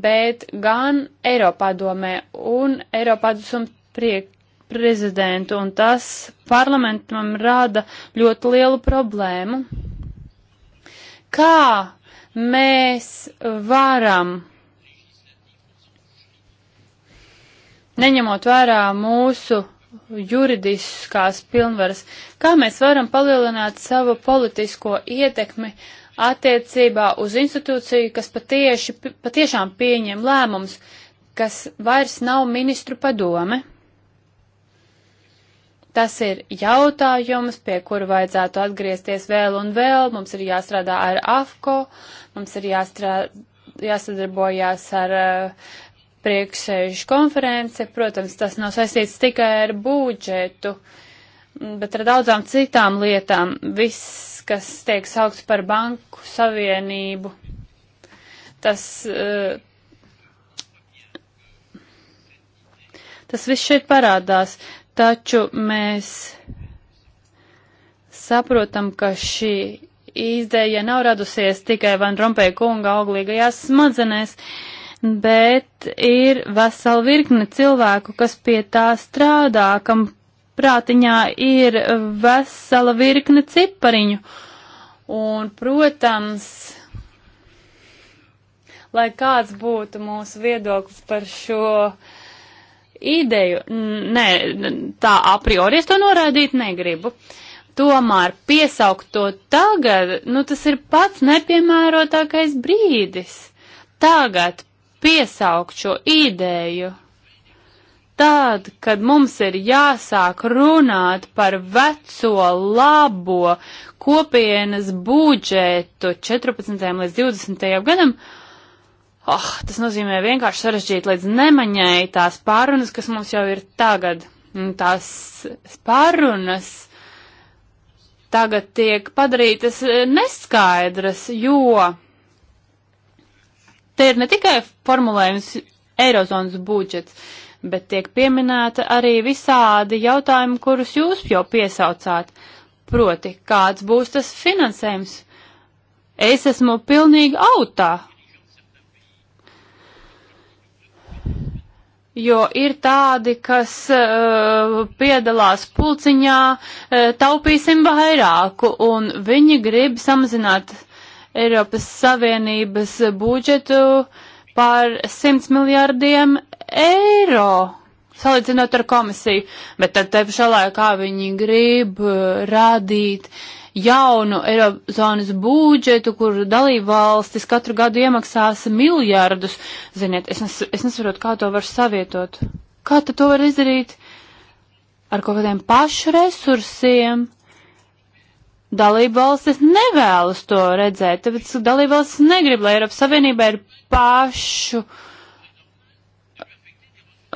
bet gan Eiropadomē un Eiropadomu priek prezidentu, un tas parlamentam rada ļoti lielu problēmu. Kā mēs varam, neņemot vērā mūsu juridiskās pilnvaras, kā mēs varam palielināt savu politisko ietekmi uh, attiecībā uz institūciju, kas patieši, patiešām pieņem lēmums, kas vairs nav ministru padome. Tas ir jautājums, pie kura vajadzētu atgriezties vēl un vēl. Mums ir jāstrādā ar AFCO, mums ir jāstrādā, jāsadarbojās ar uh, priekšsēžu konferenci. Protams, tas nav saistīts tikai ar budžetu, bet ar daudzām citām lietām. Viss kas tiek saukts par banku savienību. Tas, eh, tas viss šeit parādās, taču mēs saprotam, ka šī izdeja nav radusies tikai Van Rompēja kunga auglīgajās smadzenēs, bet ir vesela virkne cilvēku, kas pie tā strādā, kam prātiņā ir vesela virkne cipariņu. Un, protams, lai kāds būtu mūsu viedoklis par šo ideju, nē, tā a priori es to noraidīt negribu. Tomēr piesaukt to tagad, nu tas ir pats nepiemērotākais brīdis. Tagad piesaukt šo ideju tad, kad mums ir jāsāk runāt par veco labo kopienas budžetu 14. līdz 20. gadam, oh, tas nozīmē vienkārši sarežģīt līdz nemaņai tās pārunas, kas mums jau ir tagad. Un tās pārunas tagad tiek padarītas eh, neskaidras, jo te ir ne tikai formulējums Eirozonas budžets, bet tiek pieminēta arī visādi jautājumi, kurus jūs jau piesaucāt. Proti, kāds būs tas finansējums? Es esmu pilnīgi autā. Jo ir tādi, kas uh, piedalās pulciņā, uh, taupīsim vairāku, un viņi grib samazināt Eiropas Savienības budžetu par 100 miljārdiem eiro salīdzinot ar komisiju, bet tad te pašā laikā viņi grib uh, radīt jaunu Eirozonas budžetu, kur dalību valstis katru gadu iemaksās miljardus. Ziniet, es, nes, es nesaprotu, kā to var savietot. Kā tad to var izdarīt? Ar kaut kādiem pašu resursiem. Dalību valstis nevēlas to redzēt, tāpēc dalību valstis negrib, lai Eiropas Savienībā ir pašu uh,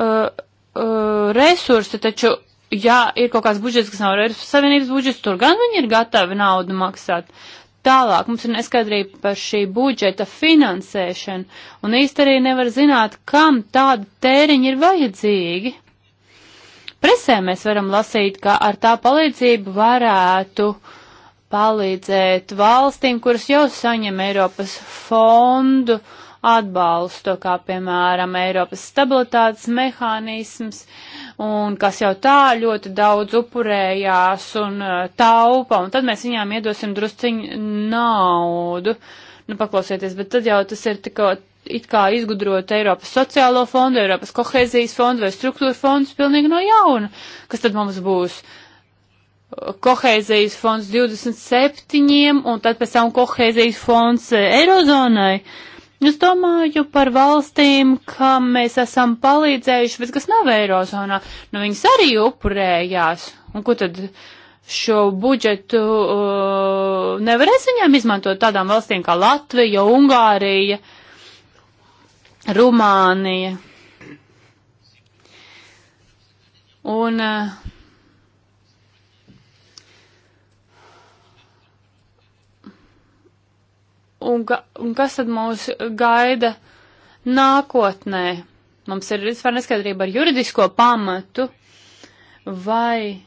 uh, uh, resursi, taču, ja ir kaut kāds budžets, kas nav Eiropas Savienības budžets, tur gan viņi ir gatavi naudu maksāt. Tālāk mums ir neskaidrība par šī budžeta finansēšanu, un īsti arī nevar zināt, kam tāda tēriņa ir vajadzīgi. Presē mēs varam lasīt, ka ar tā palīdzību varētu palīdzēt valstīm, kuras jau saņem Eiropas fondu uh, atbalstu, kā piemēram Eiropas stabilitātes mehānisms, un kas jau tā ļoti daudz upurējās un uh, taupa, un tad mēs viņām iedosim drusciņu naudu. Nu, paklausieties, bet tad jau tas ir tikko it kā izgudrot Eiropas sociālo fondu, Eiropas kohēzijas fondu vai struktūra fondus pilnīgi no jauna. Kas tad mums būs? kohēzijas fonds 27 un tad pēc tam kohēzijas fonds eh, Eirozonai. Uh, Es domāju par valstīm, kam mēs esam palīdzējuši, bet kas nav Eirozonā. Nu, viņas arī upurējās. Un ko tad šo budžetu uh, nevarēs viņām izmantot tādām valstīm kā Latvija, Ungārija, Rumānija? Un uh, un, ga, un kas tad mūs gaida nākotnē. Mums ir vispār neskaidrība ar juridisko pamatu, vai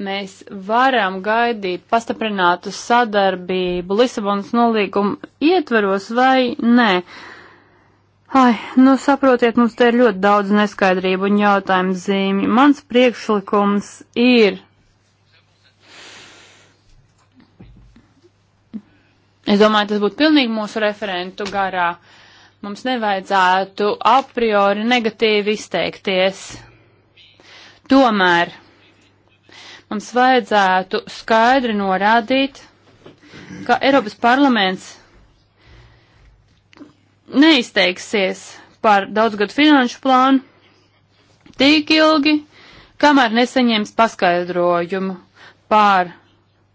mēs varam gaidīt pastiprinātu sadarbību Lisabonas nolīguma ietveros vai nē. Ai, nu saprotiet, mums te ir ļoti daudz neskaidrību un jautājumu zīmju. Mans priekšlikums ir Es domāju, tas būtu pilnīgi mūsu referentu garā. Mums nevajadzētu a priori negatīvi izteikties. Tomēr mums vajadzētu skaidri norādīt, ka Eiropas parlaments neizteiksies par daudzgadu finanšu plānu tik ilgi, kamēr nesaņems paskaidrojumu pār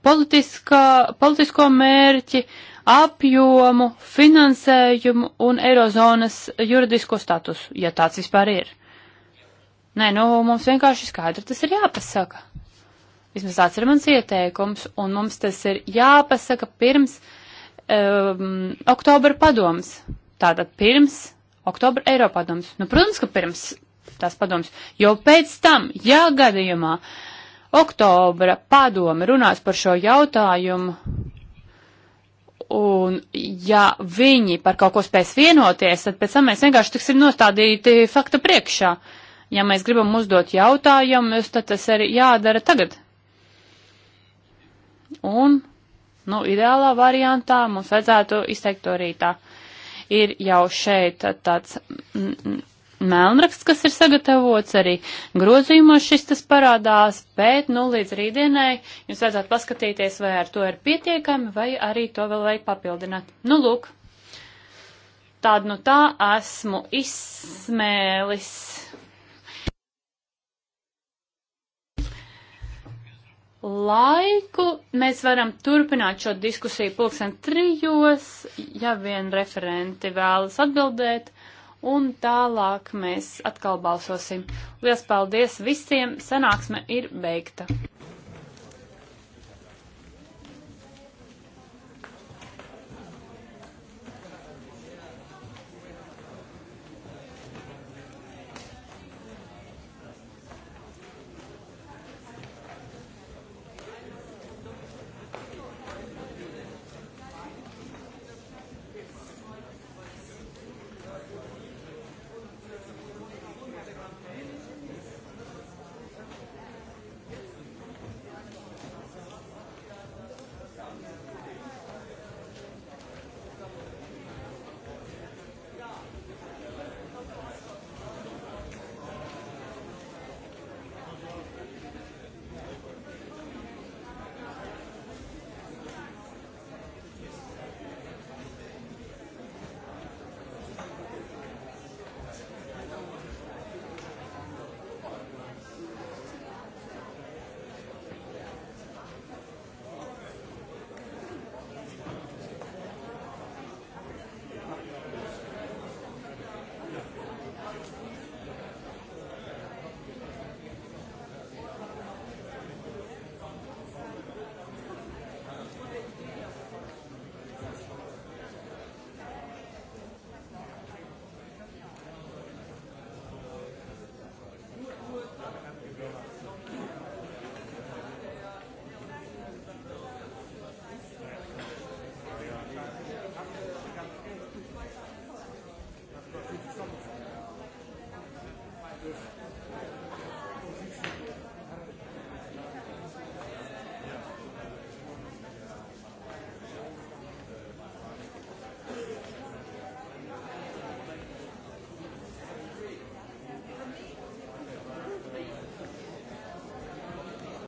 politiskā, politisko mērķi, apjomu, finansējumu un eirozonas juridisko statusu, ja tāds vispār ir. Nē, nu mums vienkārši skaidri tas ir jāpasaka. Vismaz tāds ir mans ieteikums, un mums tas ir jāpasaka pirms um, oktobra padoms. Tātad pirms oktobra Eiropadoms. Nu, protams, ka pirms tās padoms, jo pēc tam, ja gadījumā uh, oktobra padome runās par šo jautājumu, un ja viņi par kaut ko spēs vienoties, tad pēc tam mēs vienkārši tiksim nostādīti fakta priekšā. Ja mēs gribam uzdot jautājumus, tad tas arī jādara tagad. Un, nu, ideālā variantā mums vajadzētu izteikt to rītā. Ir jau šeit tāds mm, mm, melnraksts, kas ir sagatavots, arī grozījumos šis tas parādās, bet, nu, līdz rītdienai jums vajadzētu paskatīties, vai ar to ir pietiekami, vai arī to vēl vajag papildināt. Nu, lūk, tādu nu tā esmu izsmēlis. Laiku mēs varam turpināt šo diskusiju pulksten trijos, ja vien referenti vēlas atbildēt un tālāk mēs atkal balsosim. Lielas paldies visiem! Sanāksme ir beigta!